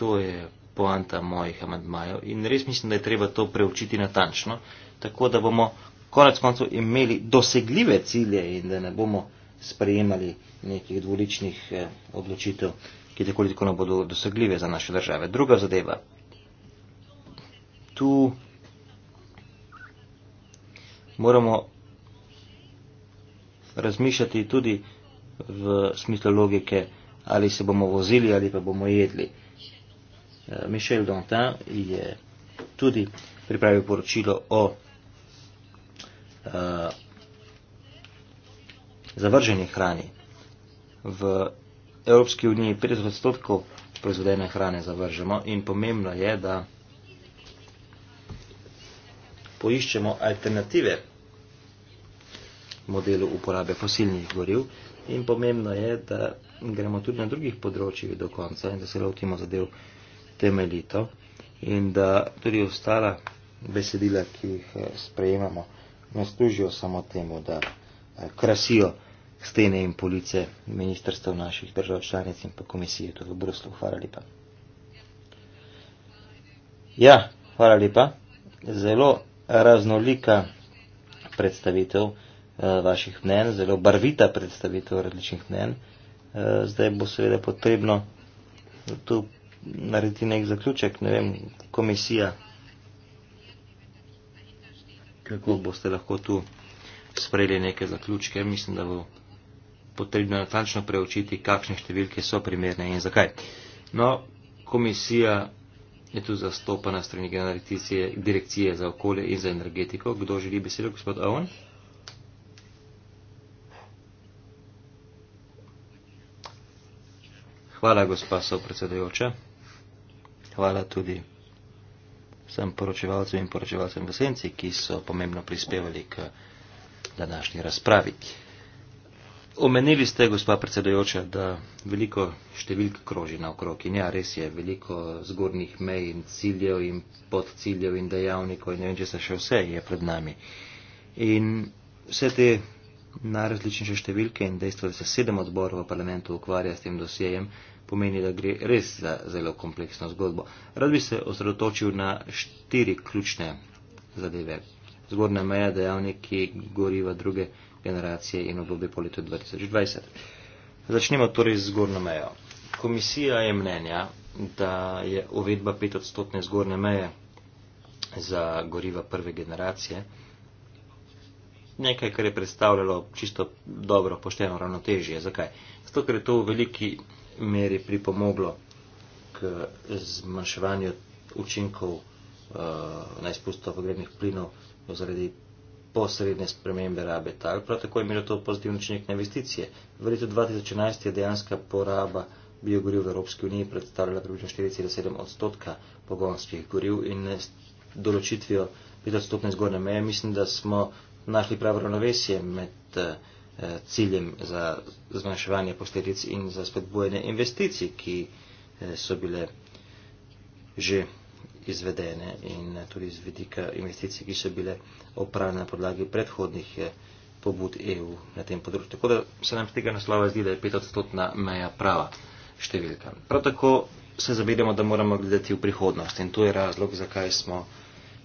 To je poanta mojih amantmajev in res mislim, da je treba to preučiti natančno, tako da bomo konec koncev imeli dosegljive cilje in da ne bomo sprejemali nekih dvoličnih eh, odločitev, ki tako tako ne bodo dosegljive za naše države. Druga zadeva. Tu moramo razmišljati tudi v smislu logike, ali se bomo vozili ali pa bomo jedli. Eh, Mišel Dantin je tudi pripravil poročilo o eh, zavrženi hrani. V Evropski uniji 50 odstotkov proizvedene hrane zavržemo in pomembno je, da poiščemo alternative modelu uporabe fosilnih goriv in pomembno je, da gremo tudi na drugih področjih do konca in da se lotimo zadev vsega temeljito in da tudi ostala besedila, ki jih eh, sprejemamo, ne služijo samo temu, da eh, krasijo stene in police ministrstv naših držav članic in pa komisije. To je bruslo. Hvala lepa. Ja, hvala lepa. Zelo raznolika predstavitev eh, vaših mnen, zelo barvita predstavitev različnih mnen. Zdaj bo seveda potrebno tu naredi nek zaključek, ne vem, komisija. Kako boste lahko tu sprejeli neke zaključke? Mislim, da bo potrebno natančno preučiti, kakšne številke so primerne in zakaj. No, komisija je tu zastopana strani generalitice Direkcije za okolje in za energetiko. Kdo želi besedo, gospod Owen? Hvala, gospa sopredsedujoča. Hvala tudi vsem poročevalcem in poročevalcem v senci, ki so pomembno prispevali k današnji razpravi. Omenili ste, gospa predsedojoča, da veliko številk kroži naokrog in ja, res je, veliko zgornjih mej in ciljev in podciljev in dejavnikov in ne vem, če se še vse je pred nami. In vse te najrazličnejše številke in dejstvo, da se sedem odborov v parlamentu ukvarja s tem dosjejem, pomeni, da gre res za zelo kompleksno zgodbo. Rad bi se osredotočil na štiri ključne zadeve. Zgornja meja, dejavniki goriva druge generacije in obdobje po letu 2020. Začnimo torej z zgornjo mejo. Komisija je mnenja, da je uvedba 5 odstotne zgornje meje za goriva prve generacije nekaj, kar je predstavljalo čisto dobro, pošteno ravnotežje. Zakaj? Zato, ker je to veliki meri pripomoglo k zmanjševanju učinkov eh, na izpustov pogrebnih plinov zaradi posredne spremembe rabe tal. Prav tako je imelo to pozitivni učinek na investicije. V letu 2011 je dejanska poraba biogoriv v Evropski uniji predstavljala približno 4,7 odstotka pogonskih goriv in s določitvijo 5 odstotne zgornje meje mislim, da smo našli pravo ravnovesje med uh, Eh, ciljem za zmanjševanje posledic in za spodbujanje investicij, ki eh, so bile že izvedene in eh, tudi z vedika investicij, ki so bile opravljene na podlagi predhodnih pobud EU na tem področju. Tako da se nam z tega naslova zdi, da je 5-odstotna meja prava številka. Prav tako se zavedamo, da moramo gledati v prihodnost in to je razlog, zakaj smo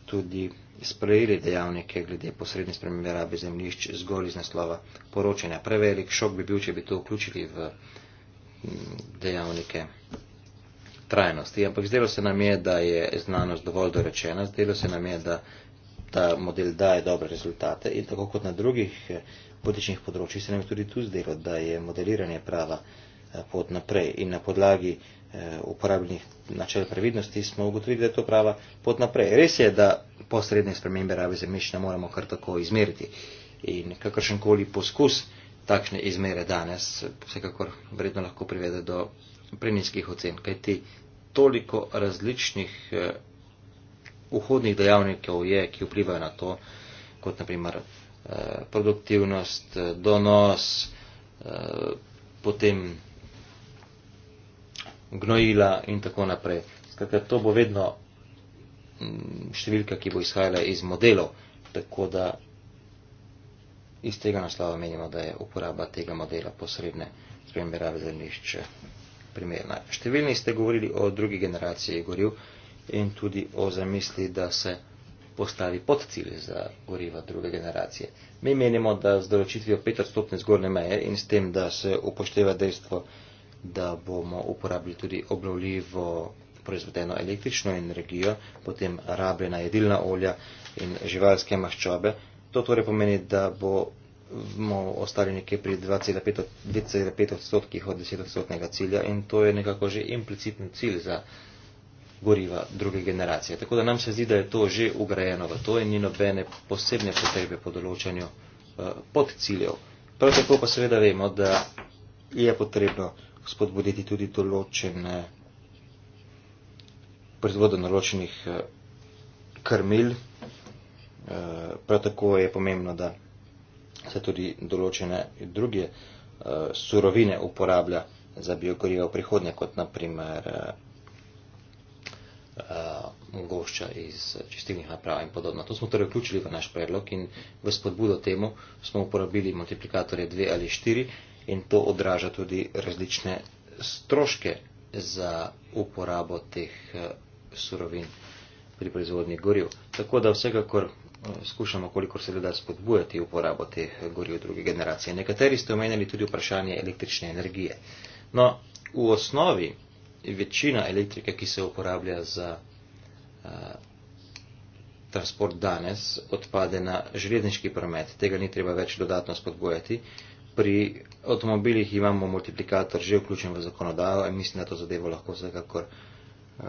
tudi sprejeli dejavnike glede posrednje spremembe rabe zemljišč zgolj iz naslova poročanja. Prevelik šok bi bil, če bi to vključili v mm, dejavnike trajnosti. Ampak zdelo se nam je, da je znanost dovolj dorečena, zdelo se nam je, da ta model daje dobre rezultate in tako kot na drugih eh, političnih področjih se nam je tudi tu zdelo, da je modeliranje prava eh, pot naprej in na podlagi Eh, uporabljenih načel previdnosti, smo ugotovili, da je to prava pot naprej. Res je, da posredne spremembe rabe zemljišča ne moramo kar tako izmeriti in kakršenkoli poskus takšne izmere danes vsekakor vredno lahko privede do preniskih ocen, kajti toliko različnih eh, vhodnih dejavnikov je, ki vplivajo na to, kot naprimer eh, produktivnost, donos, potem gnojila in tako naprej. Skratka, to bo vedno mm, številka, ki bo izhajala iz modelov, tako da iz tega naslova menimo, da je uporaba tega modela posredne spremembe rabe zemljišče primerna. Številni ste govorili o drugi generaciji goriv in tudi o zamisli, da se postavi pod cilj za goriva druge generacije. Mi menimo, da z določitvijo 5 stopne zgornje meje in s tem, da se upošteva dejstvo, da bomo uporabili tudi obnovljivo proizvedeno električno energijo, potem rabljena jedilna olja in živalske maščobe. To torej pomeni, da bomo ostali nekje pri 2,5 odstotkih od 10 odstotnega cilja in to je nekako že implicitni cilj za goriva druge generacije. Tako da nam se zdi, da je to že ugrajeno v to in ni nobene posebne potrebe po določanju eh, podciljev. Prav tako pa seveda vemo, da je potrebno spodbuditi tudi določene proizvode naročenih eh, krmil. Eh, prav tako je pomembno, da se tudi določene druge eh, surovine uporablja za biogorivo v prihodnje, kot naprimer gošča iz čistilnih naprav in podobno. To smo torej vključili v naš predlog in v spodbudo temu smo uporabili multiplikatorje 2 ali 4, in to odraža tudi različne stroške za uporabo teh eh, surovin pri proizvodnji goriv. Tako da vsekakor eh, skušamo, kolikor se da spodbujati uporabo teh eh, goriv druge generacije. Nekateri ste omenjali tudi vprašanje električne energije. No, v osnovi večina elektrike, ki se uporablja za uh, transport danes, odpade na železniški promet. Tega ni treba več dodatno spodbujati pri avtomobilih imamo multiplikator že vključen v zakonodajo in mislim, da to zadevo lahko vsekakor uh,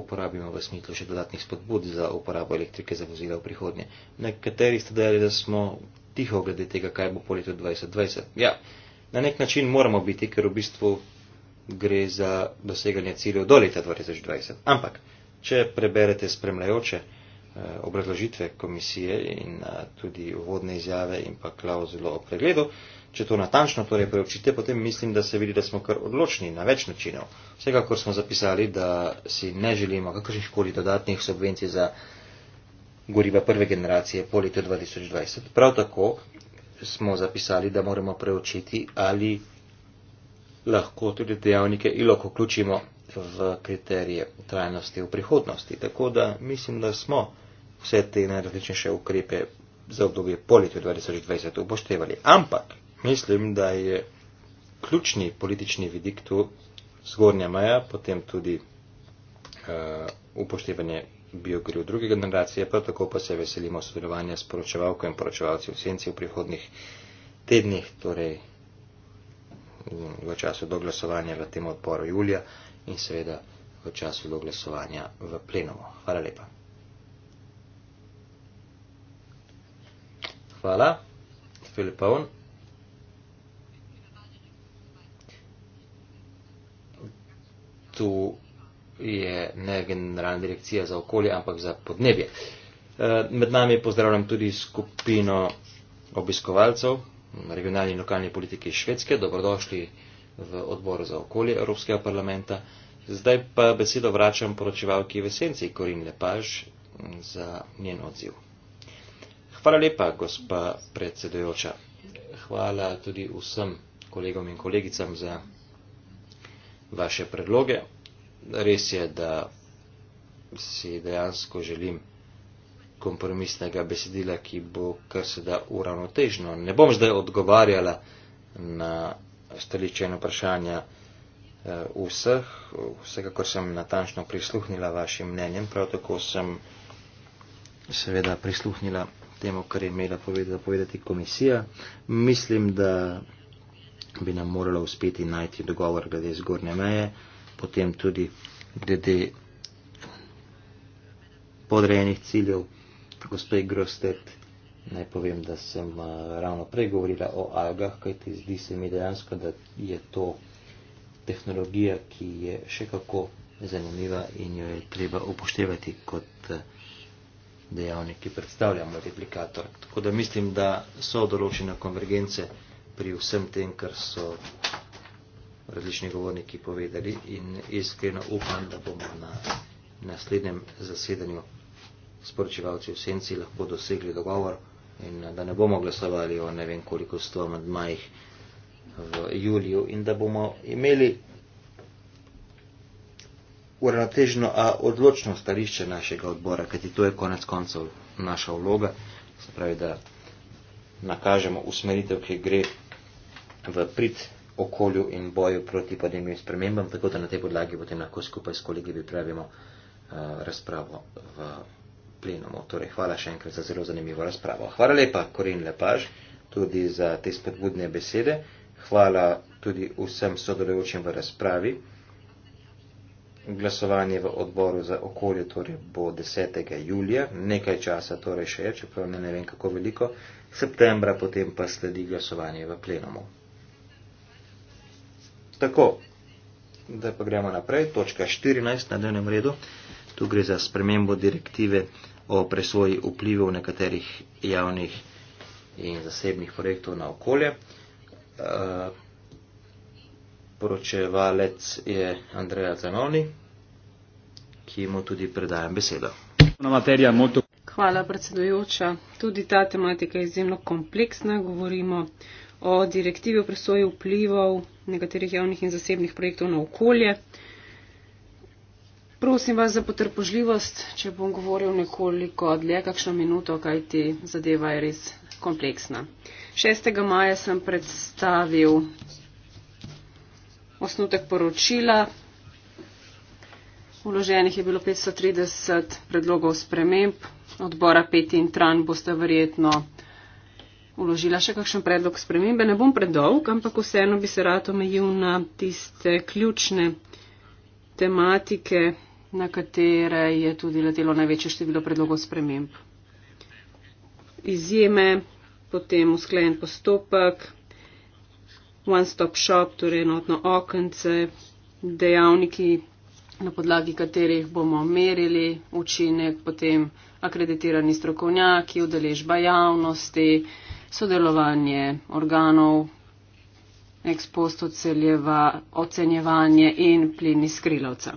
uporabimo v smislu še dodatnih spodbud za uporabo elektrike za vozila v prihodnje. Nekateri ste dejali, da smo tiho glede tega, kaj bo po letu 2020. Ja, na nek način moramo biti, ker v bistvu gre za doseganje ciljev do leta 2020. Ampak, če preberete spremljajoče, uh, Eh, obrazložitve komisije in eh, tudi uvodne izjave in pa klauzulo o pregledu. Če to natančno torej preučite, potem mislim, da se vidi, da smo kar odločni na več načinov. Vsekakor smo zapisali, da si ne želimo kakršnih koli dodatnih subvencij za goriva prve generacije po letu 2020. Prav tako smo zapisali, da moramo preučiti, ali lahko tudi dejavnike ilok vključimo v kriterije trajnosti v prihodnosti. Tako da mislim, da smo vse te najrazličnejše ukrepe za obdobje poletja 2020 upoštevali. Ampak mislim, da je ključni politični vidik tu zgornja maja, potem tudi uh, upoštevanje biogriv druge generacije, prav tako pa se veselimo sodelovanja s poročevalko in poročevalci v senci v prihodnih tednih, torej v času do glasovanja v tem odporu julija in seveda v času do glasovanja v plenumu. Hvala lepa. Hvala, Filipovn. Tu je ne generalna direkcija za okolje, ampak za podnebje. E, med nami pozdravljam tudi skupino obiskovalcev regionalni in lokalni politiki Švedske. Dobrodošli v odboru za okolje Evropskega parlamenta. Zdaj pa besedo vračam poročevalki Vesenci Korin Lepaž za njen odziv. Hvala lepa, gospa predsedujoča. Hvala tudi vsem kolegom in kolegicam za vaše predloge. Res je, da si dejansko želim kompromisnega besedila, ki bo kar se da uravnotežno. Ne bom zdaj odgovarjala na stoličeno vprašanje eh, vseh. Vsekakor sem natančno prisluhnila vašim mnenjem, prav tako sem seveda prisluhnila temu, kar je imela povedati, povedati komisija. Mislim, da bi nam moralo uspeti najti dogovor glede zgornje meje, potem tudi glede podrejenih ciljev. Gospod Grostet, naj povem, da sem eh, ravno prej govorila o algah, kajti zdi se mi dejansko, da je to tehnologija, ki je še kako zanimiva in jo je treba upoštevati kot. Uh, dejavnik, ki predstavlja multiplikator. Tako da mislim, da so določene konvergence pri vsem tem, kar so različni govorniki povedali in iskreno upam, da bomo na naslednjem zasedanju sporočevalci v senci lahko dosegli dogovor in da ne bomo glasovali o ne vem koliko sto amandmajih v juliju in da bomo imeli uravnoteženo, a odločno stališče našega odbora, kajti to je konec koncev naša vloga, se pravi, da nakažemo usmeritev, ki gre v prid okolju in boju proti podnebnim spremembam, tako da na tej podlagi potem lahko skupaj s kolegi pripravimo uh, razpravo v plenumu. Torej, hvala še enkrat za zelo zanimivo razpravo. Hvala lepa, Korin Lepaž, tudi za te spodbudne besede. Hvala tudi vsem sodelujočim v razpravi glasovanje v odboru za okolje torej bo 10. julija, nekaj časa torej še je, čeprav ne, ne vem kako veliko, septembra potem pa sledi glasovanje v plenumu. Tako, da pa gremo naprej, točka 14 na dnevnem redu, tu gre za spremembo direktive o presvoji vplivov nekaterih javnih in zasebnih projektov na okolje. Uh, poročevalec je Andreja Zanoni, ki mu tudi predajam besedo. Hvala, predsedujoča. Tudi ta tematika je izjemno kompleksna. Govorimo o direktivi o presoji vplivov nekaterih javnih in zasebnih projektov na okolje. Prosim vas za potrpožljivost, če bom govoril nekoliko dlje, kakšno minuto, kaj ti zadeva je res kompleksna. 6. maja sem predstavil osnutek poročila. Uloženih je bilo 530 predlogov sprememb, odbora 5 in tran boste verjetno uložila še kakšen predlog spremembe. Ne bom predolg, ampak vseeno bi se rad omejil na tiste ključne tematike, na katere je tudi letelo največje število predlogov sprememb. Izjeme, potem usklajen postopek, one-stop shop, torej enotno okence, dejavniki, na podlagi katerih bomo merili učinek, potem akreditirani strokovnjaki, udeležba javnosti, sodelovanje organov, ekspost oceljeva, ocenjevanje in plin iz krilovca.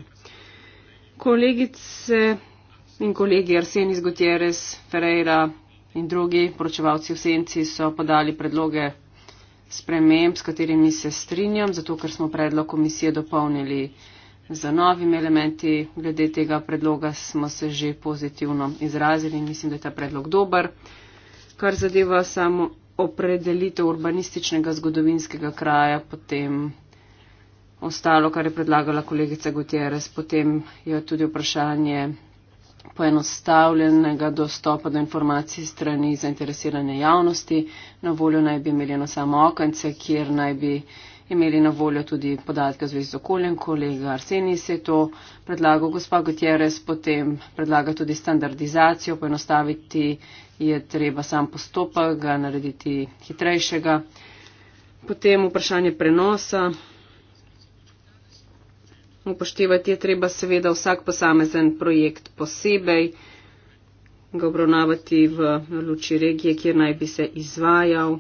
Kolegice in kolegi Arsenis Gutierrez, Ferreira in drugi poročevalci v senci so podali predloge sprememb, s katerimi se strinjam, zato ker smo predlog komisije dopolnili z novimi elementi. Glede tega predloga smo se že pozitivno izrazili in mislim, da je ta predlog dober. Kar zadeva samo opredelitev urbanističnega zgodovinskega kraja, potem ostalo, kar je predlagala kolegica Gutierrez, potem je tudi vprašanje poenostavljenega dostopa do informacij strani zainteresirane javnosti. Na voljo naj bi imeli eno samo okence, kjer naj bi imeli na voljo tudi podatke v zvezi z okoljem. Kolega Arsenij se je to predlagal, gospa Gutierrez potem predlaga tudi standardizacijo, poenostaviti je treba sam postopek, ga narediti hitrejšega. Potem vprašanje prenosa upoštevati je treba seveda vsak posamezen projekt posebej, ga obravnavati v luči regije, kjer naj bi se izvajal.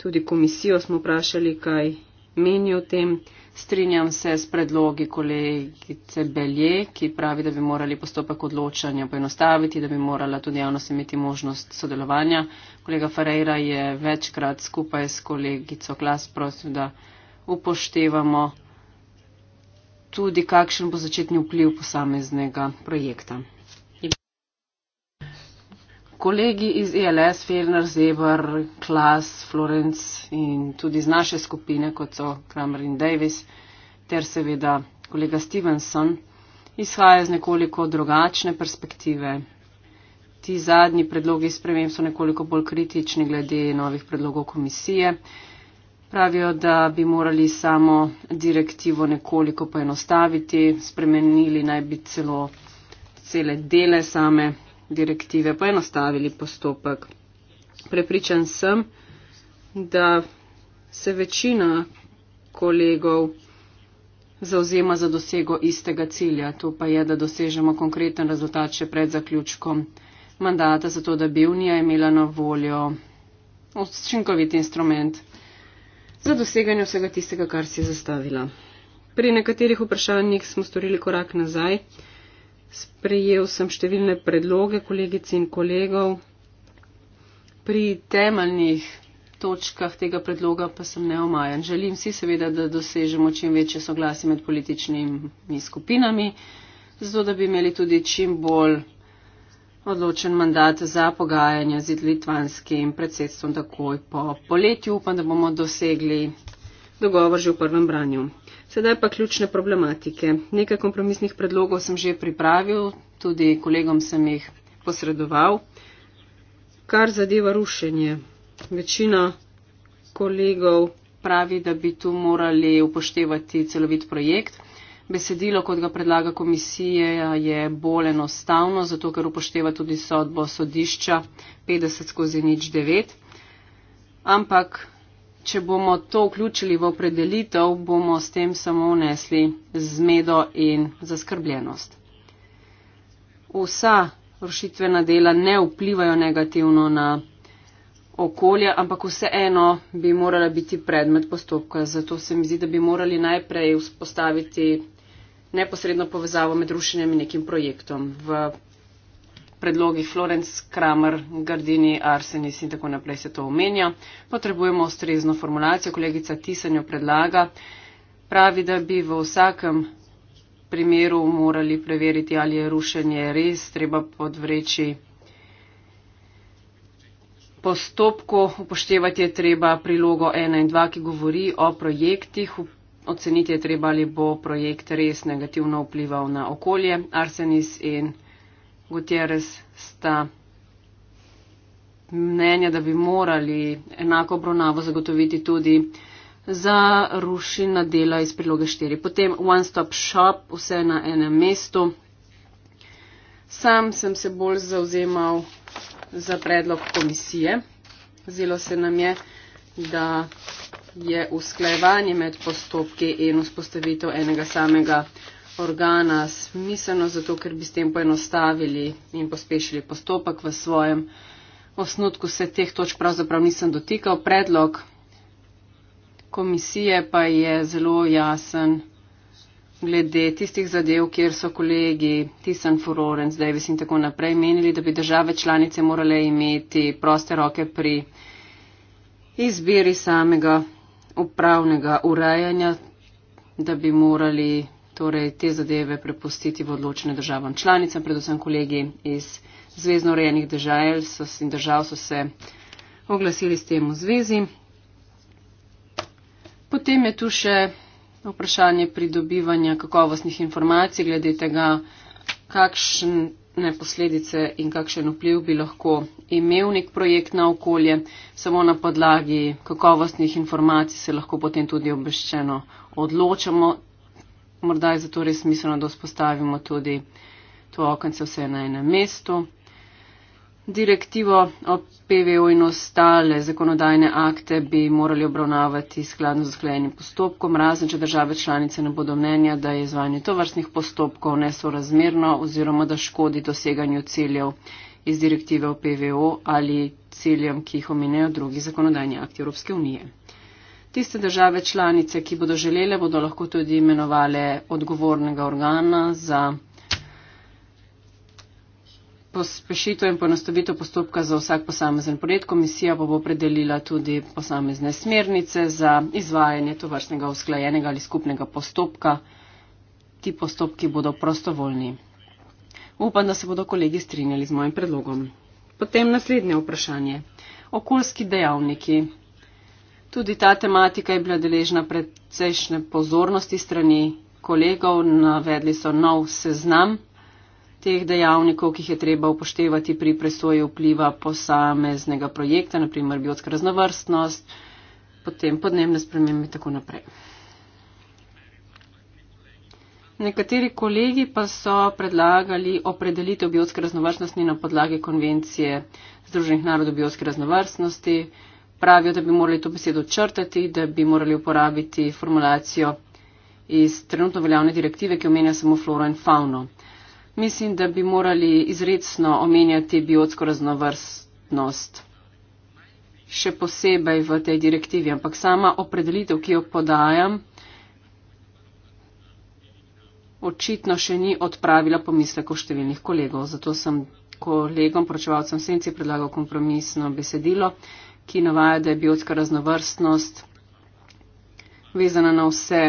Tudi komisijo smo vprašali, kaj meni o tem. Strinjam se s predlogi kolegice Belje, ki pravi, da bi morali postopek odločanja poenostaviti, da bi morala tudi javnost imeti možnost sodelovanja. Kolega Ferreira je večkrat skupaj s kolegico Klas prosil, da upoštevamo tudi, kakšen bo začetni vpliv posameznega projekta. Kolegi iz ILS, e Fehner, Zebr, Klas, Florence in tudi iz naše skupine, kot so Kramer in Davis, ter seveda kolega Stevenson, izhaja iz nekoliko drugačne perspektive. Ti zadnji predlogi sprememb so nekoliko bolj kritični glede novih predlogov komisije. Pravijo, da bi morali samo direktivo nekoliko poenostaviti, spremenili naj bi celo cele dele same direktive, poenostavili postopek. Prepričan sem, da se večina kolegov zauzema za dosego istega cilja, to pa je, da dosežemo konkreten rezultat še pred zaključkom mandata, zato da bi Unija imela na voljo učinkovit instrument za doseganje vsega tistega, kar si je zastavila. Pri nekaterih vprašanjih smo storili korak nazaj. Sprejel sem številne predloge kolegic in kolegov. Pri temeljnih točkah tega predloga pa sem neomajan. Želim si seveda, da dosežemo čim večje soglasje med političnimi skupinami, zato da bi imeli tudi čim bolj odločen mandat za pogajanja z litvanskim predsedstvom takoj po poletju. Upam, da bomo dosegli dogovor že v prvem branju. Sedaj pa ključne problematike. Nekaj kompromisnih predlogov sem že pripravil, tudi kolegom sem jih posredoval. Kar zadeva rušenje, večina kolegov pravi, da bi tu morali upoštevati celovit projekt. Besedilo, kot ga predlaga komisija, je bolj enostavno, zato ker upošteva tudi sodbo sodišča 50 skozi nič 9. Ampak, če bomo to vključili v opredelitev, bomo s tem samo vnesli zmedo in zaskrbljenost. Vsa rušitvena dela ne vplivajo negativno na okolje, ampak vseeno bi morala biti predmet postopka. Zato se mi zdi, da bi morali najprej vzpostaviti neposredno povezavo med rušenjem in nekim projektom. V predlogi Florence, Kramer, Gardini, Arsenis in tako naprej se to omenja. Potrebujemo ustrezno formulacijo. Kolegica Tisanjo predlaga, pravi, da bi v vsakem primeru morali preveriti, ali je rušenje res treba podvreči. Postopku upoštevati je treba prilogo 1 in 2, ki govori o projektih, v Oceniti je treba, ali bo projekt res negativno vplival na okolje. Arsenis in Gutierrez sta mnenja, da bi morali enako obravnavo zagotoviti tudi za rušina dela iz priloge 4. Potem One Stop Shop, vse na enem mestu. Sam sem se bolj zauzemal za predlog komisije. Zelo se nam je, da je usklajevanje med postopki in vzpostavitev enega samega organa smiselno, zato ker bi s tem poenostavili in pospešili postopek v svojem osnutku. Se teh točk pravzaprav nisem dotikal. Predlog komisije pa je zelo jasen glede tistih zadev, kjer so kolegi Tyson, Florence, Davis in tako naprej menili, da bi države članice morale imeti proste roke pri izbiri samega upravnega urejanja, da bi morali torej, te zadeve prepustiti v odločene državam članicam, predvsem kolegi iz zvezno urejenih držav, so, držav so se oglasili s tem v zvezi. Potem je tu še vprašanje pridobivanja kakovostnih informacij glede tega, kakšen kakšne posledice in kakšen vpliv bi lahko imel nek projekt na okolje. Samo na podlagi kakovostnih informacij se lahko potem tudi obveščeno odločamo. Morda je zato res smiselno, da vzpostavimo tudi to okence vse na enem mestu. Direktivo o PVO in ostale zakonodajne akte bi morali obravnavati skladno z sklenjenim postopkom, razen če države članice ne bodo mnenja, da je izvajanje tovrstnih postopkov nesorazmerno oziroma da škodi doseganju ciljev iz direktive o PVO ali ciljem, ki jih omenjajo drugi zakonodajni akti Evropske unije. Tiste države članice, ki bodo želele, bodo lahko tudi imenovale odgovornega organa za pospešitev in ponastavitev postopka za vsak posamezen projekt. Komisija pa bo predelila tudi posamezne smernice za izvajanje to vrstnega usklajenega ali skupnega postopka. Ti postopki bodo prostovoljni. Upam, da se bodo kolegi strinjali z mojim predlogom. Potem naslednje vprašanje. Okoljski dejavniki. Tudi ta tematika je bila deležna predsejšnje pozornosti strani kolegov. Navedli so nov seznam teh dejavnikov, ki jih je treba upoštevati pri presoji vpliva posameznega projekta, naprimer biotska raznovrstnost, potem podnebne spremembe in tako naprej. Nekateri kolegi pa so predlagali opredelitev biotske raznovrstnosti na podlagi konvencije Združenih narodov biotske raznovrstnosti. Pravijo, da bi morali to besedo črtati, da bi morali uporabiti formulacijo iz trenutno veljavne direktive, ki omenja samo floro in fauno. Mislim, da bi morali izredno omenjati biotsko raznovrstnost, še posebej v tej direktivi, ampak sama opredelitev, ki jo podajam, očitno še ni odpravila pomislekov številnih kolegov. Zato sem kolegom, poročevalcem Senci, predlagal kompromisno besedilo, ki navaja, da je biotska raznovrstnost vezana na vse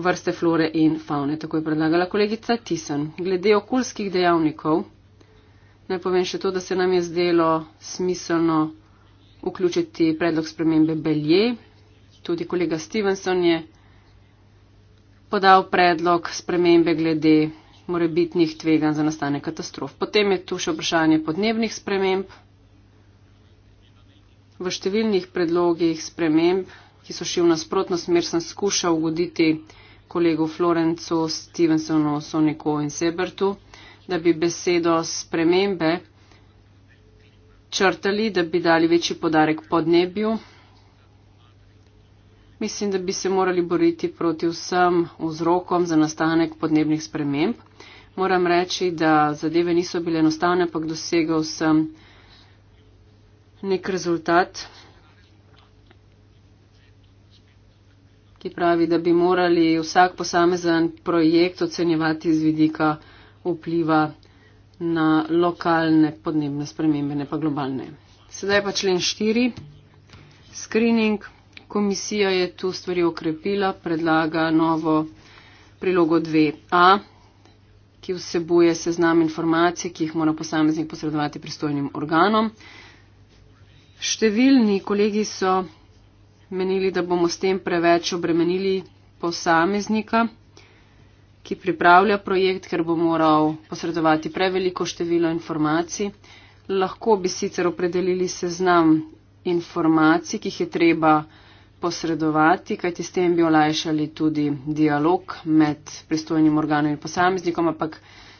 vrste flore in faune, tako je predlagala kolegica Tison. Glede okoljskih dejavnikov, naj povem še to, da se nam je zdelo smiselno vključiti predlog spremembe Belje. Tudi kolega Stevenson je podal predlog spremembe glede morebitnih tvegan za nastane katastrof. Potem je tu še vprašanje podnebnih sprememb. V številnih predlogih sprememb, ki so šli v nasprotno smer, sem skušal ugoditi kolegu Florencu, Stevensonu, Soniku in Sebertu, da bi besedo spremembe črtali, da bi dali večji podarek podnebju. Mislim, da bi se morali boriti proti vsem vzrokom za nastanek podnebnih sprememb. Moram reči, da zadeve niso bile enostavne, ampak dosegal sem nek rezultat. ki pravi, da bi morali vsak posamezen projekt ocenjevati z vidika vpliva na lokalne podnebne spremembe, ne pa globalne. Sedaj pa člen 4. Screening. Komisija je tu stvari okrepila, predlaga novo prilogo 2a, ki vsebuje seznam informacij, ki jih mora posameznik posredovati pristojnim organom. Številni kolegi so menili, da bomo s tem preveč obremenili posameznika, ki pripravlja projekt, ker bo moral posredovati preveliko število informacij. Lahko bi sicer opredelili seznam informacij, ki jih je treba posredovati, kajti s tem bi olajšali tudi dialog med pristojnim organom in posameznikom, ampak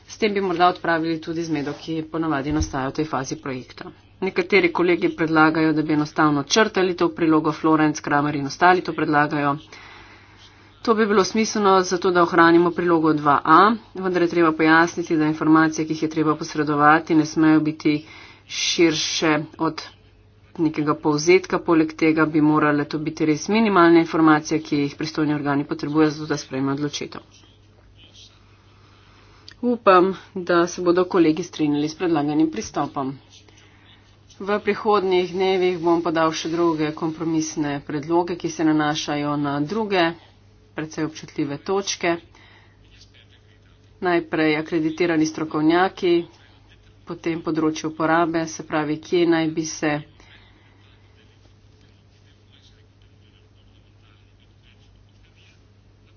s tem bi morda odpravili tudi zmedo, ki ponavadi nastaja v tej fazi projekta. Nekateri kolegi predlagajo, da bi enostavno črtali to prilogo Florence Kramer in ostali to predlagajo. To bi bilo smiselno zato, da ohranimo prilogo 2a, vendar je treba pojasniti, da informacije, ki jih je treba posredovati, ne smejo biti širše od nekega povzetka. Poleg tega bi morale to biti res minimalne informacije, ki jih pristojni organi potrebujejo, zato da sprejme odločitev. Upam, da se bodo kolegi strinjali s predlaganim pristopom. V prihodnjih dnevih bom podal še druge kompromisne predloge, ki se nanašajo na druge, predvsej občutljive točke. Najprej akreditirani strokovnjaki, potem področje uporabe, se pravi, kje naj bi se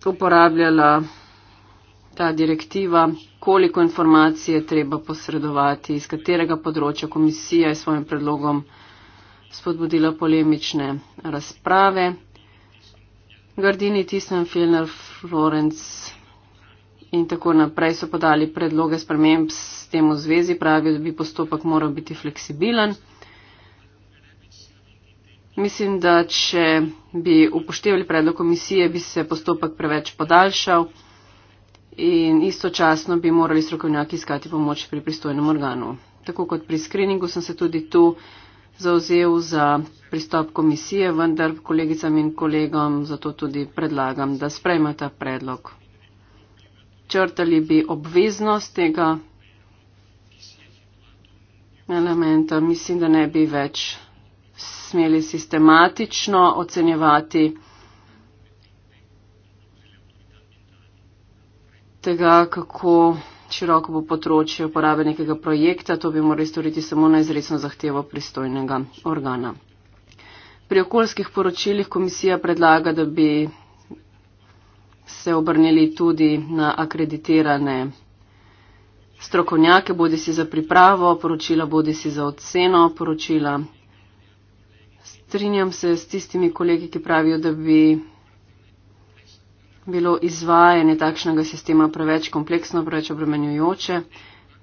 uporabljala ta direktiva koliko informacij je treba posredovati, iz katerega področja komisija je svojim predlogom spodbudila polemične razprave. Gardini, Tisnem, Filner, Florence in tako naprej so podali predloge sprememb s tem v zvezi, pravijo, da bi postopek moral biti fleksibilen. Mislim, da če bi upoštevali predlog komisije, bi se postopek preveč podaljšal in istočasno bi morali strokovnjaki iskati pomoč pri pristojnem organu. Tako kot pri skriningu sem se tudi tu zauzel za pristop komisije, vendar kolegicam in kolegom zato tudi predlagam, da sprejmata predlog. Črtali bi obveznost tega elementa. Mislim, da ne bi več smeli sistematično ocenjevati, tega, kako široko bo področje uporabe nekega projekta, to bi morali storiti samo na izredno zahtevo pristojnega organa. Pri okoljskih poročilih komisija predlaga, da bi se obrnili tudi na akreditirane strokovnjake, bodi si za pripravo poročila, bodi si za oceno poročila. Strinjam se s tistimi kolegi, ki pravijo, da bi bilo izvajanje takšnega sistema preveč kompleksno, preveč obremenjujoče.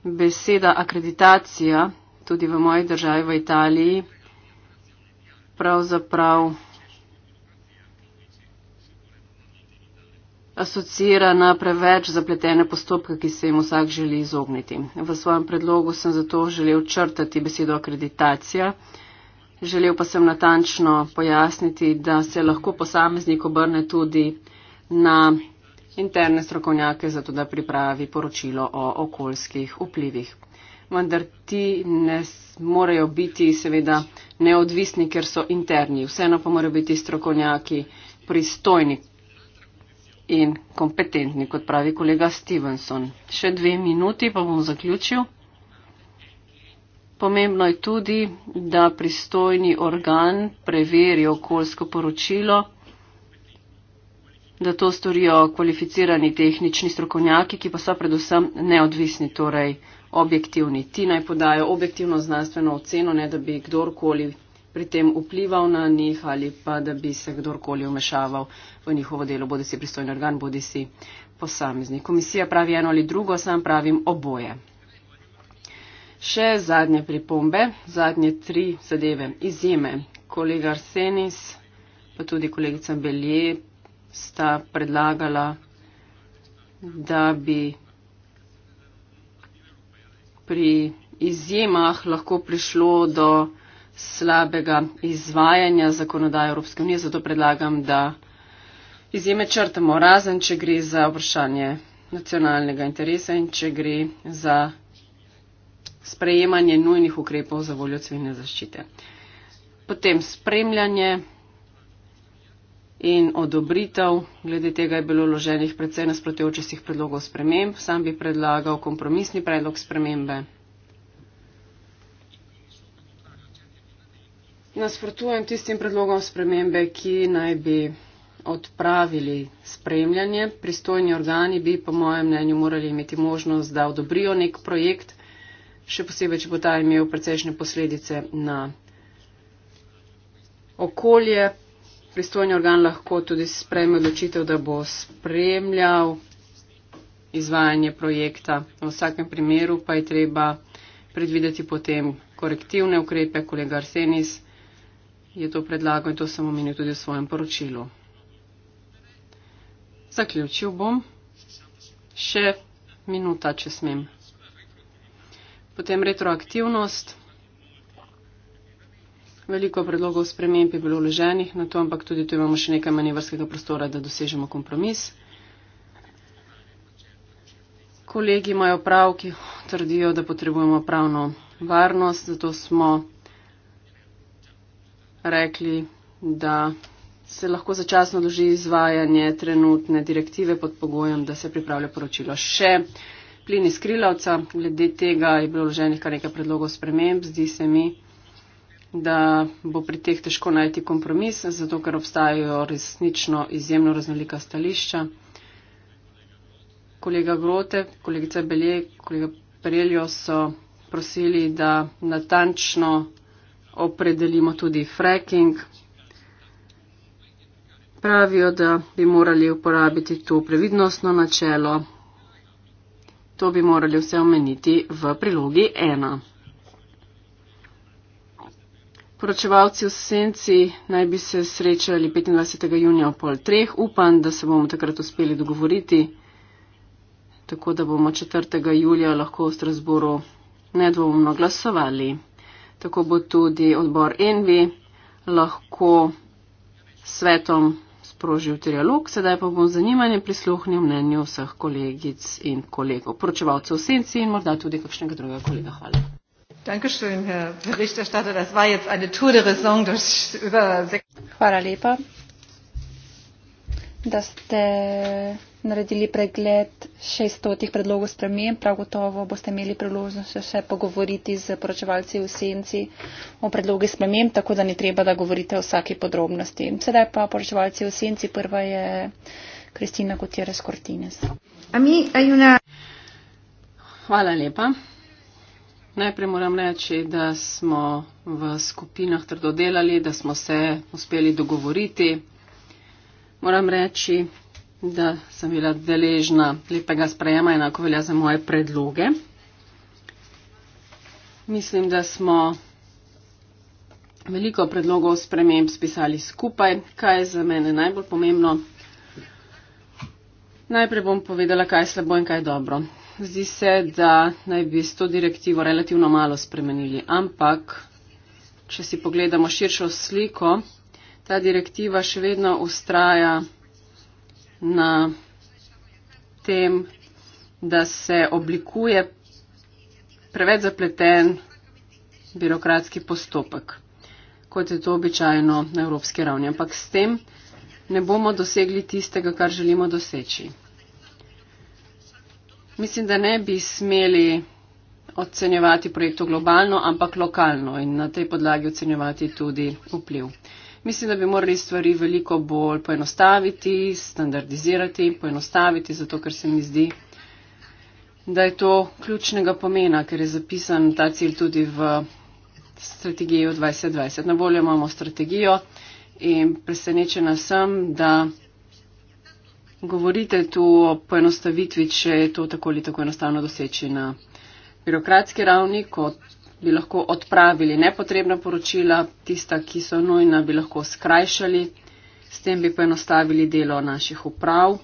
Beseda akreditacija tudi v moji državi, v Italiji, pravzaprav asocira na preveč zapletene postopke, ki se jim vsak želi izogniti. V svojem predlogu sem zato želel črtati besedo akreditacija. Želel pa sem natančno pojasniti, da se lahko posameznik obrne tudi na interne strokovnjake, zato da pripravi poročilo o okoljskih vplivih. Vendar ti ne morejo biti seveda neodvisni, ker so interni. Vseeno pa morajo biti strokovnjaki pristojni in kompetentni, kot pravi kolega Stevenson. Še dve minuti, pa bom zaključil. Pomembno je tudi, da pristojni organ preveri okoljsko poročilo da to storijo kvalificirani tehnični strokovnjaki, ki pa so predvsem neodvisni, torej objektivni. Ti naj podajo objektivno znanstveno oceno, ne da bi kdorkoli pri tem vplival na njih ali pa da bi se kdorkoli vmešaval v njihovo delo, bodi si pristojni organ, bodi si posameznik. Komisija pravi eno ali drugo, sam pravim oboje. Še zadnje pripombe, zadnje tri zadeve. Izjeme. Kolega Arsenis, pa tudi kolegica Belje, sta predlagala, da bi pri izjemah lahko prišlo do slabega izvajanja zakonodaje Evropske unije. Zato predlagam, da izjeme črtamo razen, če gre za vprašanje nacionalnega interesa in če gre za sprejemanje nujnih ukrepov za voljo civilne zaščite. Potem spremljanje in odobritev. Glede tega je bilo loženih predvsej nasprotujočih predlogov sprememb. Sam bi predlagal kompromisni predlog spremembe. Nasprotujem tistim predlogom spremembe, ki naj bi odpravili spremljanje. Pristojni organi bi, po mojem mnenju, morali imeti možnost, da odobrijo nek projekt, še posebej, če bo ta imel precejšnje posledice na okolje, pristojni organ lahko tudi sprejme odločitev, da bo spremljal izvajanje projekta. V vsakem primeru pa je treba predvideti potem korektivne ukrepe. Kolega Arsenis je to predlagal in to sem omenil tudi v svojem poročilu. Zaključil bom. Še minuta, če smem. Potem retroaktivnost. Veliko predlogov sprememb je bilo vloženih na to, ampak tudi tu imamo še nekaj manevrskega prostora, da dosežemo kompromis. Kolegi imajo prav, ki trdijo, da potrebujemo pravno varnost, zato smo rekli, da se lahko začasno doži izvajanje trenutne direktive pod pogojem, da se pripravlja poročilo. Še plin iz krilavca, glede tega je bilo vloženih kar nekaj predlogov sprememb, zdi se mi, da bo pri teh težko najti kompromis, zato ker obstajajo resnično izjemno raznolika stališča. Kolega Grote, kolegica Belje, kolega Preljo so prosili, da natančno opredelimo tudi fracking. Pravijo, da bi morali uporabiti to previdnostno načelo. To bi morali vse omeniti v prilogi 1. Poročevalci v senci naj bi se srečali 25. junija o pol treh. Upam, da se bomo takrat uspeli dogovoriti, tako da bomo 4. julija lahko v Strasboru nedvomno glasovali. Tako bo tudi odbor Envi lahko svetom sprožil trialog, sedaj pa bom zanimanje prisluhnil mnenju vseh kolegic in kolegov, poročevalcev v senci in morda tudi kakšnega drugega kolega. Hvala. Hvala lepa, da ste naredili pregled 600 predlogov spremen. Prav gotovo boste imeli priložnost še pogovoriti z poročevalci v senci o predlogi spremen, tako da ni treba, da govorite o vsaki podrobnosti. Sedaj pa poročevalci v senci. Prva je Kristina Gutierrez Cortines. Hvala lepa. Najprej moram reči, da smo v skupinah trdo delali, da smo se uspeli dogovoriti. Moram reči, da sem bila deležna lepega sprejema, enako velja za moje predloge. Mislim, da smo veliko predlogov sprememb spisali skupaj, kaj je za mene najbolj pomembno. Najprej bom povedala, kaj je slabo in kaj je dobro zdi se, da naj bi s to direktivo relativno malo spremenili. Ampak, če si pogledamo širšo sliko, ta direktiva še vedno ustraja na tem, da se oblikuje preveč zapleten birokratski postopek, kot je to običajno na evropski ravni. Ampak s tem ne bomo dosegli tistega, kar želimo doseči. Mislim, da ne bi smeli ocenjevati projektov globalno, ampak lokalno in na tej podlagi ocenjevati tudi vpliv. Mislim, da bi morali stvari veliko bolj poenostaviti, standardizirati, poenostaviti, zato ker se mi zdi, da je to ključnega pomena, ker je zapisan ta cilj tudi v strategijo 2020. Na voljo imamo strategijo in presenečena sem, da Govorite tu o poenostavitvi, če je to tako ali tako enostavno doseči na birokratski ravni, ko bi lahko odpravili nepotrebna poročila, tista, ki so nujna, bi lahko skrajšali, s tem bi poenostavili delo naših uprav.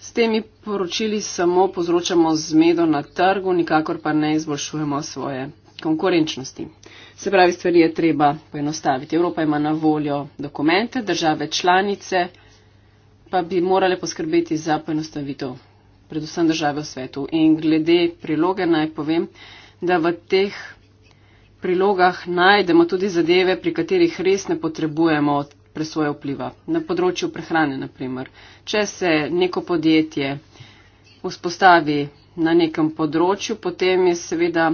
S temi poročili samo povzročamo zmedo na trgu, nikakor pa ne izboljšujemo svoje konkurenčnosti. Se pravi, stvari je treba poenostaviti. Evropa ima na voljo dokumente, države članice pa bi morale poskrbeti za poenostavitev, predvsem države v svetu. In glede priloge naj povem, da v teh prilogah najdemo tudi zadeve, pri katerih res ne potrebujemo presoje vpliva. Na področju prehrane, naprimer. Če se neko podjetje vzpostavi na nekem področju, potem je seveda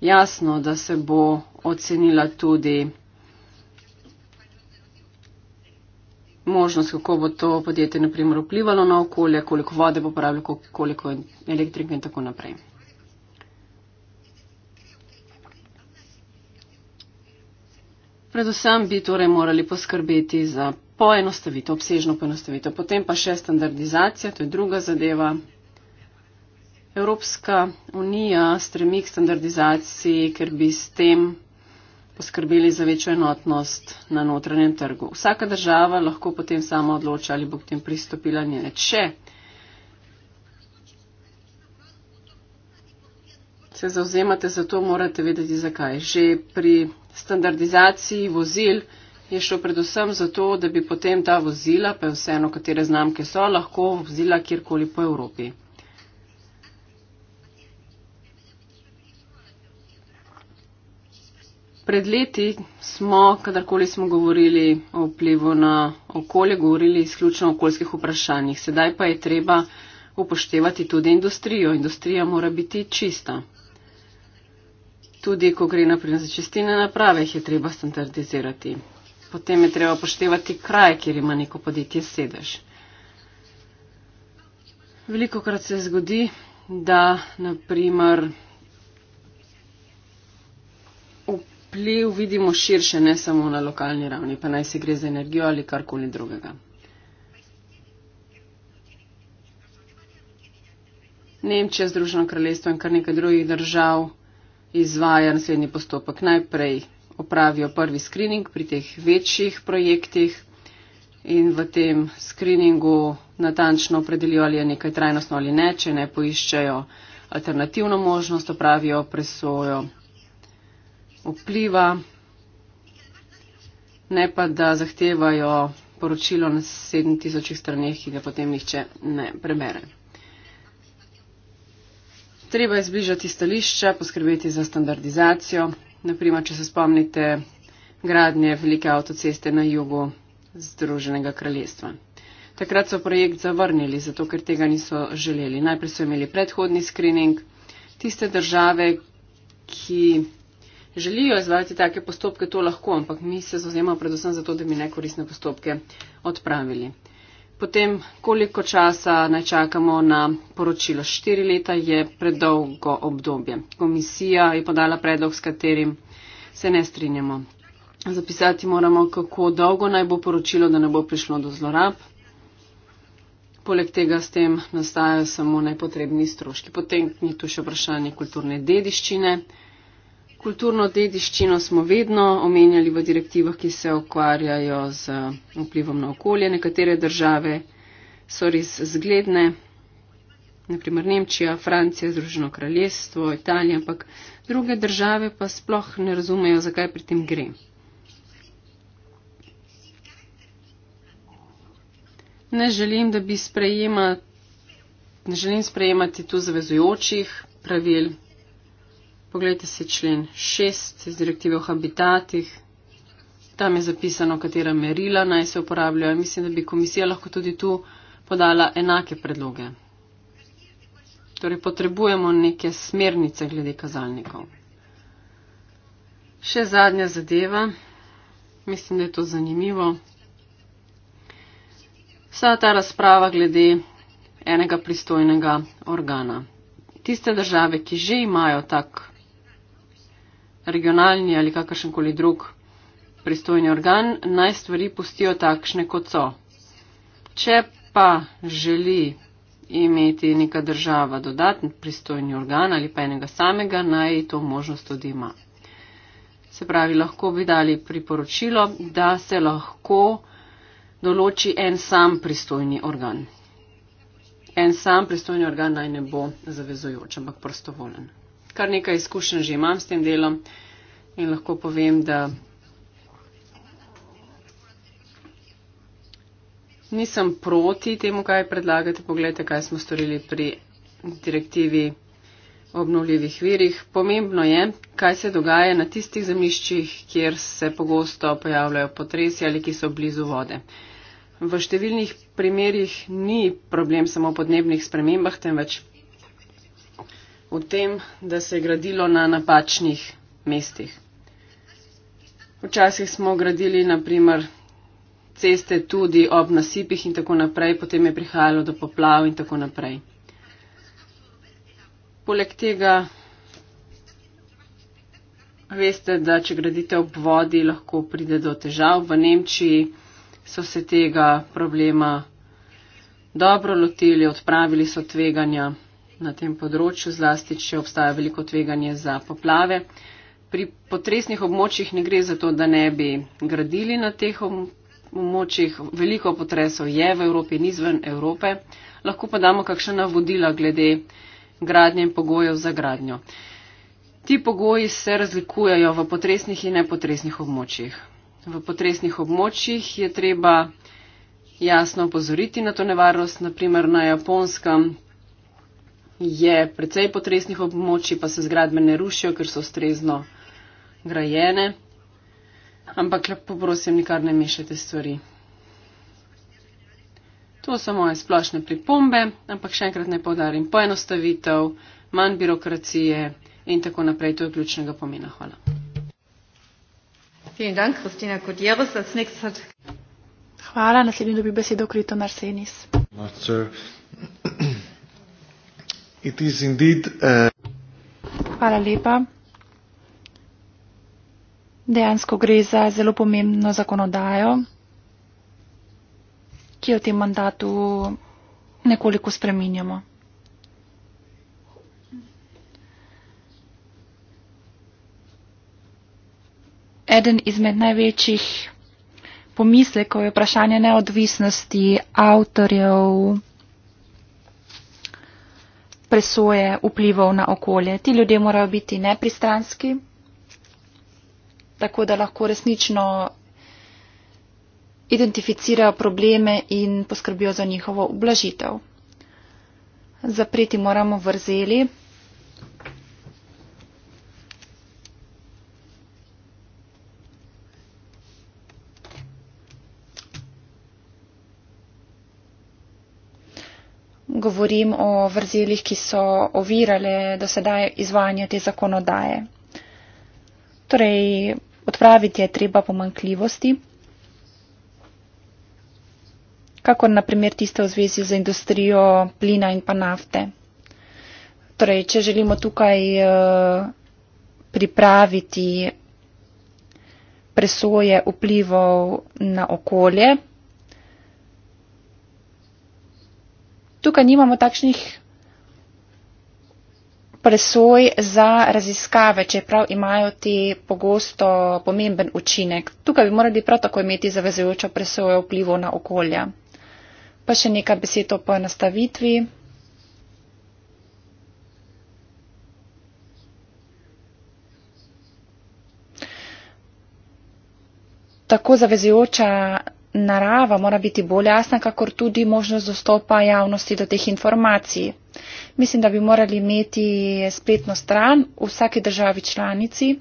jasno, da se bo ocenila tudi možnost, kako bo to podjetje naprimer vplivalo na okolje, koliko vode bo porabljalo, koliko elektrike in tako naprej. Predvsem bi torej morali poskrbeti za poenostavitev, obsežno poenostavitev, potem pa še standardizacija, to je druga zadeva. Evropska unija stremi k standardizaciji, ker bi s tem poskrbeli za večjo enotnost na notranjem trgu. Vsaka država lahko potem sama odloča, ali bo k tem pristopila njene. Če se zauzemate za to, morate vedeti zakaj. Že pri standardizaciji vozil je šlo predvsem za to, da bi potem ta vozila, pa vseeno katere znamke so, lahko vozila kjerkoli po Evropi. Pred leti smo, kadarkoli smo govorili o vplivu na okolje, govorili izključno o okoljskih vprašanjih. Sedaj pa je treba upoštevati tudi industrijo. Industrija mora biti čista. Tudi, ko gre naprimer za čistine naprave, jih je treba standardizirati. Potem je treba upoštevati kraj, kjer ima neko podjetje sedež. Veliko krat se zgodi, da naprimer vpliv vidimo širše, ne samo na lokalni ravni, pa naj se gre za energijo ali karkoli drugega. Nemčija, Združeno kraljestvo in kar nekaj drugih držav izvaja naslednji postopek. Najprej opravijo prvi screening pri teh večjih projektih in v tem screeningu natančno opredelijo, ali je nekaj trajnostno ali ne, če ne poiščejo alternativno možnost, opravijo presojo vpliva, ne pa da zahtevajo poročilo na 7000 straneh, ki ga potem nihče ne prebere. Treba je zbližati stališča, poskrbeti za standardizacijo. Naprimer, če se spomnite gradnje velike avtoceste na jugu Združenega kraljestva. Takrat so projekt zavrnili, zato ker tega niso želeli. Najprej so imeli predhodni screening. Tiste države, ki želijo izvajati take postopke, to lahko, ampak mi se zauzemamo predvsem za to, da bi nekoristne postopke odpravili. Potem, koliko časa naj čakamo na poročilo? Štiri leta je predolgo obdobje. Komisija je podala predlog, s katerim se ne strinjamo. Zapisati moramo, kako dolgo naj bo poročilo, da ne bo prišlo do zlorab. Poleg tega s tem nastajajo samo nepotrebni stroški. Potem ni tu še vprašanje kulturne dediščine. Kulturno dediščino smo vedno omenjali v direktivah, ki se ukvarjajo z eh, vplivom na okolje. Nekatere države so res zgledne, naprimer Nemčija, Francija, Združeno kraljestvo, Italija, ampak druge države pa sploh ne razumejo, zakaj pri tem gre. Ne želim, da bi sprejema, ne želim sprejemati tu zavezujočih pravil, Poglejte si člen 6 iz direktive o habitatih. Tam je zapisano, katera merila naj se uporabljajo. Mislim, da bi komisija lahko tudi tu podala enake predloge. Torej potrebujemo neke smernice glede kazalnikov. Še zadnja zadeva. Mislim, da je to zanimivo. Vsa ta razprava glede enega pristojnega organa. Tiste države, ki že imajo tak regionalni ali kakršen koli drug pristojni organ, naj stvari pustijo takšne, kot so. Če pa želi imeti neka država dodatni pristojni organ ali pa enega samega, naj to možnost tudi ima. Se pravi, lahko bi dali priporočilo, da se lahko določi en sam pristojni organ. En sam pristojni organ naj ne bo zavezujoč, ampak prostovoljen kar nekaj izkušenj že imam s tem delom in lahko povem, da nisem proti temu, kaj predlagate. Poglejte, kaj smo storili pri direktivi obnovljivih virih. Pomembno je, kaj se dogaja na tistih zemliščih, kjer se pogosto pojavljajo potresi ali ki so blizu vode. V številnih primerjih ni problem samo podnebnih spremembah, temveč v tem, da se je gradilo na napačnih mestih. Včasih smo gradili naprimer ceste tudi ob nasipih in tako naprej, potem je prihajalo do poplav in tako naprej. Poleg tega veste, da če gradite ob vodi, lahko pride do težav. V Nemčiji so se tega problema dobro lotili, odpravili so tveganja na tem področju, zlasti če obstaja veliko tveganje za poplave. Pri potresnih območjih ne gre za to, da ne bi gradili na teh območjih. Veliko potresov je v Evropi in izven Evrope. Lahko pa damo kakšna vodila glede gradnje in pogojev za gradnjo. Ti pogoji se razlikujejo v potresnih in nepotresnih območjih. V potresnih območjih je treba jasno opozoriti na to nevarnost, naprimer na japonskem je precej potresnih območij, pa se zgradbe ne rušijo, ker so ustrezno grajene. Ampak lepo prosim, nikar ne mešajte stvari. To so moje splošne pripombe, ampak še enkrat ne povdarim, poenostavitev, manj birokracije in tako naprej. To je ključnega pomena. Hvala. Hvala, naslednji dobi besedo Krito Narsenis. No, It is indeed, uh... Hvala lepa. Dejansko gre za zelo pomembno zakonodajo, ki jo v tem mandatu nekoliko spreminjamo. Eden izmed največjih pomislekov je vprašanje neodvisnosti avtorjev presoje vplivov na okolje. Ti ljudje morajo biti nepristranski, tako da lahko resnično identificirajo probleme in poskrbijo za njihovo oblažitev. Zapreti moramo vrzeli. govorim o vrzelih, ki so ovirale do sedaj izvajanje te zakonodaje. Torej, odpraviti je treba pomankljivosti, kako naprimer tiste v zvezi z industrijo plina in pa nafte. Torej, če želimo tukaj eh, pripraviti presoje vplivov na okolje, tukaj nimamo takšnih presoj za raziskave, čeprav imajo ti pogosto pomemben učinek. Tukaj bi morali prav tako imeti zavezujočo presojo vplivov na okolja. Pa še nekaj besed o poenostavitvi. Tako zavezujoča narava mora biti bolj jasna, kakor tudi možnost dostopa javnosti do teh informacij. Mislim, da bi morali imeti spletno stran v vsaki državi članici.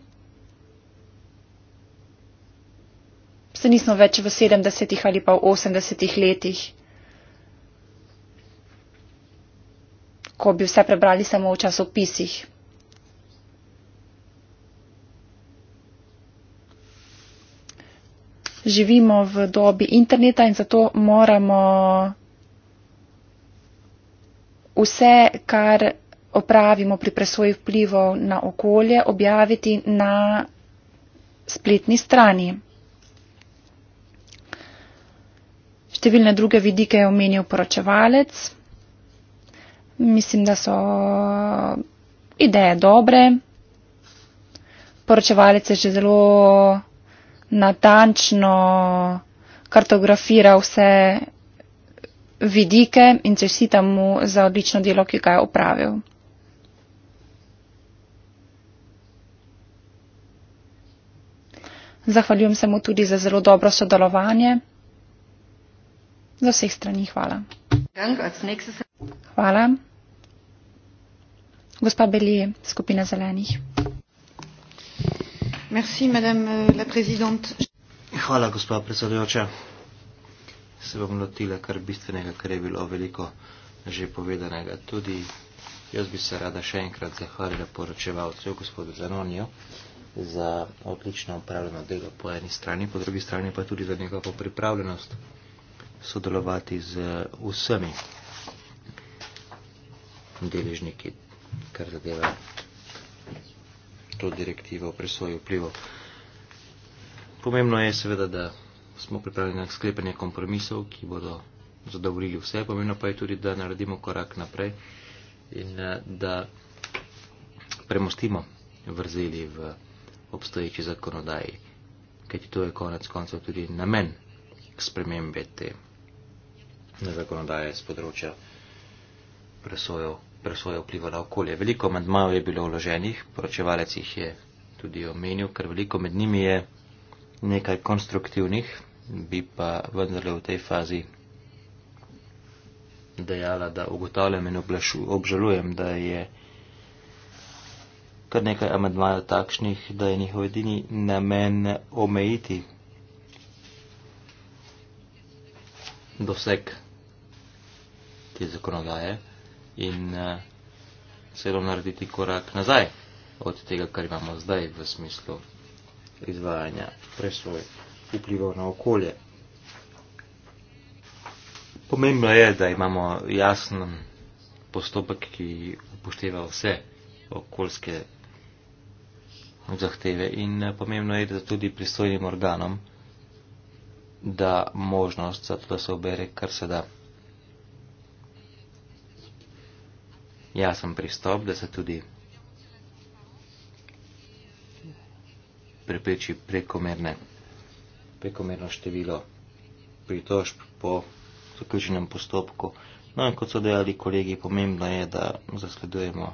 Se nismo več v 70-ih ali pa v 80-ih letih, ko bi vse prebrali samo v časopisih. živimo v dobi interneta in zato moramo vse, kar opravimo pri presoji vplivov na okolje, objaviti na spletni strani. Številne druge vidike je omenil poročevalec. Mislim, da so ideje dobre. Poročevalec je že zelo natančno kartografira vse vidike in čestita mu za odlično delo, ki ga je upravil. Zahvaljujem se mu tudi za zelo dobro sodelovanje. Za vseh strani hvala. Hvala. Gospa Beli, skupina zelenih. Euh, Hvala, gospa predsedujoča. Se bom lotila kar bistvenega, kar je bilo veliko že povedanega. Tudi jaz bi se rada še enkrat zahvalila poročevalcu, gospodu Zanonijo, za odlično upravljeno delo po eni strani, po drugi strani pa tudi za njegovo pripravljenost sodelovati z vsemi deležniki, kar zadeva to direktivo o presoji vplivov. Pomembno je seveda, da smo pripravljeni na sklepanje kompromisov, ki bodo zadovoljili vse. Pomembno pa je tudi, da naredimo korak naprej in eh, da premostimo vrzeli v obstoječi zakonodaji, kajti to je konec koncev tudi namen spremembe te zakonodaje z področja presojo presoje vpliva na okolje. Veliko amandmajev je bilo vloženih, poročevalec jih je tudi omenil, ker veliko med njimi je nekaj konstruktivnih, bi pa vendarle v tej fazi dejala, da ugotavljam in oblašu, obžalujem, da je kar nekaj amandmajev takšnih, da je njihov edini namen omejiti doseg te zakonodaje in uh, eh, celo narediti korak nazaj od tega, kar imamo zdaj v smislu izvajanja presoj vplivov na okolje. Pomembno je, da imamo jasen postopek, ki upošteva vse okoljske zahteve in eh, pomembno je, da tudi pristojnim organom da možnost za to, da se obere kar se da. jasen pristop, da se tudi prepreči prekomerne, prekomerno število pritožb po zaključenem postopku. No in kot so dejali kolegi, pomembno je, da zasledujemo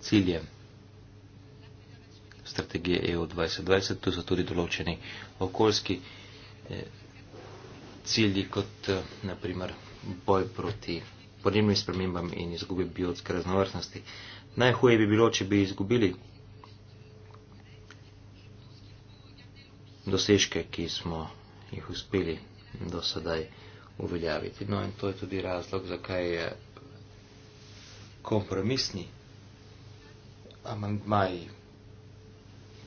cilje strategije EU 2020, tu so tudi določeni okoljski eh, cilji kot eh, naprimer boj proti podnebnim spremembam in izgubi biotske raznovrstnosti. Najhuje bi bilo, če bi izgubili dosežke, ki smo jih uspeli do sedaj uveljaviti. No in to je tudi razlog, zakaj je kompromisni amandmaj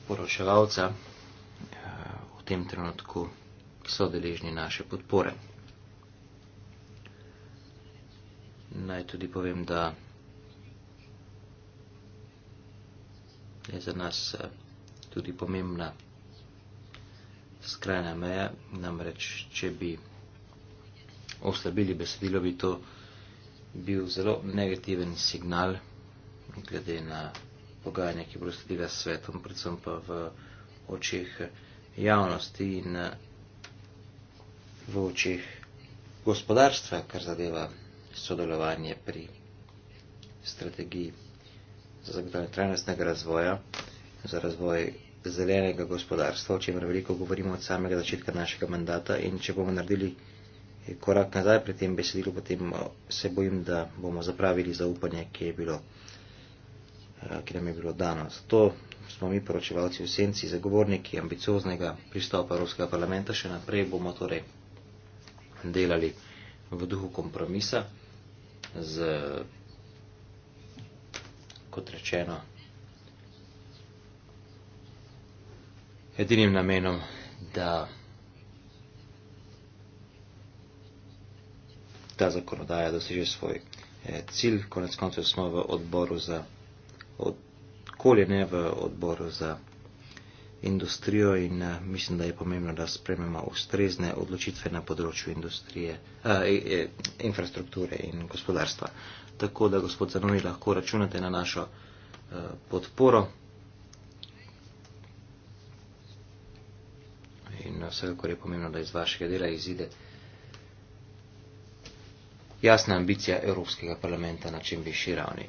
poroševalca eh, v tem trenutku, ki so deležni naše podpore. Naj tudi povem, da je za nas eh, tudi pomembna skrajna meja, namreč, če bi oslabili besedilo, bi to bil zelo negativen signal glede na pogajanja, ki bodo sledila s svetom, predvsem pa v očeh javnosti in eh, v očeh gospodarstva, kar zadeva sodelovanje pri strategiji za zagotovanje trajnostnega razvoja, za razvoj zelenega gospodarstva, o čemer veliko govorimo od samega začetka našega mandata in če bomo naredili korak nazaj pri tem besedilu, potem eh, se bojim, da bomo zapravili zaupanje, ki, je bilo, eh, ki nam je bilo dano. Zato smo mi poročevalci v senci, zagovorniki ambicioznega pristopa Evropskega parlamenta, še naprej bomo torej delali v duhu kompromisa z, kot rečeno, edinim namenom, da ta zakonodaja doseže svoj eh, cilj. Konec koncev smo v odboru za, okolje ne v odboru za industrijo in eh, mislim, da je pomembno, da sprememo ustrezne odločitve na področju industrije, eh, e, e, infrastrukture in gospodarstva. Tako da, gospod Zanoni, lahko računate na našo eh, podporo in vsekakor je pomembno, da iz vašega dela izide jasna ambicija Evropskega parlamenta na čim višji ravni.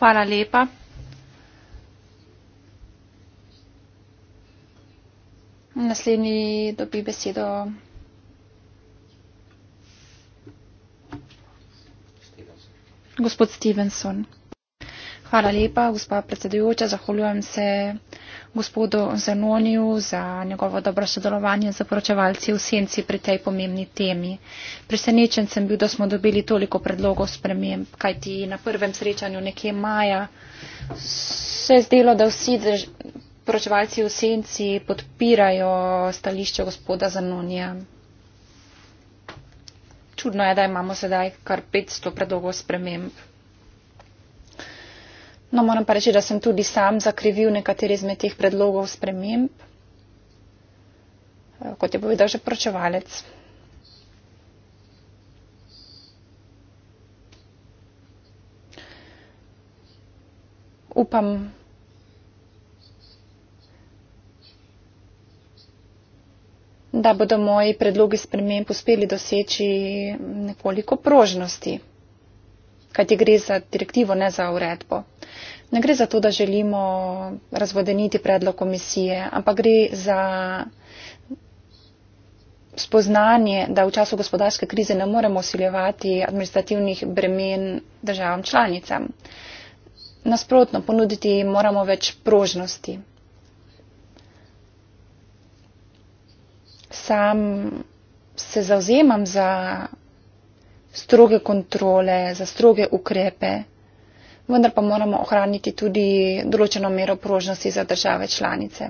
Hvala lepa. naslednji dobi besedo. Gospod Stevenson. Hvala lepa, gospa predsedujoča. Zahvaljujem se gospodu Zanoniju za njegovo dobro sodelovanje z poročevalci v senci pri tej pomembni temi. Presenečen sem bil, da smo dobili toliko predlogov sprememb, kajti na prvem srečanju nekje maja se je zdelo, da vsi drž poročevalci v senci podpirajo stališče gospoda Zanonija. Čudno je, da imamo sedaj kar 500 predolgo sprememb. No, moram pa reči, da sem tudi sam zakrivil nekateri izmed teh predlogov sprememb, eh, kot je povedal že pročevalec. Upam, da bodo moji predlogi sprememb uspeli doseči nekoliko prožnosti, kajti gre za direktivo, ne za uredbo. Ne gre za to, da želimo razvodeniti predlog komisije, ampak gre za spoznanje, da v času gospodarske krize ne moremo usiljevati administrativnih bremen državam članicam. Nasprotno, ponuditi moramo več prožnosti. sam se zauzemam za stroge kontrole, za stroge ukrepe, vendar pa moramo ohraniti tudi določeno mero prožnosti za države članice.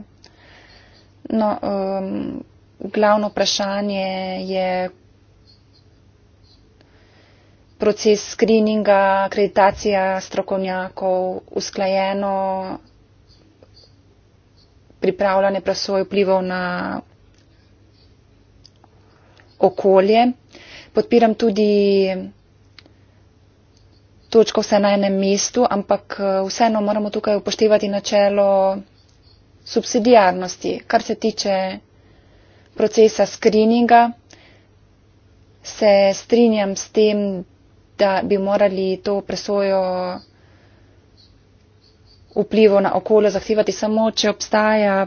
No, um, glavno vprašanje je proces skrininga, akreditacija strokovnjakov, usklajeno pripravljanje presoje vplivov na okolje. Podpiram tudi točko vse na enem mestu, ampak eh, vseeno moramo tukaj upoštevati načelo subsidijarnosti. Kar se tiče procesa screeninga, se strinjam s tem, da bi morali to presojo vplivo na okolje zahtevati samo, če obstaja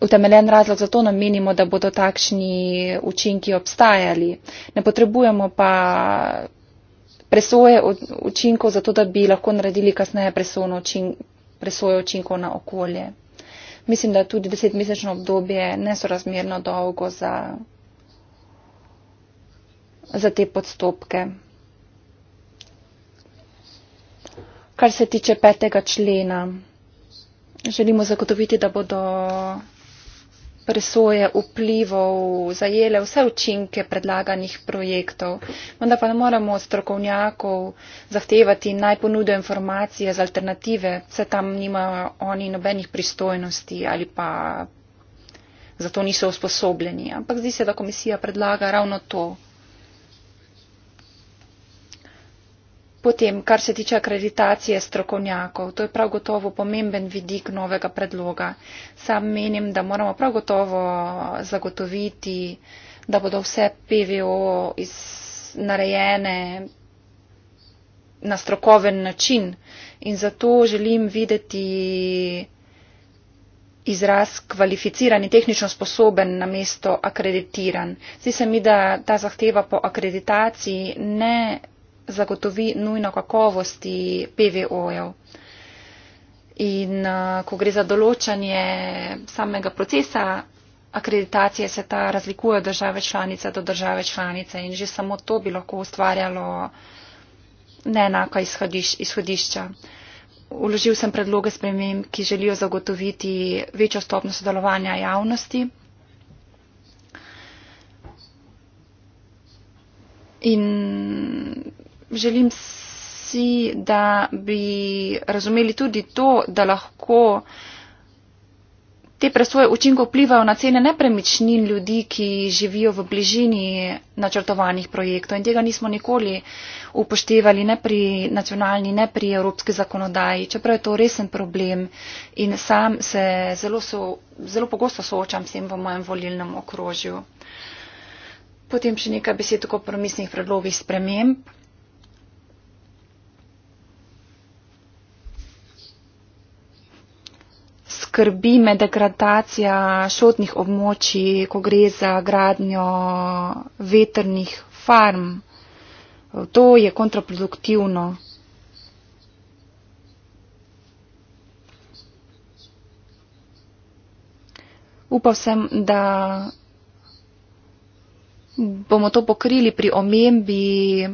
utemeljen razlog za to nam no, menimo, da bodo takšni učinki obstajali. Ne potrebujemo pa presoje učinkov za to, da bi lahko naredili kasneje presoje učinkov na okolje. Mislim, da je tudi desetmesečno obdobje nesorazmerno dolgo za, za te podstopke. Kar se tiče petega člena, želimo zagotoviti, da bodo presoje vplivov, zajele vse učinke predlaganih projektov. Vendar pa ne moramo od strokovnjakov zahtevati naj ponudijo informacije za alternative, se tam nimajo oni nobenih pristojnosti ali pa zato niso usposobljeni. Ampak zdi se, da komisija predlaga ravno to. Potem, kar se tiče akreditacije strokovnjakov, to je prav gotovo pomemben vidik novega predloga. Sam menim, da moramo prav gotovo zagotoviti, da bodo vse PVO iz, narejene na strokoven način in zato želim videti izraz kvalificirani, tehnično sposoben na mesto akreditiran. Zdi se mi, da ta zahteva po akreditaciji ne zagotovi nujno kakovosti PVO-jev. In uh, ko gre za določanje samega procesa akreditacije, se ta razlikuje od države članice do države članice in že samo to bi lahko ustvarjalo neenaka izhodiš, izhodišča. Uložil sem predloge spremem, ki želijo zagotoviti večjo stopno sodelovanja javnosti. In želim si, da bi razumeli tudi to, da lahko te presoje učinkov vplivajo na cene nepremičnin ljudi, ki živijo v bližini načrtovanih projektov. In tega nismo nikoli upoštevali ne pri nacionalni, ne pri evropski zakonodaji. Čeprav je to resen problem in sam se zelo, so, zelo pogosto soočam s tem v mojem volilnem okrožju. Potem še nekaj besed o kompromisnih predlogih sprememb. skrbi me degradacija šotnih območij, ko gre za gradnjo veternih farm. To je kontraproduktivno. Upal sem, da bomo to pokrili pri omembi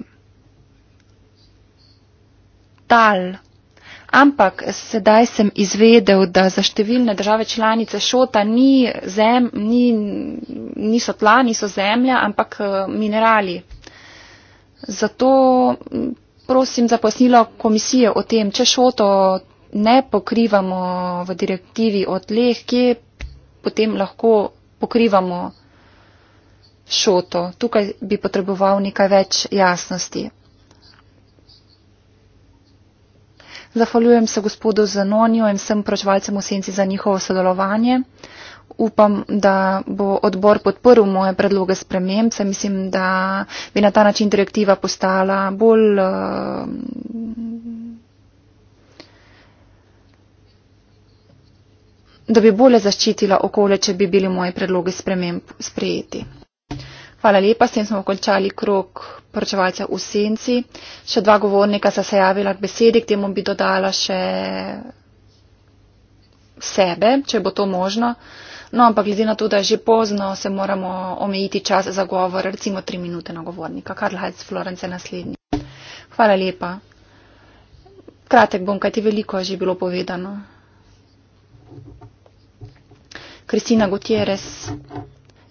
tal. Ampak sedaj sem izvedel, da za številne države članice šota ni zem, ni, niso tla, niso zemlja, ampak eh, minerali. Zato mm, prosim za posnilo komisije o tem, če šoto ne pokrivamo v direktivi o tleh, kje potem lahko pokrivamo šoto. Tukaj bi potreboval nekaj več jasnosti. Zahvaljujem se gospodu Zanonijo in vsem pročvalcem v senci za njihovo sodelovanje. Upam, da bo odbor podprl moje predloge sprememb. Se mislim, da bi na ta način direktiva postala bolj. Eh, da bi bolje zaščitila okolje, če bi bili moji predloge sprememb sprejeti. Hvala lepa, s tem smo okončali krok poročevalce v senci. Še dva govornika sta se javila k besedi, k temu bi dodala še sebe, če bo to možno. No, ampak glede na to, da je že pozno, se moramo omejiti čas za govor, recimo tri minute na govornika. Karl Heitz, Florence, naslednji. Hvala lepa. Kratek bom, kaj ti veliko je že bilo povedano. Kristina Gutierrez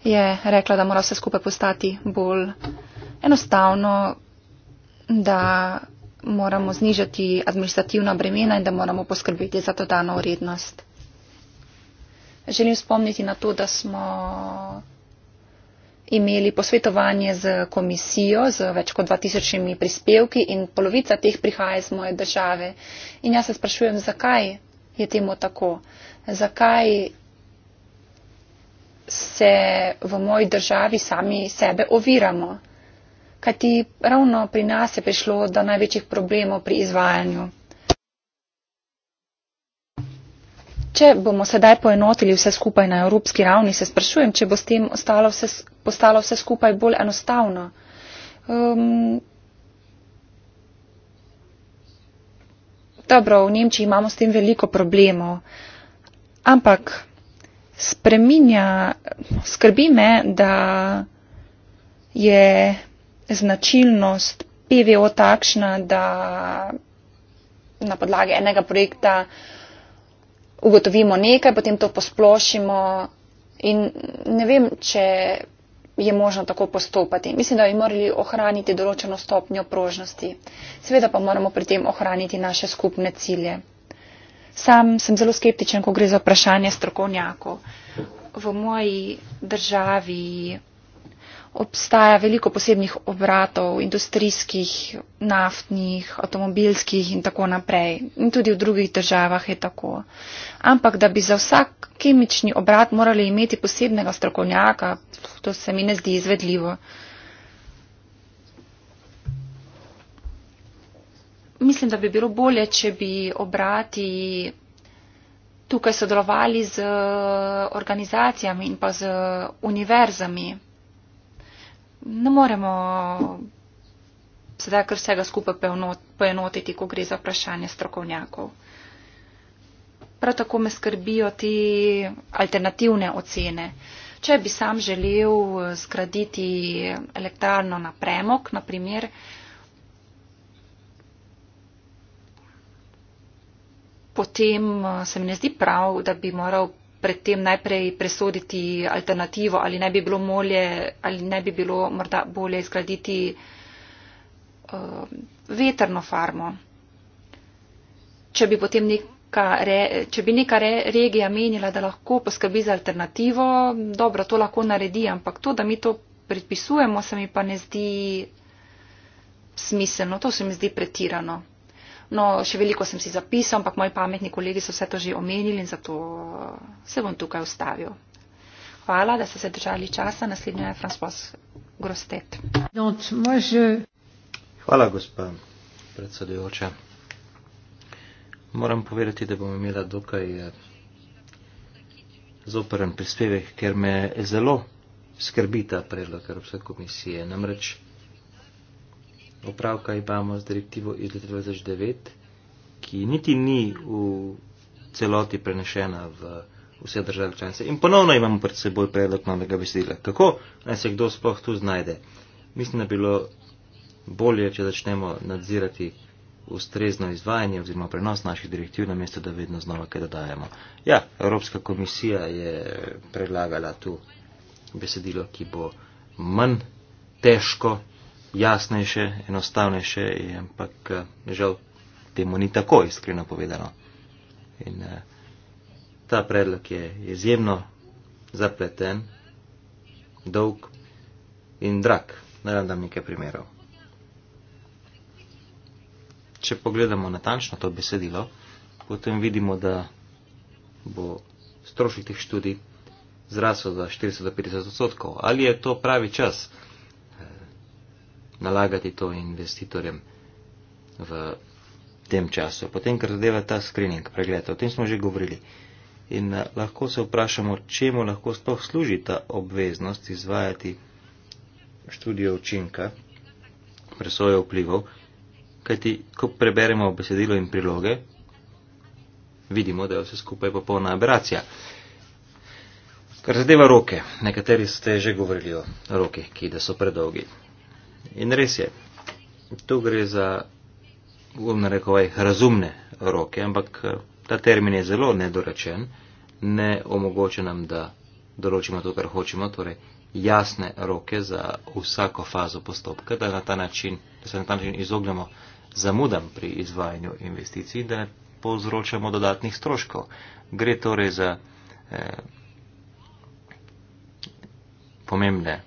je rekla, da mora vse skupaj postati bolj enostavno, da moramo znižati administrativna bremena in da moramo poskrbeti za dodano vrednost. Želim spomniti na to, da smo imeli posvetovanje z komisijo z več kot 2000 prispevki in polovica teh prihaja iz moje države. In jaz se sprašujem, zakaj je temu tako? Zakaj se v moji državi sami sebe oviramo? kajti ravno pri nas je prišlo do največjih problemov pri izvajanju. Če bomo sedaj poenotili vse skupaj na evropski ravni, se sprašujem, če bo s tem vse, postalo vse skupaj bolj enostavno. Um, dobro, v Nemčiji imamo s tem veliko problemov, ampak spreminja, skrbi me, da je značilnost PVO takšna, da na podlagi enega projekta ugotovimo nekaj, potem to posplošimo in ne vem, če je možno tako postopati. Mislim, da bi morali ohraniti določeno stopnjo prožnosti. Seveda pa moramo pri tem ohraniti naše skupne cilje. Sam sem zelo skeptičen, ko gre za vprašanje strokovnjakov. V moji državi obstaja veliko posebnih obratov, industrijskih, naftnih, avtomobilskih in tako naprej. In tudi v drugih državah je tako. Ampak, da bi za vsak kemični obrat morali imeti posebnega strokovnjaka, to se mi ne zdi izvedljivo. Mislim, da bi bilo bolje, če bi obrati tukaj sodelovali z organizacijami in pa z univerzami ne moremo sedaj kar vsega skupaj poenotiti, ko gre za vprašanje strokovnjakov. Prav tako me skrbijo ti alternativne ocene. Če bi sam želel eh, zgraditi elektrarno na premok, na primer, potem eh, se mi ne zdi prav, da bi moral predtem najprej presoditi alternativo, ali ne bi bilo, molje, ali ne bi bilo morda bolje izgraditi uh, eh, veterno farmo. Če bi potem neka, re, če bi neka re, regija menila, da lahko poskrbi za alternativo, dobro, to lahko naredi, ampak to, da mi to predpisujemo, se mi pa ne zdi smiselno, to se mi zdi pretirano. No, še veliko sem si zapisal, ampak moji pametni kolegi so vse to že omenili in zato eh, se bom tukaj ustavil. Hvala, da ste se držali časa. Naslednja je Franspos Grostet. Hvala, gospa predsedujoča. Moram povedati, da bom imela dokaj eh, zoperen prispevek, ker me zelo skrbi ta predlog Evropske komisije. Namreč opravka imamo z direktivo iz leta 2009, ki niti ni v celoti prenešena v vse države članice. In ponovno imamo pred seboj predlog novega besedila. Kako naj se kdo sploh tu znajde? Mislim, da bilo bolje, če začnemo nadzirati ustrezno izvajanje oziroma prenos naših direktiv, namesto da vedno znova kaj dodajemo. Ja, Evropska komisija je predlagala tu besedilo, ki bo manj težko jasnejše, enostavnejše, ampak eh, žal temu ni tako iskreno povedano. In eh, ta predlog je izjemno zapleten, dolg in drag. Naj dam nekaj primerov. Če pogledamo natančno to besedilo, potem vidimo, da bo strošek teh študij zrasel za 40 do 50 odstotkov. Ali je to pravi čas? nalagati to investitorjem v tem času. Potem, ker zadeva ta screening, pregled, o tem smo že govorili. In eh, lahko se vprašamo, čemu lahko sploh služi ta obveznost izvajati študijo učinka, presojo vplivov, kajti ko preberemo besedilo in priloge, vidimo, da je vse skupaj popolna aberacija. Kar zadeva roke, nekateri ste že govorili o rokih, ki da so predolgi. In res je, tu gre za, bom narekoval, razumne roke, ampak eh, ta termin je zelo nedorečen, ne omogoča nam, da določimo to, kar hočemo, torej jasne roke za vsako fazo postopka, da, na ta način, da se na ta način izognemo zamudam pri izvajanju investicij, da ne povzročamo dodatnih stroškov. Gre torej za eh, pomembne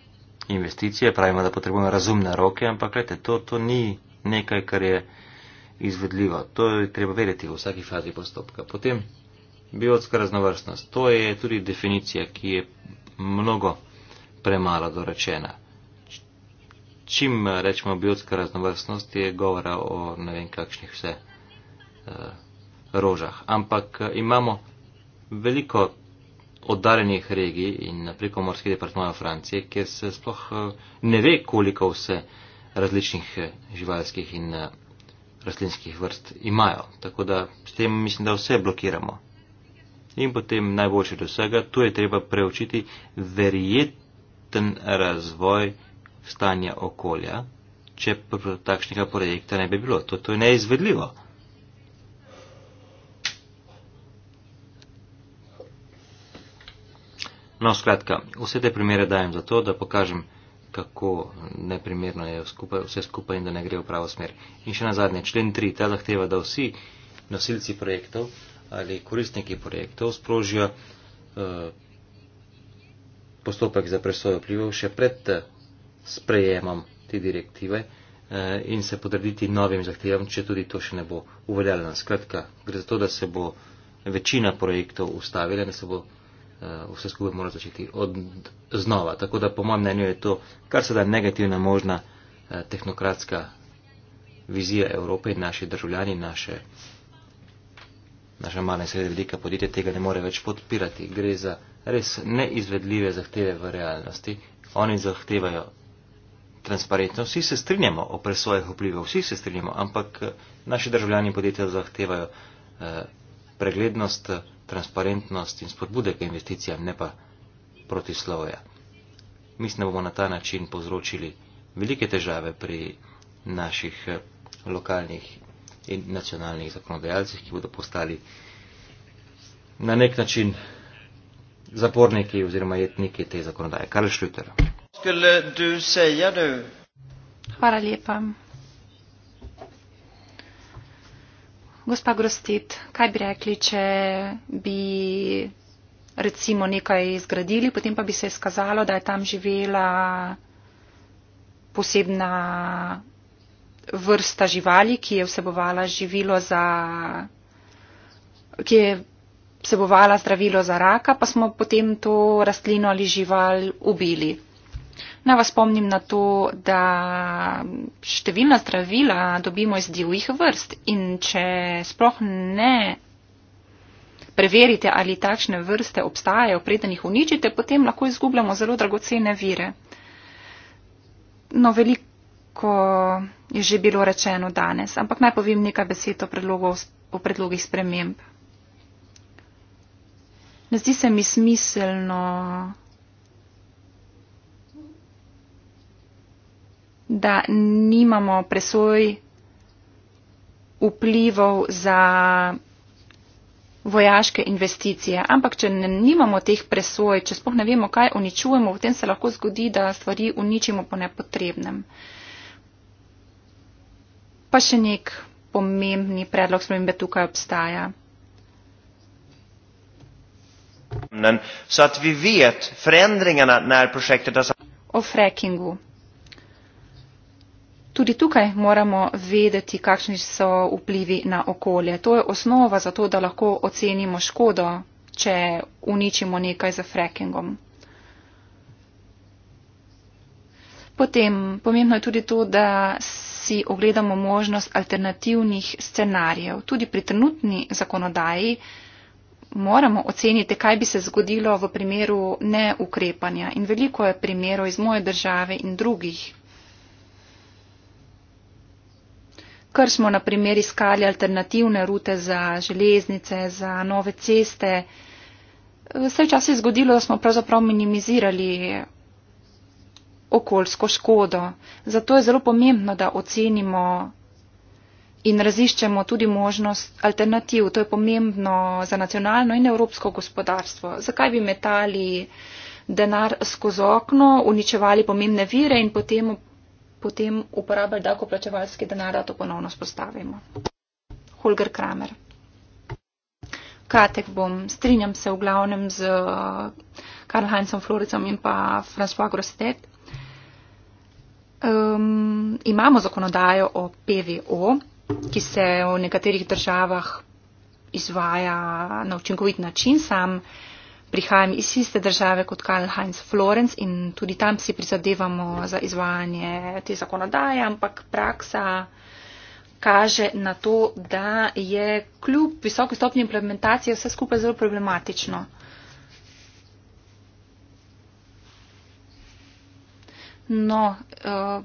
investicije, pravimo, da potrebujemo razumne roke, ampak gledajte, to, to ni nekaj, kar je izvedljivo. To je treba vedeti v vsaki fazi postopka. Potem biotska raznovrstnost. To je tudi definicija, ki je mnogo premalo dorečena. Čim rečemo biotska raznovrstnost, je govora o ne vem kakšnih vse uh, rožah. Ampak eh, imamo veliko oddaljenih regij in na prekomorski departmaju Francije, kjer se sploh eh, ne ve, koliko vse različnih eh, živalskih in eh, rastlinskih vrst imajo. Tako da s tem mislim, da vse blokiramo. In potem najboljše do vsega, tu je treba preučiti verjeten razvoj stanja okolja, če takšnega projekta ne bi bilo. To, to je neizvedljivo. No, skratka, vse te primere dajem zato, da pokažem, kako neprimerno je skupaj, vse skupaj in da ne gre v pravo smer. In še na zadnje, člen 3, ta zahteva, da vsi nosilci projektov ali koristniki projektov sprožijo eh, postopek za presojo vplivov še pred eh, sprejemom te direktive eh, in se podrediti novim zahtevam, če tudi to še ne bo uveljavljeno. Skratka, gre za to, da se bo večina projektov ustavila, da se bo Eh, vse skupaj mora začeti od znova. Tako da po mojem mnenju je to kar se da negativna možna eh, tehnokratska vizija Evrope in naši državljani, naše, naša mala in srednja velika podjetja tega ne more več podpirati. Gre za res neizvedljive zahteve v realnosti. Oni zahtevajo transparentnost. Vsi se strinjamo o presojah vplivov, vsi se strinjamo, ampak eh, naši državljani in podjetja zahtevajo eh, preglednost. Eh, transparentnost in spodbude k investicijam, ne pa protislovja. Mislim, da bomo na ta način povzročili velike težave pri naših eh, lokalnih in nacionalnih zakonodajalcih, ki bodo postali na nek način zaporniki oziroma jetniki te zakonodaje. Karl Schlüter. Hvala lepa. Gospa Grostit, kaj bi rekli, če bi recimo nekaj izgradili, potem pa bi se izkazalo, da je tam živela posebna vrsta živali, ki je vsebovala živilo za, ki je vsebovala zdravilo za raka, pa smo potem to rastlino ali žival ubili. Naj vas spomnim na to, da številna zdravila dobimo iz divjih vrst in če sploh ne preverite, ali takšne vrste obstajajo, preden jih uničite, potem lahko izgubljamo zelo dragocene vire. No, veliko je že bilo rečeno danes, ampak naj povem nekaj besed o, o predlogih sprememb. Ne zdi se mi smiselno da nimamo presoj vplivov za vojaške investicije. Ampak, če ne, nimamo teh presoj, če spoh ne vemo, kaj uničujemo, potem se lahko zgodi, da stvari uničimo po nepotrebnem. Pa še nek pomembni predlog spremembe tukaj obstaja. O frackingu tudi tukaj moramo vedeti, kakšni so vplivi na okolje. To je osnova za to, da lahko ocenimo škodo, če uničimo nekaj za frackingom. Potem pomembno je tudi to, da si ogledamo možnost alternativnih scenarijev. Tudi pri trenutni zakonodaji moramo oceniti, kaj bi se zgodilo v primeru neukrepanja. In veliko je primerov iz moje države in drugih kar smo na primer iskali alternativne rute za železnice, za nove ceste. Vse čas je zgodilo, da smo pravzaprav minimizirali okoljsko škodo. Zato je zelo pomembno, da ocenimo in raziščemo tudi možnost alternativ. To je pomembno za nacionalno in evropsko gospodarstvo. Zakaj bi metali denar skozi okno, uničevali pomembne vire in potem potem uporabljali davkoplačevalski denar, da to ponovno spostavimo. Holger Kramer. Kratek bom. Strinjam se v glavnem z eh, Karl Heinzom Floricom in pa François Grostet. Um, imamo zakonodajo o PVO, ki se v nekaterih državah izvaja na učinkovit način sam. Uh, prihajam iz iste države kot Karl Heinz Florence in tudi tam si prizadevamo za izvajanje te zakonodaje, ampak praksa kaže na to, da je kljub visoki stopnji implementacije vse skupaj zelo problematično. No, uh,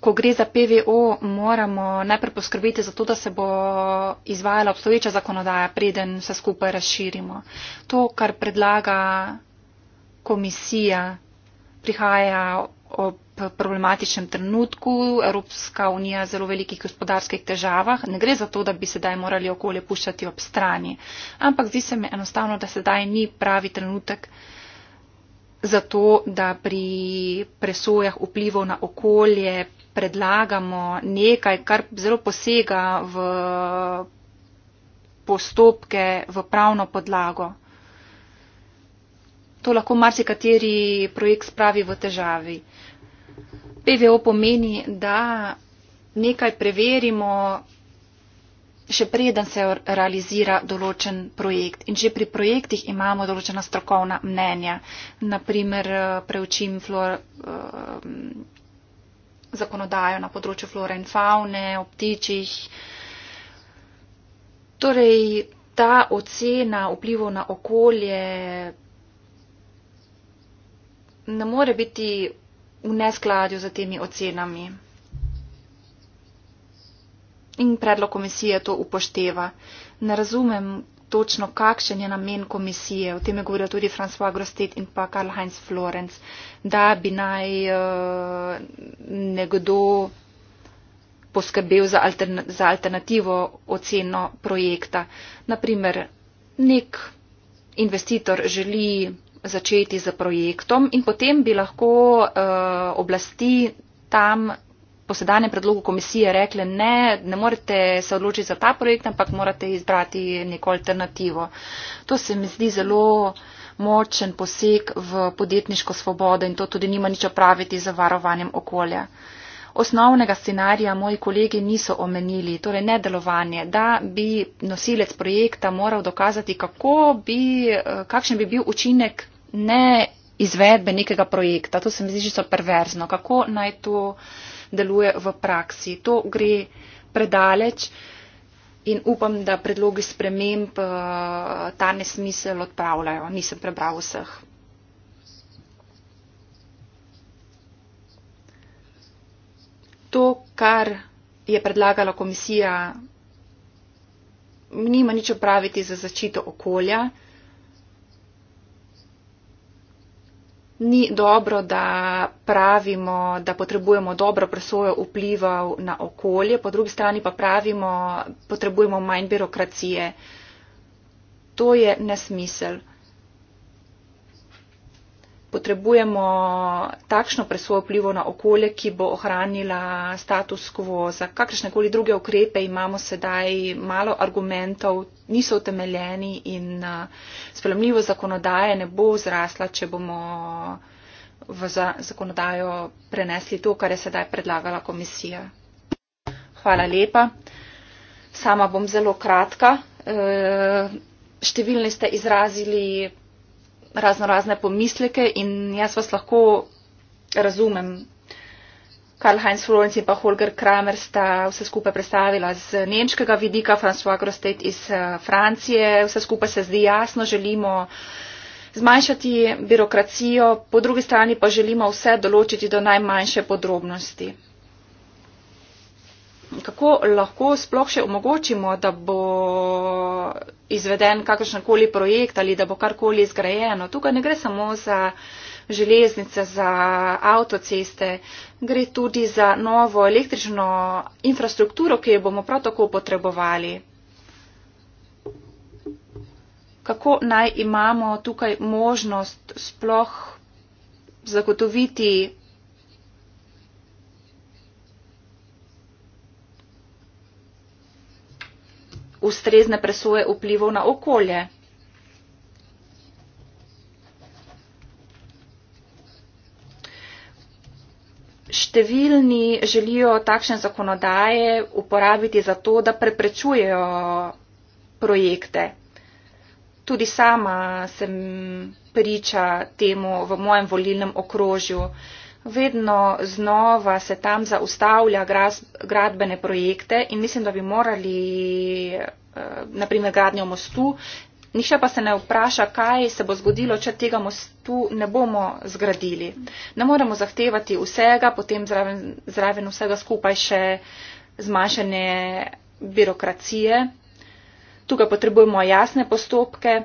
ko gre za PVO, moramo najprej poskrbeti za to, da se bo izvajala obstoječa zakonodaja, preden se skupaj razširimo. To, kar predlaga komisija, prihaja ob problematičnem trenutku, Evropska unija je v zelo velikih gospodarskih težavah. Ne gre za to, da bi sedaj morali okolje puščati ob strani, ampak zdi se mi enostavno, da sedaj ni pravi trenutek, zato, da pri presojah vplivov na okolje predlagamo nekaj, kar zelo posega v postopke, v pravno podlago. To lahko marsikateri projekt spravi v težavi. PVO pomeni, da nekaj preverimo, še preden se realizira določen projekt. In že pri projektih imamo določena strokovna mnenja. Naprimer, eh, preučim flor, eh, zakonodajo na področju flore in faune, o ptičih. Torej, ta ocena vplivov na okolje ne more biti v neskladju z temi ocenami in predlog komisije to upošteva. Ne razumem točno, kakšen je namen komisije, o tem je govoril tudi François Grostet in pa Karl-Heinz Florenc, da bi naj uh, nekdo poskrbel za, altern za alternativo oceno projekta. Naprimer, nek investitor želi začeti z projektom in potem bi lahko uh, oblasti tam po sedanjem predlogu komisije rekle, ne, ne morete se odločiti za ta projekt, ampak morate izbrati neko alternativo. To se mi zdi zelo močen poseg v podjetniško svobodo in to tudi nima nič opraviti z varovanjem okolja. Osnovnega scenarija moji kolegi niso omenili, torej nedelovanje, da bi nosilec projekta moral dokazati, bi, eh, kakšen bi bil učinek ne izvedbe nekega projekta. To se mi zdi, da so perverzno. Kako naj to deluje v praksi. To gre predaleč in upam, da predlogi sprememb eh, ta nesmisel odpravljajo. Nisem prebral vseh. To, kar je predlagala komisija, nima nič opraviti za začito okolja. ni dobro, da pravimo, da potrebujemo dobro presojo vplivov na okolje, po drugi strani pa pravimo, potrebujemo manj birokracije. To je nesmisel potrebujemo takšno presvojo vplivo na okolje, ki bo ohranila status quo. Za kakršnekoli druge ukrepe imamo sedaj malo argumentov, niso utemeljeni in spremljivo zakonodaje ne bo zrasla, če bomo v zakonodajo prenesli to, kar je sedaj predlagala komisija. Hvala lepa. Sama bom zelo kratka. E, številni ste izrazili razno razne pomisleke in jaz vas lahko razumem. Karl Heinz Florenc in pa Holger Kramer sta vse skupaj predstavila z nemškega vidika, François Grostet iz eh, Francije. Vse skupaj se zdi jasno, želimo zmanjšati birokracijo, po drugi strani pa želimo vse določiti do najmanjše podrobnosti kako lahko sploh še omogočimo, da bo izveden kakršenkoli projekt ali da bo karkoli izgrajeno. Tukaj ne gre samo za železnice, za avtoceste, gre tudi za novo električno infrastrukturo, ki jo bomo prav tako potrebovali. Kako naj imamo tukaj možnost sploh zagotoviti ustrezne presoje vplivov na okolje. Številni želijo takšne zakonodaje uporabiti za to, da preprečujejo projekte. Tudi sama sem priča temu v mojem volilnem okrožju. Uh, vedno znova se tam zaustavlja gradbene projekte in mislim, da bi morali, eh, naprimer, gradnjo mostu. Nihče pa se ne vpraša, kaj se bo zgodilo, če tega mostu ne bomo zgradili. Ne moremo zahtevati vsega, potem zraven, zraven vsega skupaj še zmanjšanje birokracije. Tukaj potrebujemo jasne postopke,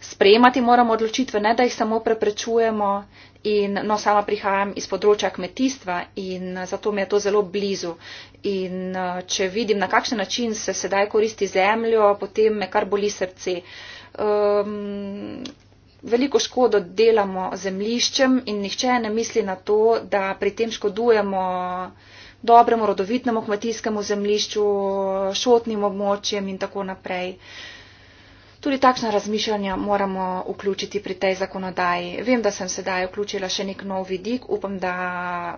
sprejemati moramo odločitve, ne da jih samo preprečujemo. In no, sama prihajam iz področja kmetijstva in eh, zato mi je to zelo blizu. In eh, če vidim, na kakšen način se sedaj koristi zemljo, potem me kar boli srce. Um, Veliko škodo delamo zemliščem in nihče ne misli na to, da pri tem škodujemo dobremu rodovitnemu kmetijskemu zemlišču, šotnim območjem in tako naprej. Uh, Tudi takšna razmišljanja moramo vključiti pri tej zakonodaji. Vem, da sem sedaj vključila še nek nov vidik. Upam, da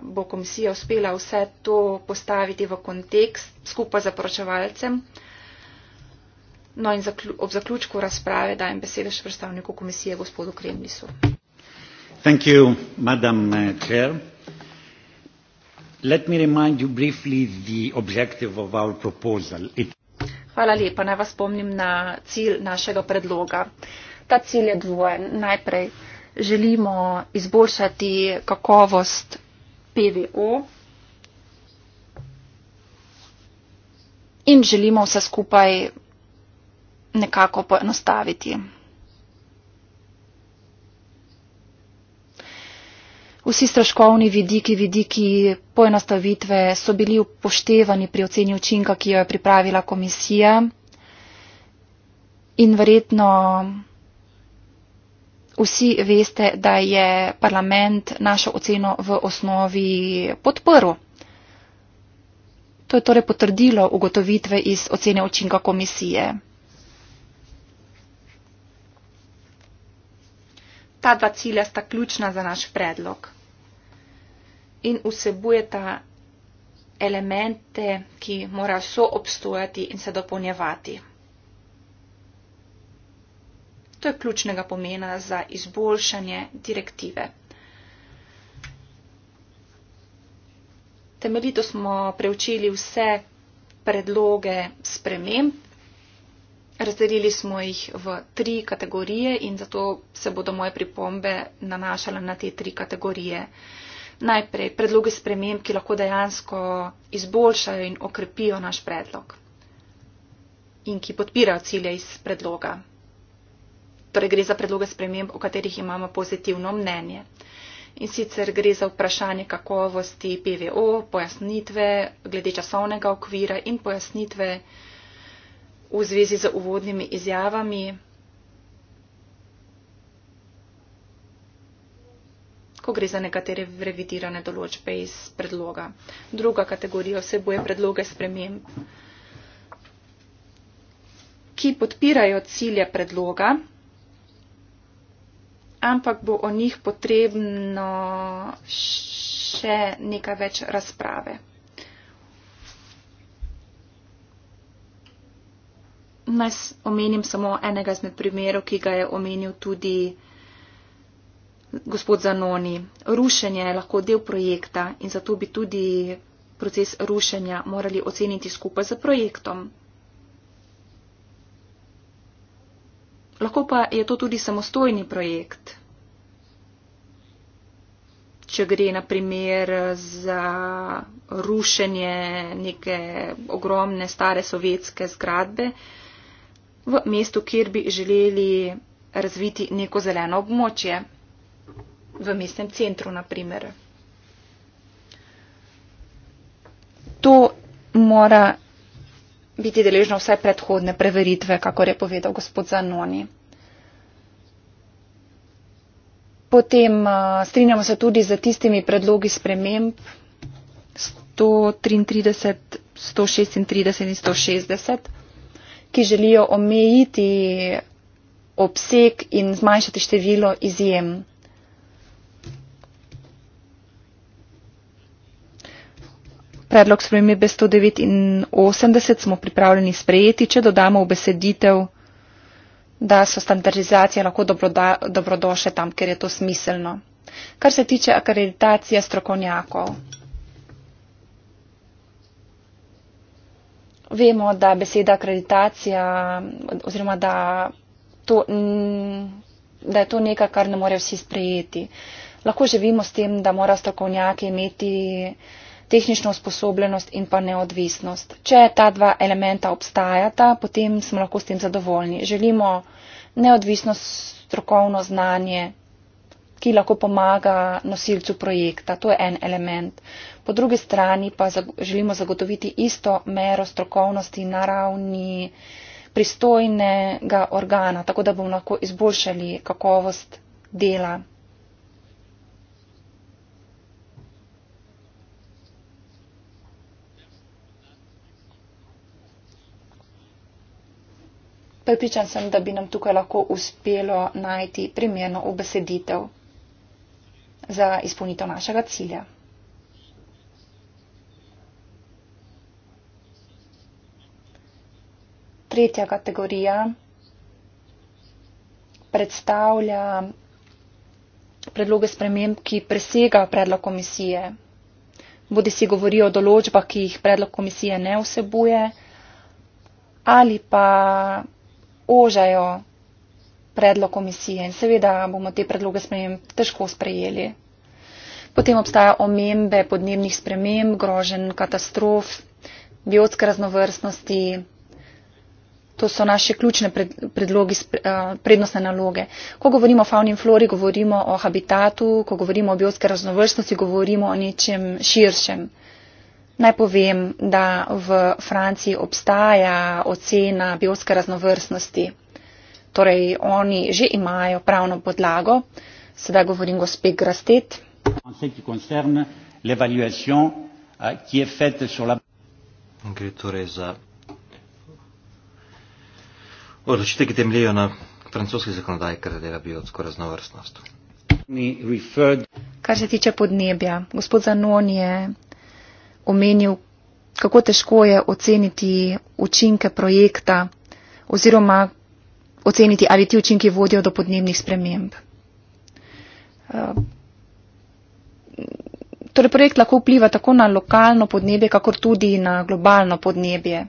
bo komisija uspela vse to postaviti v kontekst skupaj z poročevalcem. No in zaklju ob zaključku razprave dajem besedo še predstavniku komisije, gospodu Kremlisu. Thank you, Madam eh, Chair. Let me remind you briefly the objective of our proposal. It Hvala lepa. Naj vas spomnim na cilj našega predloga. Ta cilj je dvojen. Najprej želimo izboljšati kakovost PVO in želimo vse skupaj nekako poenostaviti. vsi stroškovni vidiki, vidiki poenostavitve so bili upoštevani pri oceni učinka, ki jo je pripravila komisija. In verjetno vsi veste, da je parlament našo oceno v osnovi podprl. To je torej potrdilo ugotovitve iz ocene učinka komisije. Ta dva cilja sta ključna za naš predlog in vsebujeta elemente, ki morajo soobstojati in se dopolnjevati. To je ključnega pomena za izboljšanje direktive. Temeljito smo preučili vse predloge sprememb, razdelili smo jih v tri kategorije in zato se bodo moje pripombe nanašale na te tri kategorije najprej predloge sprememb, ki lahko dejansko izboljšajo in okrepijo naš predlog in ki podpirajo cilje iz predloga. Torej gre za predloge sprememb, o katerih imamo pozitivno mnenje. In sicer gre za vprašanje kakovosti PVO, pojasnitve glede časovnega okvira in pojasnitve v zvezi z uvodnimi izjavami. ko gre za nekatere revidirane določbe iz predloga. Druga kategorija vsebuje predloge sprememb, ki podpirajo cilje predloga, ampak bo o njih potrebno še nekaj več razprave. Naj omenim samo enega zmed primerov, ki ga je omenil tudi gospod Zanoni, rušenje je lahko del projekta in zato bi tudi proces rušenja morali oceniti skupaj z projektom. Lahko pa je to tudi samostojni projekt. Če gre na primer za rušenje neke ogromne stare sovjetske zgradbe v mestu, kjer bi želeli razviti neko zeleno območje v mestnem centru, na primer. To mora biti deležno vse predhodne preveritve, kako je povedal gospod Zanoni. Potem eh, strinjamo se tudi za tistimi predlogi sprememb 133, 136 in 160, ki želijo omejiti obseg in zmanjšati število izjem. predlog spremembe 189 smo pripravljeni sprejeti, če dodamo v beseditev, da so standardizacije lahko dobrodošle tam, ker je to smiselno. Kar se tiče akreditacije strokovnjakov. Vemo, da beseda akreditacija oziroma da, to, da je to nekaj, kar ne morejo vsi sprejeti. Lahko živimo s tem, da morajo strokovnjaki imeti uh, tehnično usposobljenost in pa neodvisnost. Če ta dva elementa obstajata, potem smo lahko s tem zadovoljni. Želimo neodvisnost, strokovno znanje, ki lahko pomaga nosilcu projekta. To je en element. Po drugi strani pa želimo zagotoviti isto mero strokovnosti na ravni pristojnega organa, tako da bomo lahko izboljšali kakovost dela Pripričan sem, da bi nam tukaj lahko uspelo najti primerno obeseditev za izpolnitev našega cilja. Tretja kategorija predstavlja predloge sprememb, ki presega predlog komisije. Bodi si govorijo o določbah, ki jih predlog komisije ne vsebuje, ali pa ožajo predlog komisije in seveda bomo te predloge sprejem težko sprejeli. Potem obstaja omembe podnebnih sprememb, grožen katastrof, biotske raznovrstnosti. To so naše ključne predlogi, eh, prednostne naloge. Ko govorimo o fauni in flori, govorimo o habitatu, ko govorimo o biotske raznovrstnosti, govorimo o nečem širšem. Naj povem, da v Franciji obstaja ocena biotske raznovrstnosti. Torej, oni že imajo pravno podlago. Sedaj govorim gospe Grastet. Gre torej za odločite, ki temlijo na francoski zakonodaji, kar zadeva biotsko raznovrstnost. Kar se tiče podnebja, gospod Zanon je omenil, kako težko je oceniti učinke projekta oziroma oceniti, ali ti učinki vodijo do podnebnih sprememb. Eh, torej, projekt lahko vpliva tako na lokalno podnebje, kakor tudi na globalno podnebje.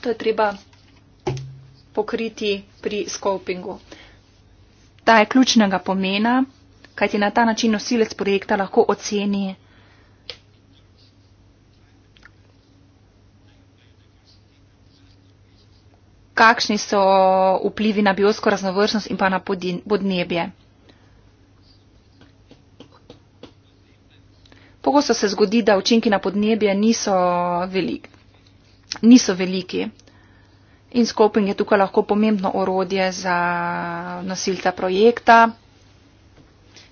To je treba pokriti pri skopingu. Ta je ključnega pomena, kajti na ta način nosilec projekta lahko oceni, kakšni so vplivi na biosko raznovrstnost in pa na podnebje. Pogosto se zgodi, da učinki na podnebje niso veliki. Niso veliki. In scoping je tukaj lahko pomembno orodje za nosilca projekta.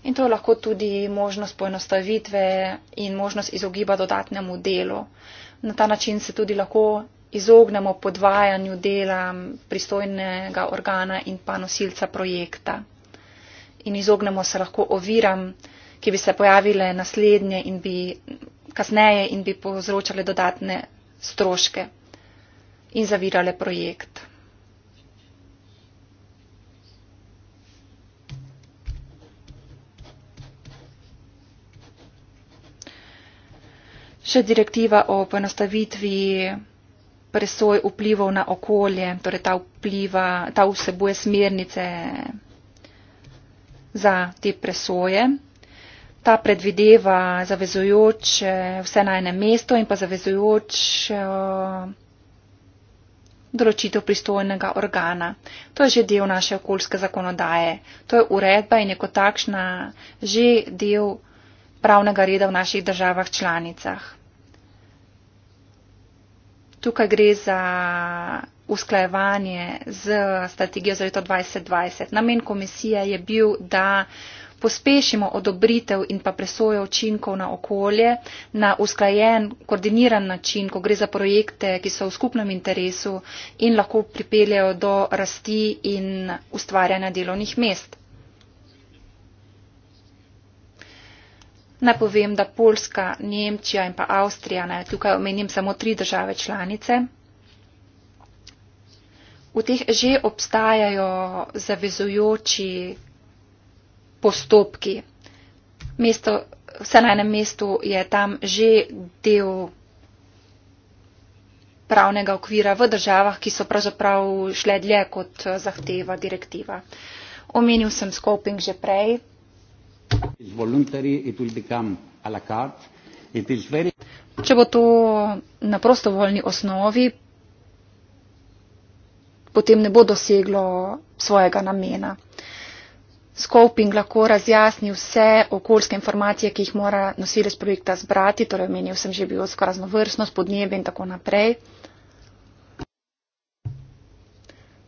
In to je lahko tudi možnost poenostavitve in možnost izogiba dodatnemu delu. Na ta način se tudi lahko izognemo podvajanju dela pristojnega organa in pa nosilca projekta. In izognemo se lahko oviram, ki bi se pojavile naslednje in bi kasneje in bi povzročale dodatne stroške in zavirale projekt. Še direktiva o poenostavitvi presoj vplivov na okolje, torej ta, vpliva, ta vsebuje smernice za te presoje. Ta predvideva zavezujoč vse na enem mestu in pa zavezujoč eh, določitev pristojnega organa. To je že del naše okoljske zakonodaje. To je uredba in je kot takšna že del pravnega reda v naših državah članicah. Tukaj gre za usklajevanje z strategijo za leto 2020. Namen komisije je bil, da pospešimo odobritev in pa presojo učinkov na okolje na usklajen, koordiniran način, ko gre za projekte, ki so v skupnem interesu in lahko pripeljajo do rasti in ustvarjanja delovnih mest. Naj povem, da Poljska, Nemčija in pa Avstrija, ne, tukaj omenim samo tri države članice, v teh že obstajajo zavezujoči postopki. Mesto, vse na enem mestu je tam že del pravnega okvira v državah, ki so pravzaprav šle dlje kot zahteva direktiva. Omenil sem scoping že prej. Če bo to na prostovoljni osnovi, potem ne bo doseglo svojega namena. Skoping lahko razjasni vse okoljske informacije, ki jih mora nosilec projekta zbrati, torej omenil sem že bilo skorazno vrstnost, podnebje in tako naprej.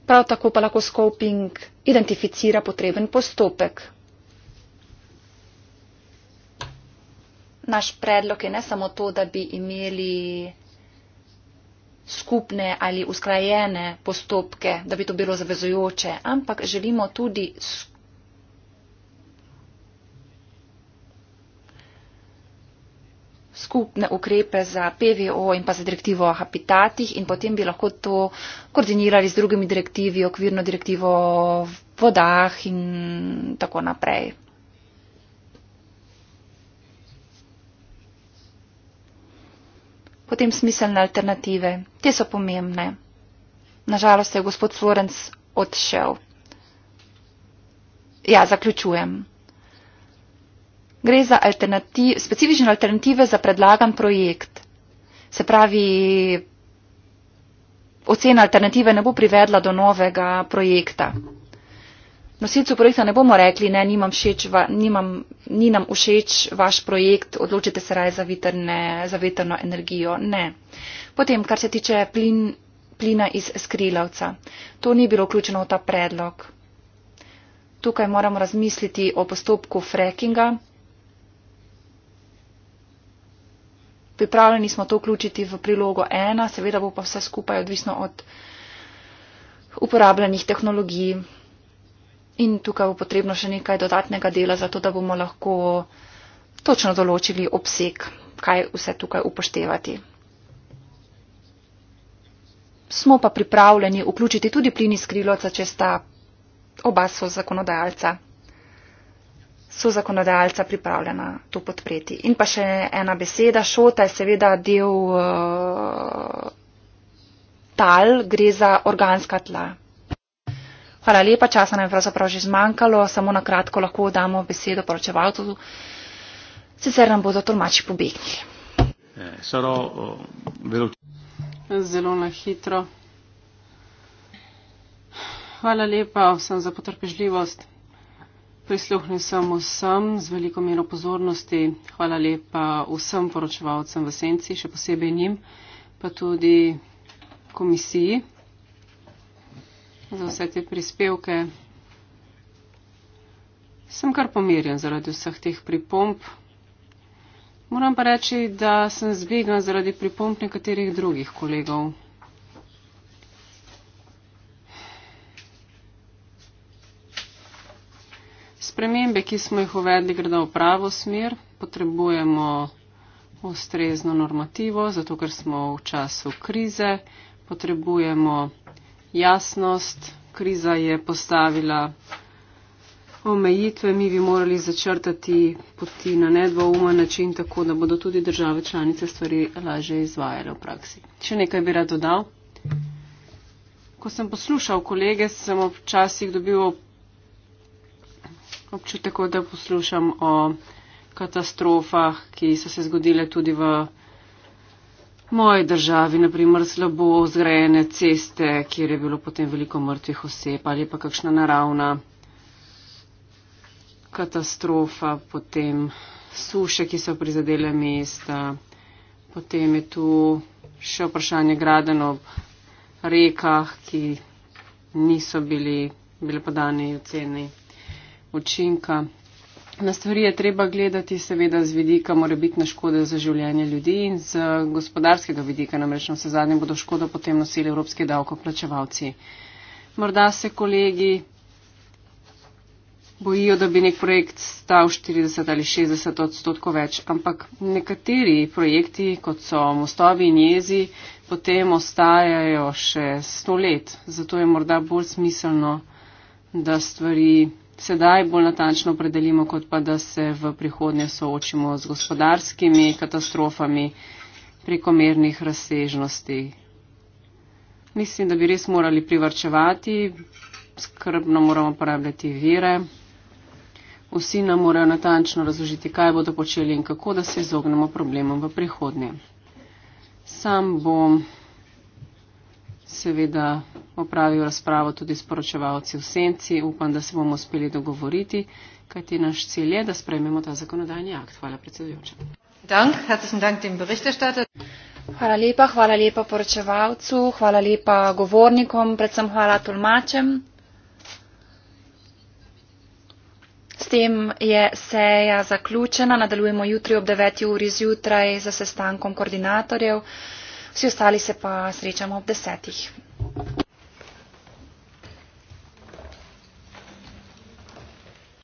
Prav tako pa lahko Skoping identificira potreben postopek. Naš predlog je ne samo to, da bi imeli skupne ali usklajene postopke, da bi to bilo zavezojoče, ampak želimo tudi skupne skupne ukrepe za PVO in pa za direktivo o habitatih in potem bi lahko to koordinirali z drugimi direktivi, okvirno direktivo o vodah in tako naprej. Potem smiselne alternative. Te so pomembne. Nažalost je gospod Florenc odšel. Ja, zaključujem gre za alternativ, specifične alternative za predlagan projekt. Se pravi, ocena alternative ne bo privedla do novega projekta. Nosilcu projekta ne bomo rekli, ne, nimam všeč, va, nimam, ni nam všeč vaš projekt, odločite se raje za, vitrne, za vetrno energijo. Ne. Potem, kar se tiče plin, plina iz skrilavca, to ni bilo vključeno v ta predlog. Tukaj moramo razmisliti o postopku frackinga. pripravljeni smo to vključiti v prilogo ena, seveda bo pa vse skupaj odvisno od uporabljenih tehnologij. In tukaj bo potrebno še nekaj dodatnega dela, zato da bomo lahko točno določili obseg, kaj vse tukaj upoštevati. Smo pa pripravljeni vključiti tudi plini skrilovca, če sta oba so zakonodajalca so zakonodajalca pripravljena to podpreti. In pa še ena beseda, šota je seveda del uh, tal, gre za organska tla. Hvala lepa, časa nam je pravzaprav že zmanjkalo, samo na kratko lahko damo besedo poročevalcu, sicer nam bodo tolmači pobegnili. Zelo na hitro. Hvala lepa vsem za potrpežljivost prisluhnil sem vsem z veliko mero pozornosti. Hvala lepa vsem poročevalcem v senci, še posebej njim, pa tudi komisiji za vse te prispevke. Sem kar pomirjen zaradi vseh teh pripomb. Moram pa reči, da sem zbegan zaradi pripomb nekaterih drugih kolegov. spremembe, ki smo jih uvedli, gredo v pravo smer. Potrebujemo ustrezno normativo, zato ker smo v času krize. Potrebujemo jasnost. Kriza je postavila omejitve. Mi bi morali začrtati poti na nedvoumen način, tako da bodo tudi države članice stvari lažje izvajale v praksi. Še nekaj bi rad dodal. Ko sem poslušal kolege, sem včasih dobil občutek, da poslušam o katastrofah, ki so se zgodile tudi v moji državi, naprimer slabo zgrajene ceste, kjer je bilo potem veliko mrtvih oseb ali pa kakšna naravna katastrofa, potem suše, ki so prizadele mesta, potem je tu še vprašanje graden ob rekah, ki niso bili, bile podane v ceni učinka. Na stvari je treba gledati seveda z vidika morebitne škode za življenje ljudi in z gospodarskega vidika, namreč na vse zadnje bodo škodo potem nosili evropski davkoplačevalci. Morda se kolegi bojijo, da bi nek projekt stal 40 ali 60 odstotkov več, ampak nekateri projekti, kot so mostovi in jezi, potem ostajajo še 100 let. Zato je morda bolj smiselno, da stvari sedaj bolj natančno opredelimo, kot pa da se v prihodnje soočimo z gospodarskimi katastrofami prekomernih razsežnosti. Mislim, da bi res morali privrčevati, skrbno moramo uporabljati vire. Vsi nam morajo natančno razložiti, kaj bodo počeli in kako, da se izognemo problemom v prihodnje. Sam bom seveda opravil razpravo tudi s poročevalci v senci. Upam, da se bomo uspeli dogovoriti, kajti naš cilj je, da sprejmemo ta zakonodajni akt. Hvala predsedujoča. Dank, herzlichen Dank dem Berichterstatter. Hvala lepa, hvala lepa poročevalcu, hvala lepa govornikom, predvsem hvala tolmačem. S tem je seja zaključena. Nadaljujemo jutri ob 9. uri zjutraj za sestankom koordinatorjev vsi ostali se pa srečamo ob desetih.